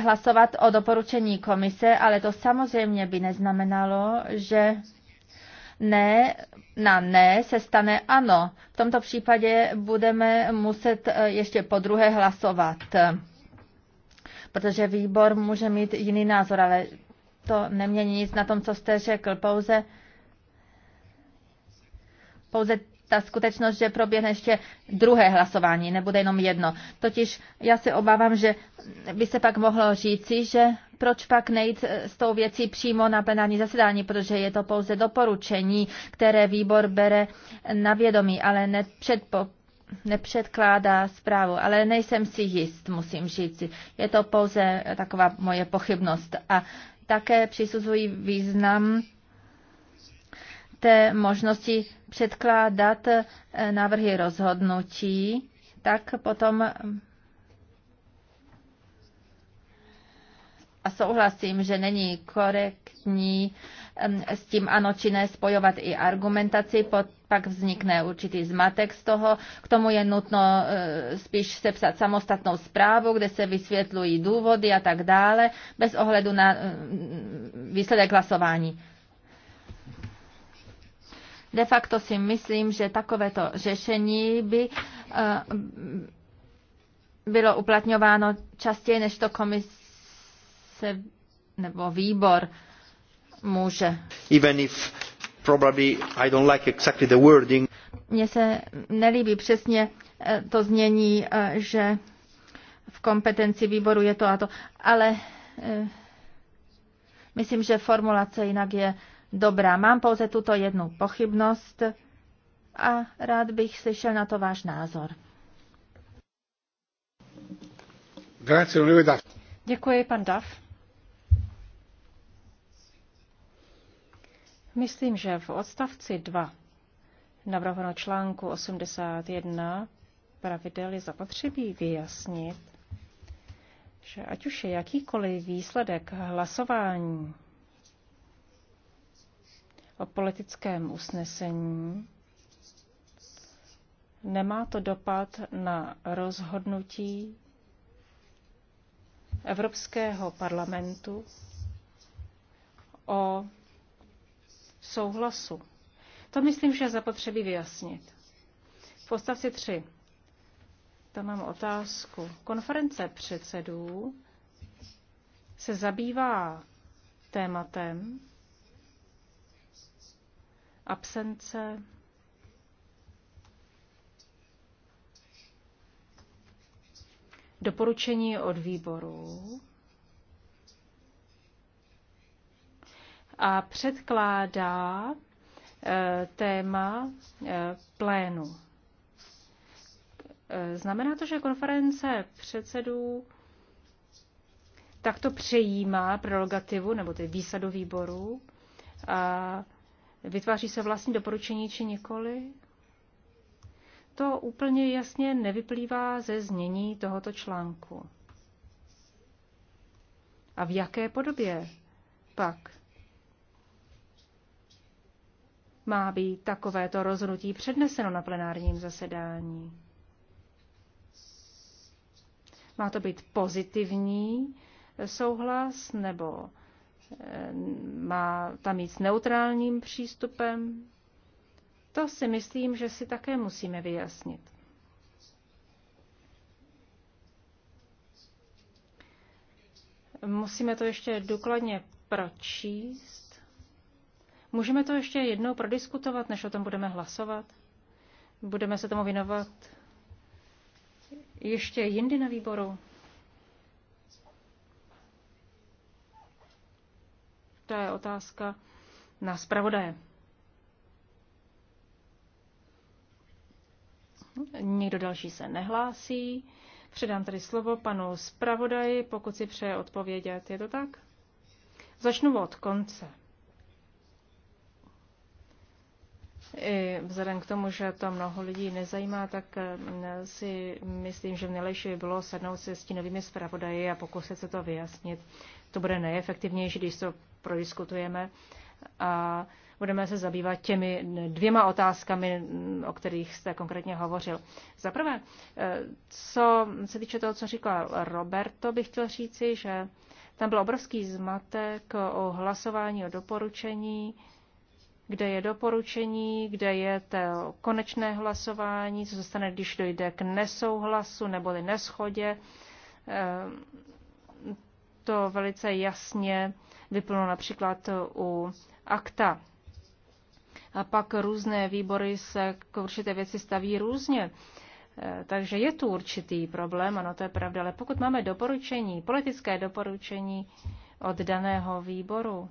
[SPEAKER 1] hlasovat o doporučení komise, ale to samozřejmě by neznamenalo, že ne, na ne se stane ano. V tomto případě budeme muset eh, ještě po druhé hlasovat, protože výbor může mít jiný názor, ale to nemění nic na tom, co jste řekl. Pouze, pouze ta skutečnost, že proběhne ještě druhé hlasování, nebude jenom jedno. Totiž já se obávám, že by se pak mohlo říci, že proč pak nejít eh, s tou věcí přímo na plenární zasedání, protože je to pouze doporučení, které výbor bere na vědomí, ale nepředpo, nepředkládá zprávu, ale nejsem si jist, musím říct. Je to pouze taková moje pochybnost. A také přisuzují význam té možnosti předkládat eh, návrhy rozhodnutí, tak potom eh, a souhlasím, že není korektní eh, s tím ano či ne spojovat i argumentaci, pak vznikne určitý zmatek z toho. K tomu je nutno spíš sepsat samostatnou zprávu, kde se vysvětlují důvody a tak dále, bez ohledu na výsledek hlasování. De facto si myslím, že takovéto řešení by eh, bylo uplatňováno častěji, než to komise nebo výbor může. Even if probably I don't like exactly the wording. Mně se nelíbí přesně eh, to znění, eh, že v kompetenci výboru je to a to, ale myslím, že formulace jinak je dobrá. Mám pouze tuto jednu pochybnost a rád bych slyšel na to váš názor. Děkuji, pan Dav.
[SPEAKER 2] Myslím, že v odstavci 2 navrhovaného článku 81 pravidel je zapotřebí vyjasnit, že ať už je jakýkoliv výsledek hlasování o politickém usnesení, nemá to dopad na rozhodnutí Evropského parlamentu o souhlasu. To myslím, že zapotřebí vyjasnit. V odstavci 3. Tam mám otázku. Konference předsedů se zabývá tématem, absence. Doporučení od výboru. A předkládá eh, téma eh, plénu. Eh, znamená to, že konference předsedů takto přejímá prerogativu nebo ty výsadu výboru a Vytváří se vlastní doporučení či nikoli? To úplně jasně nevyplývá ze znění tohoto článku. A v jaké podobě pak má být takovéto rozhodnutí předneseno na plenárním zasedání? Má to být pozitivní souhlas nebo má tam jít s neutrálním přístupem. To si myslím, že si také musíme vyjasnit. Musíme to ještě důkladně pročíst. Můžeme to ještě jednou prodiskutovat, než o tom budeme hlasovat? Budeme se tomu věnovat ještě jindy na výboru? To je otázka na zpravodaje. Nikdo další se nehlásí. Předám tady slovo panu zpravodaji, pokud si přeje odpovědět. Je to tak? Začnu od konce. I vzhledem k tomu, že to mnoho lidí nezajímá, tak eh, si myslím, že v nejlepší by bylo sednout se s novými zpravodaji a pokusit se to vyjasnit. To bude nejefektivnější, když to prodiskutujeme a budeme se zabývat těmi dvěma otázkami, mm, o kterých jste konkrétně hovořil. Za prvé, eh, co se týče toho, co říkal Roberto, bych chtěl říci, že tam byl obrovský zmatek o hlasování o doporučení, kde je doporučení, kde je to konečné hlasování, co se stane, když dojde k nesouhlasu nebo neschodě. Eh, to velice jasně vyplnul například u akta. A pak různé výbory se k určité věci staví různě. E, takže je tu určitý problém, ano, to je pravda, ale pokud máme doporučení, politické doporučení od daného výboru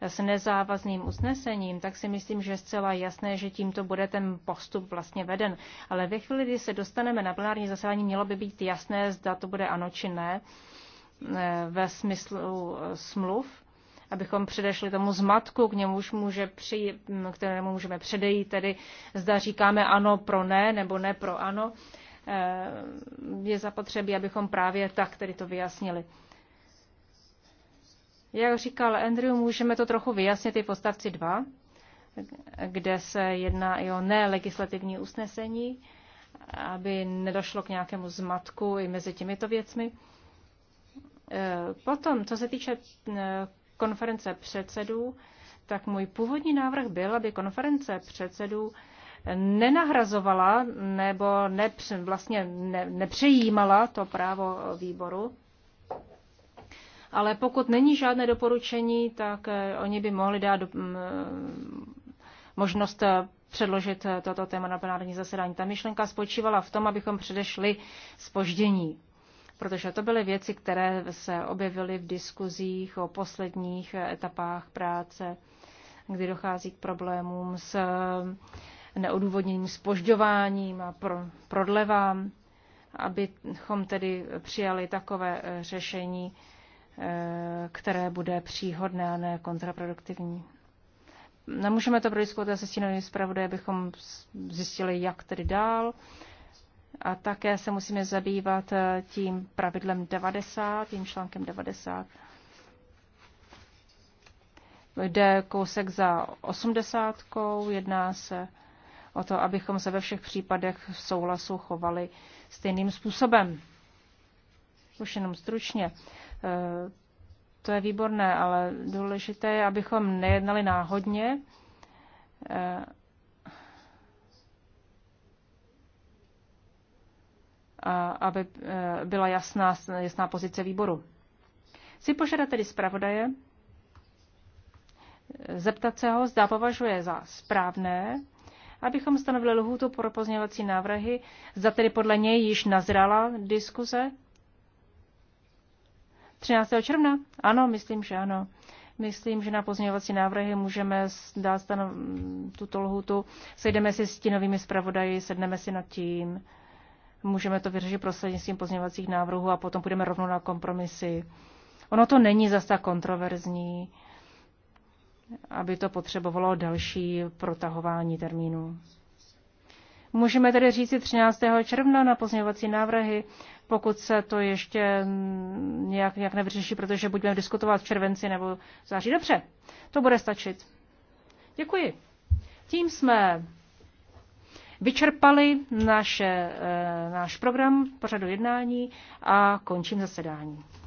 [SPEAKER 2] s nezávazným usnesením, tak si myslím, že je zcela jasné, že tímto bude ten postup vlastně veden. Ale ve chvíli, kdy se dostaneme na plenární zasedání, mělo by být jasné, zda to bude ano či ne. Eh, ve smyslu eh, smluv, abychom předešli tomu zmatku, k už může přijít, kterému můžeme předejít, tedy zda říkáme ano pro ne nebo ne pro ano, eh, je zapotřebí, abychom právě tak tedy to vyjasnili. Jak říkal Andrew, můžeme to trochu vyjasnit i v postavci 2, kde se jedná i o nelegislativní usnesení, aby nedošlo k nějakému zmatku i mezi těmito věcmi. Potom, co se týče eh, konference předsedů, tak můj původní návrh byl, aby konference předsedů nenahrazovala nebo nepř, vlastně ne, nepřejímala to právo výboru. Ale pokud není žádné doporučení, tak eh, oni by mohli dát mm, možnost eh, předložit toto téma na plenární zasedání. Ta myšlenka spočívala v tom, abychom předešli spoždění protože to byly věci, které se objevily v diskuzích o posledních etapách práce, kdy dochází k problémům s eh, neodůvodněným spožďováním a prodlevám, abychom tedy přijali takové eh, řešení, eh, které bude příhodné a ne kontraproduktivní. Nemůžeme to prodiskutovat se stínovým zpravodajem, abychom zjistili, jak tedy dál. A také se musíme zabývat eh, tím pravidlem 90, tím článkem 90. Jde kousek za osmdesátkou, jedná se o to, abychom se ve všech případech v souhlasu chovali stejným způsobem. Už jenom stručně. Eh, to je výborné, ale důležité je, abychom nejednali náhodně, eh, aby eh, byla jasná, jasná pozice výboru. Chci požádat tedy zpravodaje, eh, zeptat se ho, zda považuje za správné, abychom stanovili lhůtu pro pozměňovací návrhy, zda tedy podle něj již nazrala diskuze. 13. června? Ano, myslím, že ano. Myslím, že na pozměňovací návrhy můžeme dát tuto lhůtu. Sejdeme si s stínovými zpravodaji, sedneme si nad tím. Můžeme to vyřešit prostřednictvím pozměňovacích návrhů a potom půjdeme rovnou na kompromisy. Ono to není zas tak kontroverzní, aby to potřebovalo další protahování termínu. Můžeme tedy říci 13. června na pozměňovací návrhy, pokud se to ještě nějak, nějak nevyřeší, protože budeme diskutovat v červenci nebo září. Dobře, to bude stačit. Děkuji. Tím jsme vyčerpali naše, eh, náš program pořadu jednání a končím
[SPEAKER 1] zasedání.